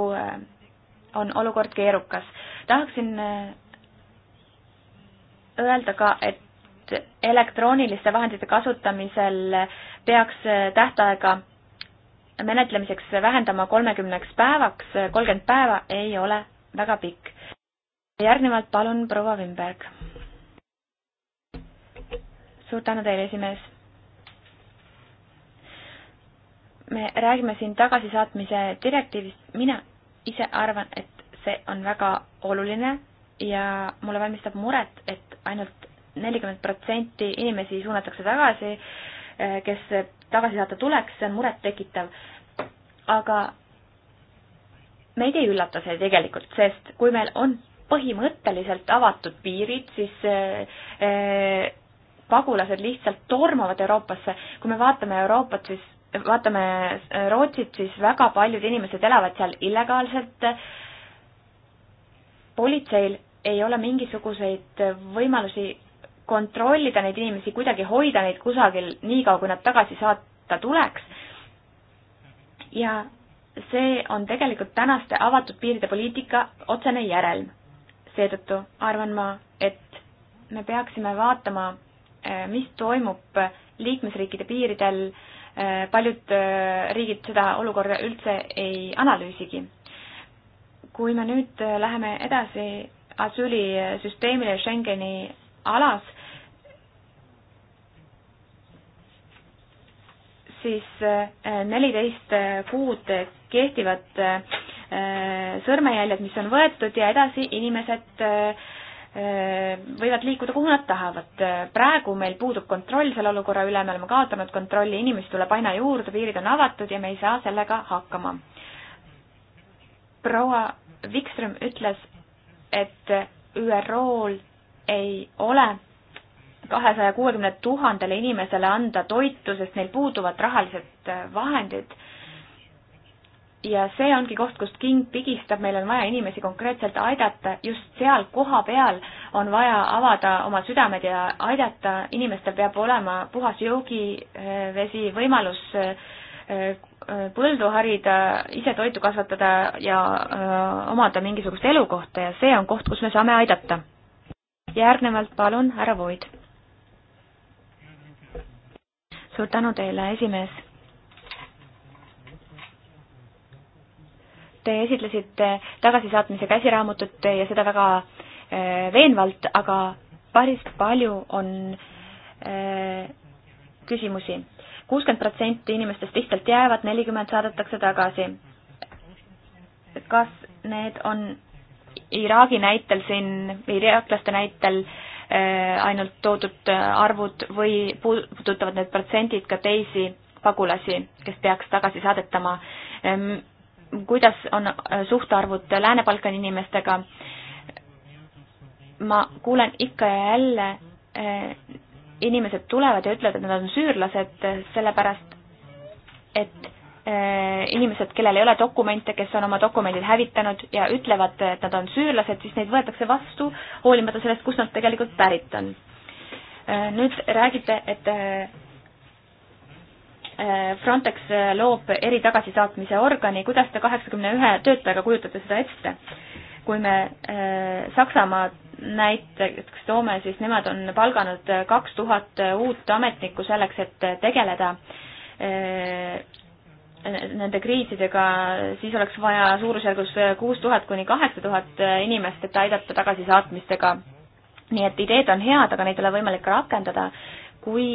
on olukord keerukas. tahaksin öelda ka, et elektrooniliste vahendite kasutamisel peaks tähtaega menetlemiseks vähendama kolmekümneks päevaks, kolmkümmend päeva ei ole väga pikk. järgnevalt palun proua Wimberg. suur tänu teile, esimees. me räägime siin tagasisaatmise direktiivist, mina ise arvan, et see on väga oluline ja mulle valmistab muret, et ainult nelikümmend protsenti inimesi suunatakse tagasi, eh, kes tagasi saata tuleks, see on murettekitav. aga meid ei üllata see tegelikult, sest kui meil on põhimõtteliselt avatud piirid, siis äh, pagulased lihtsalt tormavad Euroopasse. kui me vaatame Euroopat, siis vaatame Rootsit, siis väga paljud inimesed elavad seal illegaalselt. politseil ei ole mingisuguseid võimalusi kontrollida neid inimesi, kuidagi hoida neid kusagil niikaua, kui nad tagasi saata tuleks. ja see on tegelikult tänaste avatud piiride poliitika otsene järelm. seetõttu arvan ma, et me peaksime vaatama, eh, mis toimub liikmesriikide piiridel, eh, paljud eh, riigid seda olukorda üldse ei analüüsigi. kui me nüüd läheme edasi asüülisüsteemile Schengeni alas, siis äh, neliteist äh, kuud kehtivad äh, sõrmejäljed, mis on võetud ja edasi inimesed võivad liikuda, kuhu nad tahavad. praegu meil puudub kontroll selle olukorra üle, me oleme kaotanud kontrolli, inimesi tuleb aina juurde, piirid on avatud ja me ei saa sellega hakkama. proua Wikström ütles, et ÜRO-l ei ole kahesaja kuuekümne tuhandele inimesele anda toitu, sest neil puuduvad rahalised äh, vahendid. ja see ongi koht, kust king pigistab, meil on vaja inimesi konkreetselt aidata, just seal kohapeal on vaja avada oma südamed ja aidata, inimestel peab olema puhas joogivesi, võimalus äh, põldu harida, ise toitu kasvatada ja öö, äh, omada mingisugust elukohta ja see on koht, kus me saame aidata. järgnevalt palun, härra Void. suur tänu teile, esimees. Te esitlesite tagasisaatmise käsiraamatut ja seda väga öö, äh, veenvalt, aga päris palju on öö, äh, küsimusi kuuskümmend protsenti inimestest lihtsalt jäävad, nelikümmend saadetakse tagasi. kas need on Iraagi näitel siin, iraaklaste näitel äh, ainult toodud äh, arvud või puudutavad need protsendid ka teisi pagulasi, kes peaks tagasi saadetama? Ähm, kuidas on äh, suhtarvud Lääne-Balkani inimestega? ma kuulen ikka ja jälle inimesed tulevad ja ütlevad, et nad on süürlased, sellepärast et äh, inimesed, kellel ei ole dokumente, kes on oma dokumendid hävitanud ja ütlevad, et nad on süürlased, siis neid võetakse vastu, hoolimata sellest, kust nad tegelikult pärit on. Äh, nüüd räägite, et äh, Frontex loob eri tagasisaatmise organi, kuidas te kaheksakümne ühe töötajaga kujutate seda ette? kui me äh, Saksamaa näiteks toome, siis nemad on palganud kaks tuhat uut ametnikku selleks, et tegeleda äh, nende kriisidega, siis oleks vaja suurusjärgus kuus tuhat kuni kaheksa tuhat inimest, et aidata tagasisaatmistega. nii et ideed on head, aga neid ei ole võimalik rakendada, kui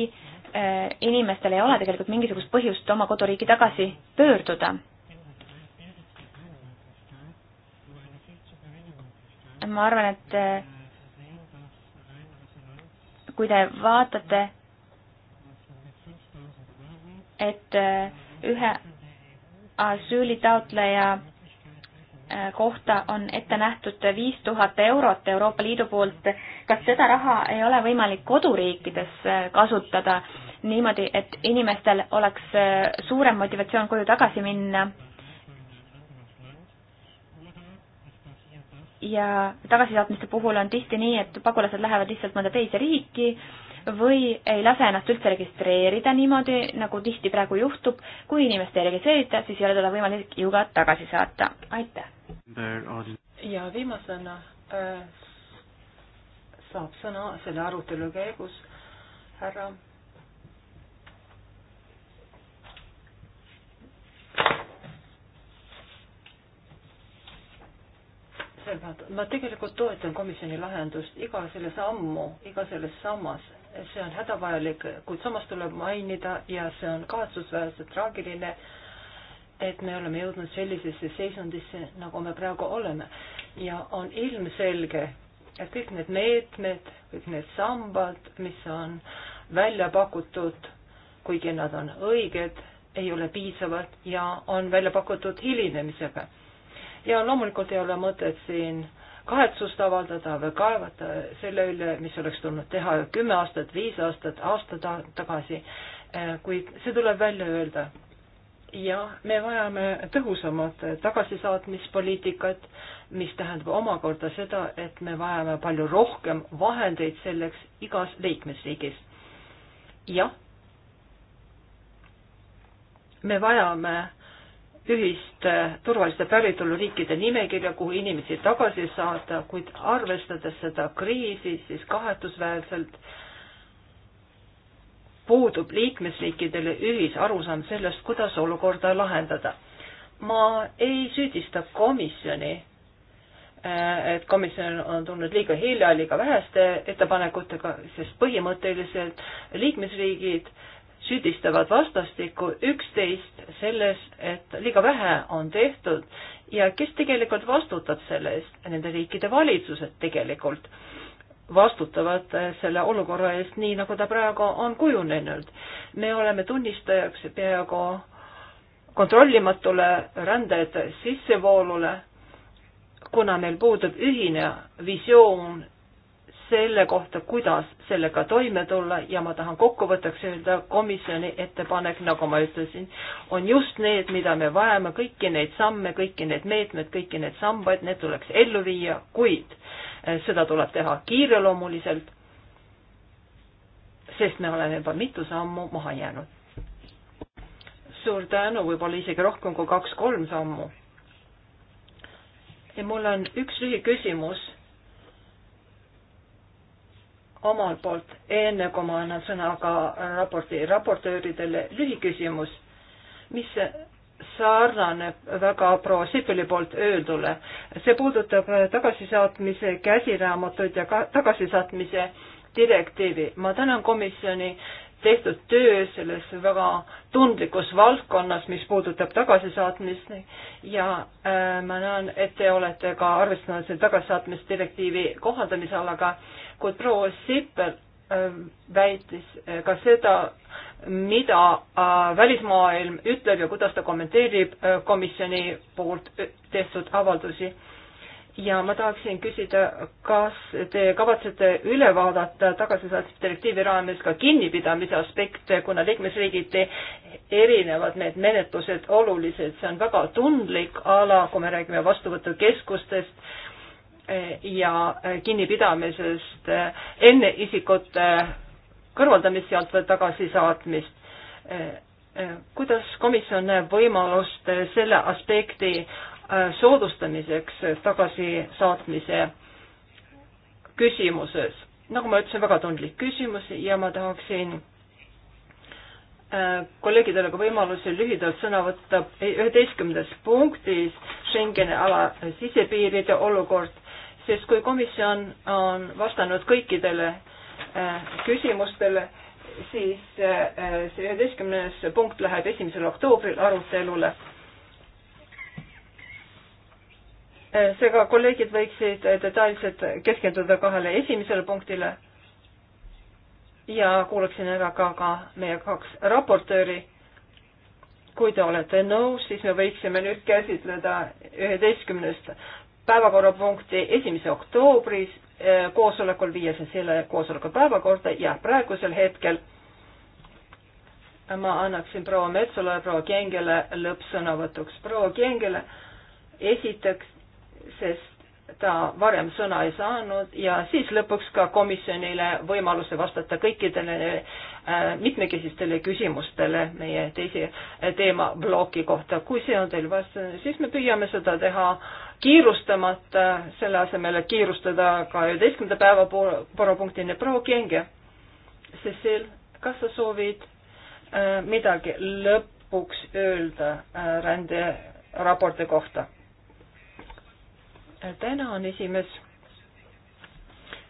äh, inimestel ei ole tegelikult mingisugust põhjust oma koduriiki tagasi pöörduda ma arvan, et eh, kui te vaatate, et eh, ühe asüülitaotleja eh, kohta on ette nähtud viis tuhat eurot Euroopa Liidu poolt, kas seda raha ei ole võimalik koduriikides kasutada niimoodi, et inimestel oleks suurem motivatsioon koju tagasi minna ja tagasisaatmiste puhul on tihti nii, et pagulased lähevad lihtsalt mõnda teise riiki või ei lase ennast üldse registreerida niimoodi, nagu tihti praegu juhtub. kui inimest ei registreerita, siis ei ole teda võimalik ju ka tagasi saata. aitäh! ja viimasena äh, saab sõna selle arutelu käigus härra öelnud, ma tegelikult toetan komisjoni lahendust iga selle sammu, iga selles sammas, see on hädavajalik, kuid samas tuleb mainida ja see on kahetsusväärselt traagiline, et me oleme jõudnud sellisesse seisundisse, nagu me praegu oleme ja on ilmselge, et kõik need meetmed, kõik need sambad, mis on välja pakutud, kuigi nad on õiged, ei ole piisavad ja on välja pakutud hilinemisega ja loomulikult ei ole mõtet siin kahetsust avaldada või kaevata selle üle, mis oleks tulnud teha kümme aastat, viis aastat, aasta ta tagasi, äh, kuid see tuleb välja öelda. ja me vajame tõhusamat tagasisaatmispoliitikat, mis tähendab omakorda seda, et me vajame palju rohkem vahendeid selleks igas liikmesriigis. jah, me vajame äh, ühist äh, turvaliste päritoluriikide nimekirja, kuhu inimesi tagasi saada, kuid arvestades seda kriisi, siis kahetsusväärselt puudub liikmesriikidele ühisarusaam sellest, kuidas olukorda lahendada. ma ei süüdista komisjoni, äh, et komisjon on tulnud liiga hilja, liiga väheste ettepanekutega, sest põhimõtteliselt liikmesriigid äh, süüdistavad vastastikku üksteist selles, et liiga vähe on tehtud ja kes tegelikult vastutab selle eest, nende riikide valitsused tegelikult vastutavad eh, selle olukorra eest, nii nagu ta praegu on kujunenud. me oleme tunnistajaks peaaegu kontrollimatule rändajate sissevoolule, kuna meil puudub ühine visioon selle kohta, kuidas sellega toime tulla ja ma tahan kokkuvõtteks öelda, komisjoni ettepanek, nagu ma ütlesin, on just need, mida me vajame, kõiki neid samme, kõiki need meetmed, kõiki need sambaid, need tuleks ellu viia, kuid eh, seda tuleb teha kiireloomuliselt, sest me oleme juba mitu sammu maha jäänud. suur tänu, võib-olla isegi rohkem kui kaks-kolm sammu. ja mul on üks lühiküsimus omalt poolt, enne kui ma annan sõna ka raporti raportööridele, lühiküsimus, mis sarnaneb väga proua Sipeli poolt öeldule. see puudutab tagasisaatmise käsiraamatuid ja ka tagasisaatmise direktiivi. ma tänan komisjoni tehtud töö selles väga tundlikus valdkonnas, mis puudutab tagasisaatmist ja äh, ma näen, et te olete ka arvestanud selle tagasisaatmisdirektiivi kohaldamise alaga äh, kuid proua Sippel ähm, väitis äh, ka seda, mida äh, välismaailm ütleb ja kuidas ta kommenteerib äh, komisjoni poolt tehtud avaldusi. ja ma tahaksin küsida, kas te kavatsete üle vaadata tagasisaatmise direktiivi raames ka kinnipidamise aspekte, kuna liikmesriigiti erinevad need menetlused oluliselt, see on väga tundlik ala, kui me räägime vastuvõtukeskustest ja kinnipidamisest enne isikute kõrvaldamist sealt või tagasisaatmist. kuidas komisjon näeb võimalust selle aspekti soodustamiseks tagasisaatmise küsimuses? nagu ma ütlesin, väga tundlik küsimus ja ma tahaksin äh, kolleegidele ka võimaluse lühidalt sõna võtta üheteistkümnendas punktis Schengeni ala sisepiiride olukord sest kui komisjon on vastanud kõikidele äh, küsimustele, siis äh, see üheteistkümnes punkt läheb esimesel oktoobril arutelule. Äh, seega kolleegid võiksid detailselt keskenduda kahele esimesele punktile ja kuulaksin ära ka, ka meie kaks raportööri. kui te olete nõus, siis me võiksime nüüd käsitleda üheteistkümnest päevakorrapunkti esimese oktoobris eh, koosolekul, viia see selle koosoleku päevakorda ja praegusel hetkel ma annaksin proua Metsule ja proua Kengele lõppsõnavõtuks. proua Kengele esiteks, sest ta varem sõna ei saanud ja siis lõpuks ka komisjonile võimaluse vastata kõikidele äh, mitmekesistele küsimustele meie teise teemaploki kohta. kui see on teil vastu, siis me püüame seda teha äh, kiirustamata, selle asemel, et kiirustada ka üheteistkümnenda päeva päevapunktini, proua Kenge, Cecil, kas sa soovid äh, midagi lõpuks öelda äh, ränderaporti kohta? täna on esimees.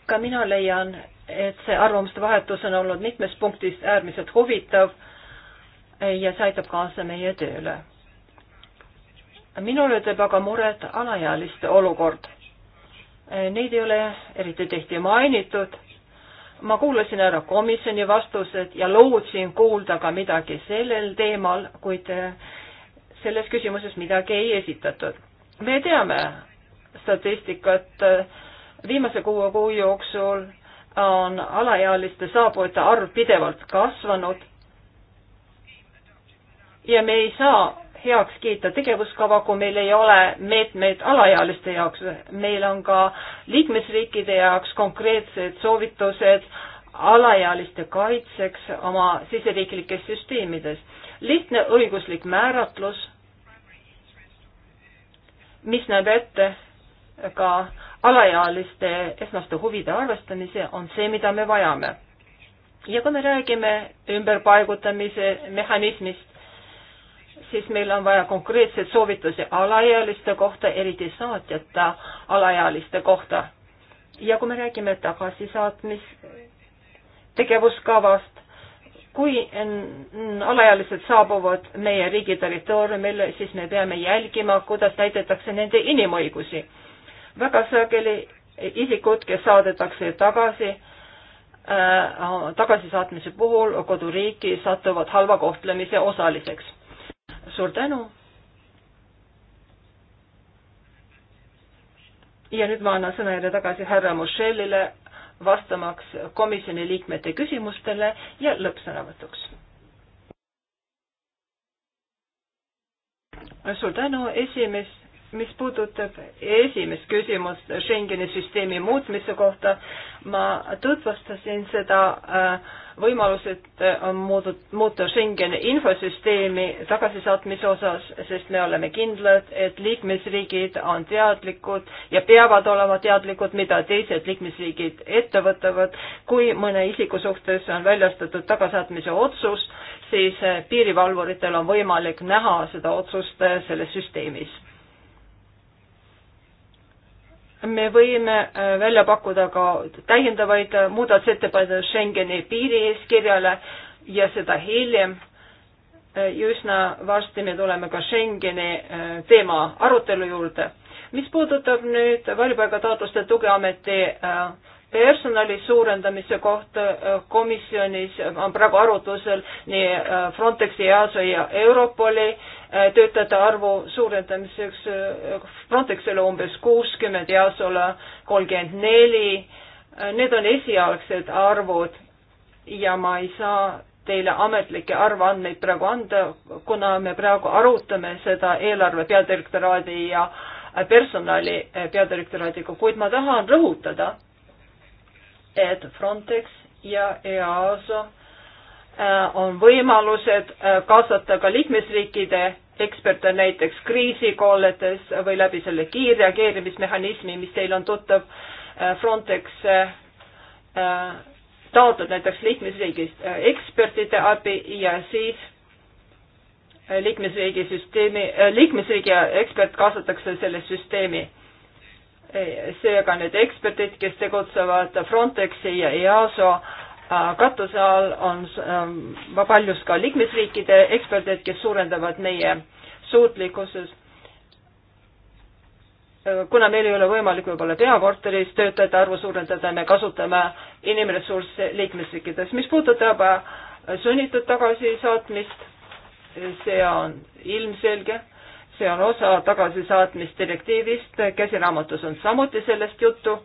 ka mina leian, et see arvamuste vahetus on olnud mitmes punktis äärmiselt huvitav ja see aitab kaasa meie tööle minule teeb aga muret alaealiste olukord. E, neid ei ole eriti tihti mainitud. ma kuulasin ära komisjoni vastused ja lootsin kuulda ka midagi sellel teemal, kuid e, selles küsimuses midagi ei esitatud. me teame statistikat, e, viimase kuue kuu jooksul on alaealiste saabujate arv pidevalt kasvanud ja me ei saa heaks kiita tegevuskava, kui meil ei ole meetmeid alaealiste jaoks. meil on ka liikmesriikide jaoks konkreetsed soovitused alaealiste kaitseks oma siseriiklikes süsteemides. lihtne õiguslik määratlus, mis näeb ette ka alaealiste esmaste huvide arvestamise, on see, mida me vajame. ja kui me räägime ümberpaigutamise mehhanismist, siis meil on vaja konkreetseid soovitusi alaealiste kohta, eriti saatjata alaealiste kohta. ja kui me räägime tagasisaatmis tegevuskavast, kui alaealised saabuvad meie riigi territooriumile, siis me peame jälgima, kuidas täidetakse nende inimõigusi. väga sageli isikud, kes saadetakse tagasi äh,, tagasisaatmise puhul koduriiki, satuvad halva kohtlemise osaliseks suur tänu. ja nüüd ma annan sõna jälle tagasi härra Michelle'ile vastamaks komisjoni liikmete küsimustele ja lõppsõnavõtuks. suur tänu, esimees, mis puudutab esimest küsimust Schengeni süsteemi muutmise kohta, ma tutvustasin seda äh, võimalused äh, muuta Schengeni infosüsteemi tagasisaatmise osas, sest me oleme kindlad, et liikmesriigid on teadlikud ja peavad olema teadlikud, mida teised liikmesriigid ette võtavad. kui mõne isiku suhtes on väljastatud tagasaatmise otsus, siis äh, piirivalvuritel on võimalik näha seda otsust äh, selles süsteemis me võime äh, välja pakkuda ka täiendavaid äh, muudatusettepanekuid Schengeni piirieeskirjale ja seda hiljem. Äh, üsna varsti me tuleme ka Schengeni teema arutelu juurde. mis puudutab nüüd varjupaigataotluste tugiameti personali suurendamise kohta komisjonis on praegu arutusel nii Frontexi, EASO ja Europoli äh, töötajate arvu suurendamiseks Frontexile umbes kuuskümmend, EASO-le kolmkümmend neli. Need on esialgsed arvud ja ma ei saa teile ametlikke arvandmeid praegu anda, kuna me praegu arutame seda eelarve peadirektoraadi ja personali peadirektoraadiga, kuid ma tahan rõhutada, et Frontex ja EASO äh, on võimalused äh, kaasata ka liikmesriikide ekspert on näiteks kriisikolletes või läbi selle kiirreageerimismehhanismi, mis teil on tuttav äh, Frontex äh, äh, taotled näiteks liikmesriigist ekspertide abi ja siis liikmesriigi süsteemi, liikmesriigi ekspert kaasatakse selle süsteemi. seega need eksperdid, kes tegutsevad Frontexi ja EASO äh, Äh, katuse all on ähm, paljus ka liikmesriikide eksperdid, kes suurendavad meie suutlikkuses. Äh, kuna meil ei ole võimalik võib-olla peakorteris töötajate arvu suurendada, me kasutame inimressursse liikmesriikides. mis puudutab äh, sunnitud tagasisaatmist, see on ilmselge, see on osa tagasisaatmisdirektiivist, käsiraamatus on samuti sellest juttu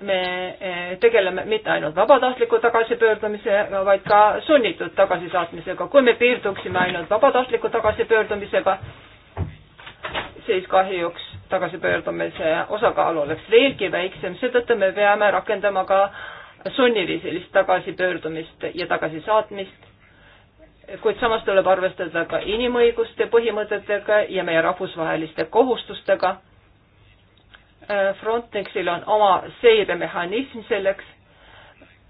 me eh, tegeleme mitte ainult vabatahtliku tagasipöördumisega, vaid ka sunnitud tagasisaatmisega. kui me piirduksime ainult vabatahtliku tagasipöördumisega, siis kahjuks tagasipöördumise osakaal oleks veelgi väiksem, seetõttu me peame rakendama ka sunniviisilist tagasipöördumist ja tagasisaatmist. kuid samas tuleb arvestada ka inimõiguste põhimõtetega ja meie rahvusvaheliste kohustustega Äh, Frontexil on oma seiremehhanism selleks,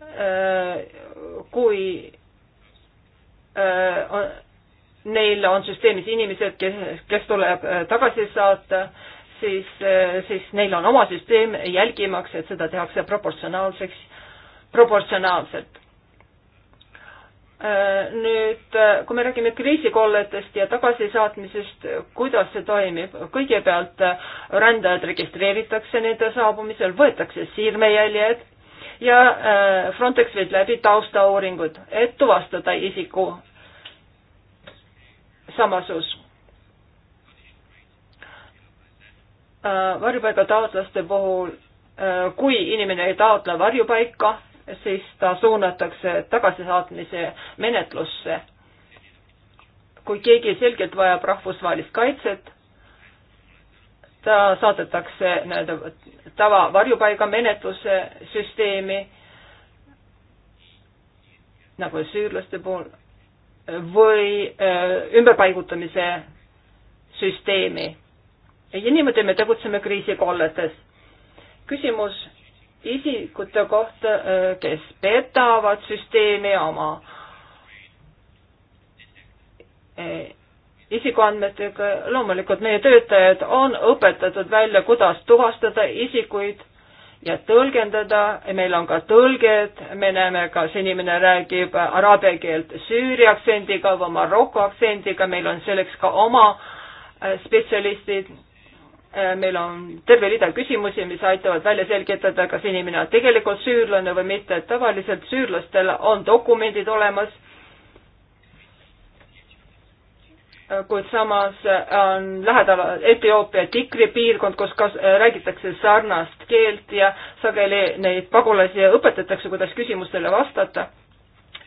äh, kui äh, neil on süsteemis inimesed, kes, kes tuleb tagasi saata, siis, siis neil on oma süsteem jälgimaks, et seda tehakse proportsionaalseks, proportsionaalselt Äh, nüüd, äh, kui me räägime kriisikolletest ja tagasisaatmisest, kuidas see toimib? kõigepealt äh, rändajad registreeritakse nende saabumisel, võetakse sirmejäljed ja Frontex viib läbi taustauuringud, et tuvastada isiku samasus. varjupaigataotlaste puhul, kui inimene ei taotle varjupaika, siis ta suunatakse tagasisaatmise menetlusse. kui keegi selgelt vajab rahvusvahelist kaitset, ta saadetakse nii-öelda tava varjupaiga menetluse süsteemi nagu süürlaste puhul või öö, äh, ümberpaigutamise süsteemi. ja niimoodi me tegutseme kriisikolletes. küsimus isikute kohta, äh, kes petavad süsteemi oma äh, isikuandmetega, loomulikult meie töötajad on õpetatud välja, kuidas tuvastada isikuid ja tõlgendada, meil on ka tõlged, me näeme, kas inimene räägib araabia keelt Süüria aktsendiga või Maroko aktsendiga, meil on selleks ka oma äh, spetsialistid Äh, meil on terve rida küsimusi, mis aitavad välja selgitada, kas inimene on tegelikult süürlane või mitte, et tavaliselt süürlastel on dokumendid olemas, äh, kuid samas äh, on lähedal Etioopia Tikri piirkond, kus kas-, räägitakse sarnast keelt ja sageli neid pagulasi õpetatakse, kuidas küsimustele vastata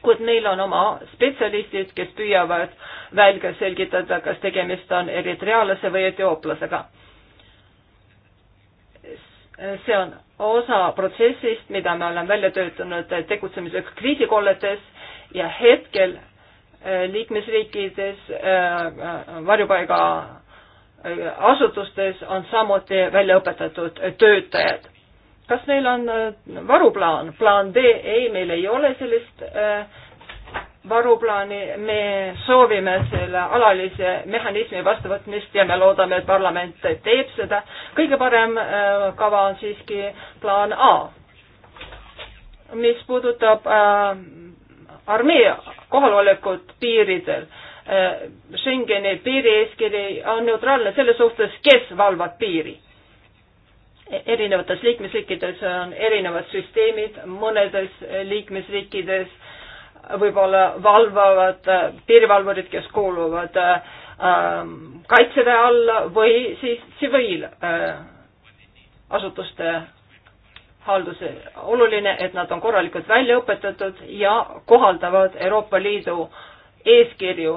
kuid neil on oma spetsialistid, kes püüavad välja selgitada, kas tegemist on eritrealase või etiooplasega see on osa protsessist, mida me oleme välja töötanud tegutsemiseks kriisikolletes ja hetkel äh, liikmesriikides äh, äh, varjupaiga asutustes on samuti välja õpetatud töötajad. kas meil on varuplaan, plaan B? ei, meil ei ole sellist varuplaani, me soovime selle alalise mehhanismi vastuvõtmist ja me loodame, et parlament teeb seda kõige parem äh, kava on siiski plaan A. mis puudutab äh, armee kohalolekut piiridel, äh, Schengeni piirieeskiri on neutraalne selles suhtes, kes valvab piiri e, erinevates liikmesriikides on erinevad süsteemid, mõnedes liikmesriikides võib-olla valvavad piirivalvurid, kes kuuluvad äh, Ähm, kaitseväe alla või siis tsiviilasutuste äh, halduse. oluline, et nad on korralikult välja õpetatud ja kohaldavad Euroopa Liidu eeskirju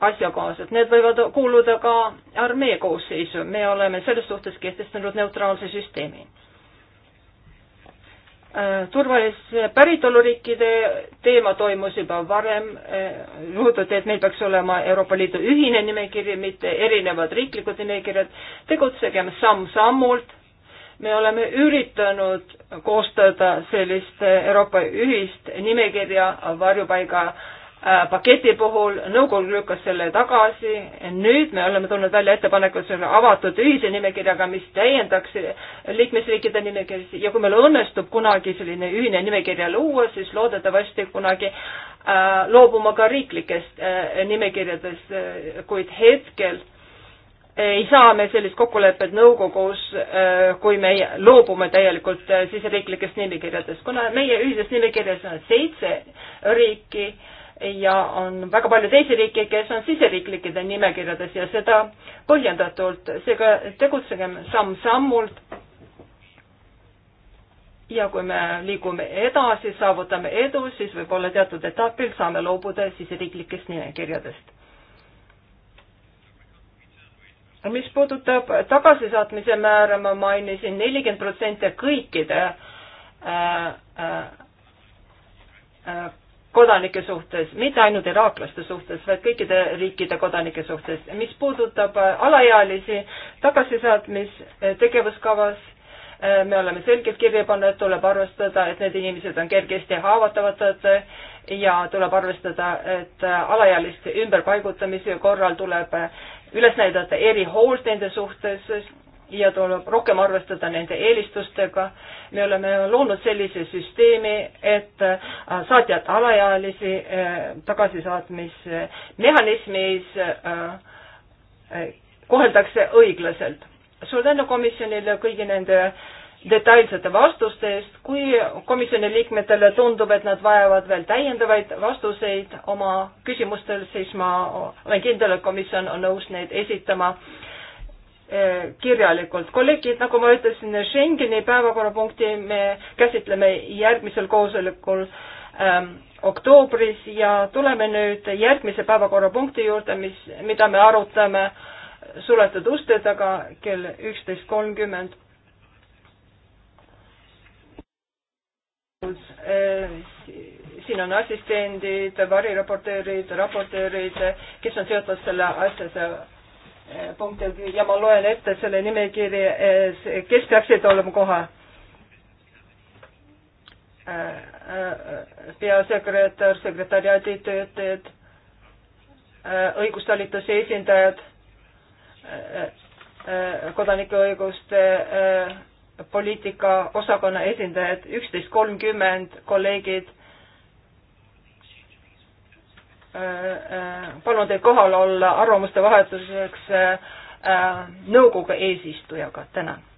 asjakohaselt. Need võivad kuuluda ka armee koosseisu. me oleme selles suhtes kehtestanud neutraalse süsteemi. Äh, turvalise päritoluriikide teema toimus juba varem, rõhutati, äh, et meil peaks olema Euroopa Liidu ühine nimekiri, mitte erinevad riiklikud nimekirjad, tegutsegem samm-sammult, me oleme üritanud koostada sellist Euroopa ühist nimekirja varjupaiga äh, Äh, paketi puhul, nõukogu lükkas selle tagasi, nüüd me oleme tulnud välja ettepanekul selle avatud ühise nimekirjaga, mis täiendaks liikmesriikide nimekirja ja kui meil õnnestub kunagi selline ühine nimekirja luua, siis loodetavasti kunagi äh, loobuma ka riiklikest äh, nimekirjadest äh,, kuid hetkel ei saa me sellist kokkulepet nõukogus, äh, kui me loobume täielikult äh, siseriiklikest nimekirjadest, kuna meie ühises nimekirjas on seitse riiki ja on väga palju teisi riike, kes on siseriiklikide nimekirjades ja seda põhjendatult, seega tegutsegem samm-sammult. ja kui me liigume edasi, saavutame edu, siis võib-olla teatud etapil saame loobuda siseriiklikest nimekirjadest. mis puudutab tagasisaatmise määra, ma mainisin nelikümmend protsenti kõikide äh, äh, äh, kodanike suhtes, mitte ainult iraaklaste suhtes, vaid kõikide riikide kodanike suhtes. mis puudutab äh, alaealisi tagasisaatmistegevuskavas, äh, äh, me oleme selgelt kirja pannud, tuleb arvestada, et need inimesed on kergesti haavatavad ja tuleb arvestada, et alaealiste ümberpaigutamise korral tuleb üles näidata erihoolt nende suhtes, ja tuleb rohkem arvestada nende eelistustega. me oleme loonud sellise süsteemi, et äh, saatjad alaealisi äh, tagasisaatmise mehhanismis äh, koheldakse õiglaselt. suur tänu komisjonile kõigi nende detailsete vastuste eest. kui komisjoni liikmetele tundub, et nad vajavad veel täiendavaid vastuseid oma küsimustel, siis ma olen kindel, et komisjon on nõus neid esitama äh, kirjalikult. kolleegid, nagu ma ütlesin, Schengeni päevakorrapunkti me käsitleme järgmisel koosolekul ähm, oktoobris ja tuleme nüüd järgmise päevakorrapunkti juurde, mis, mida me arutame suletud uste taga kell üksteist kolmkümmend. Äh, siin on assistendid, variraportöörid, raportöörid, kes on seotud selle asjaga punkte ja ma loen ette selle nimekirja, eh, kes peaksid olema kohal. Äh, äh, peasekretär, sekretäriaadi töötajad, äh, õigustalituse esindajad, kodanikuõiguste poliitika osakonna esindajad, üksteist kolmkümmend kolleegid palun teil kohal olla arvamuste vahetuseks äh, äh, nõukogu eesistujaga, tänan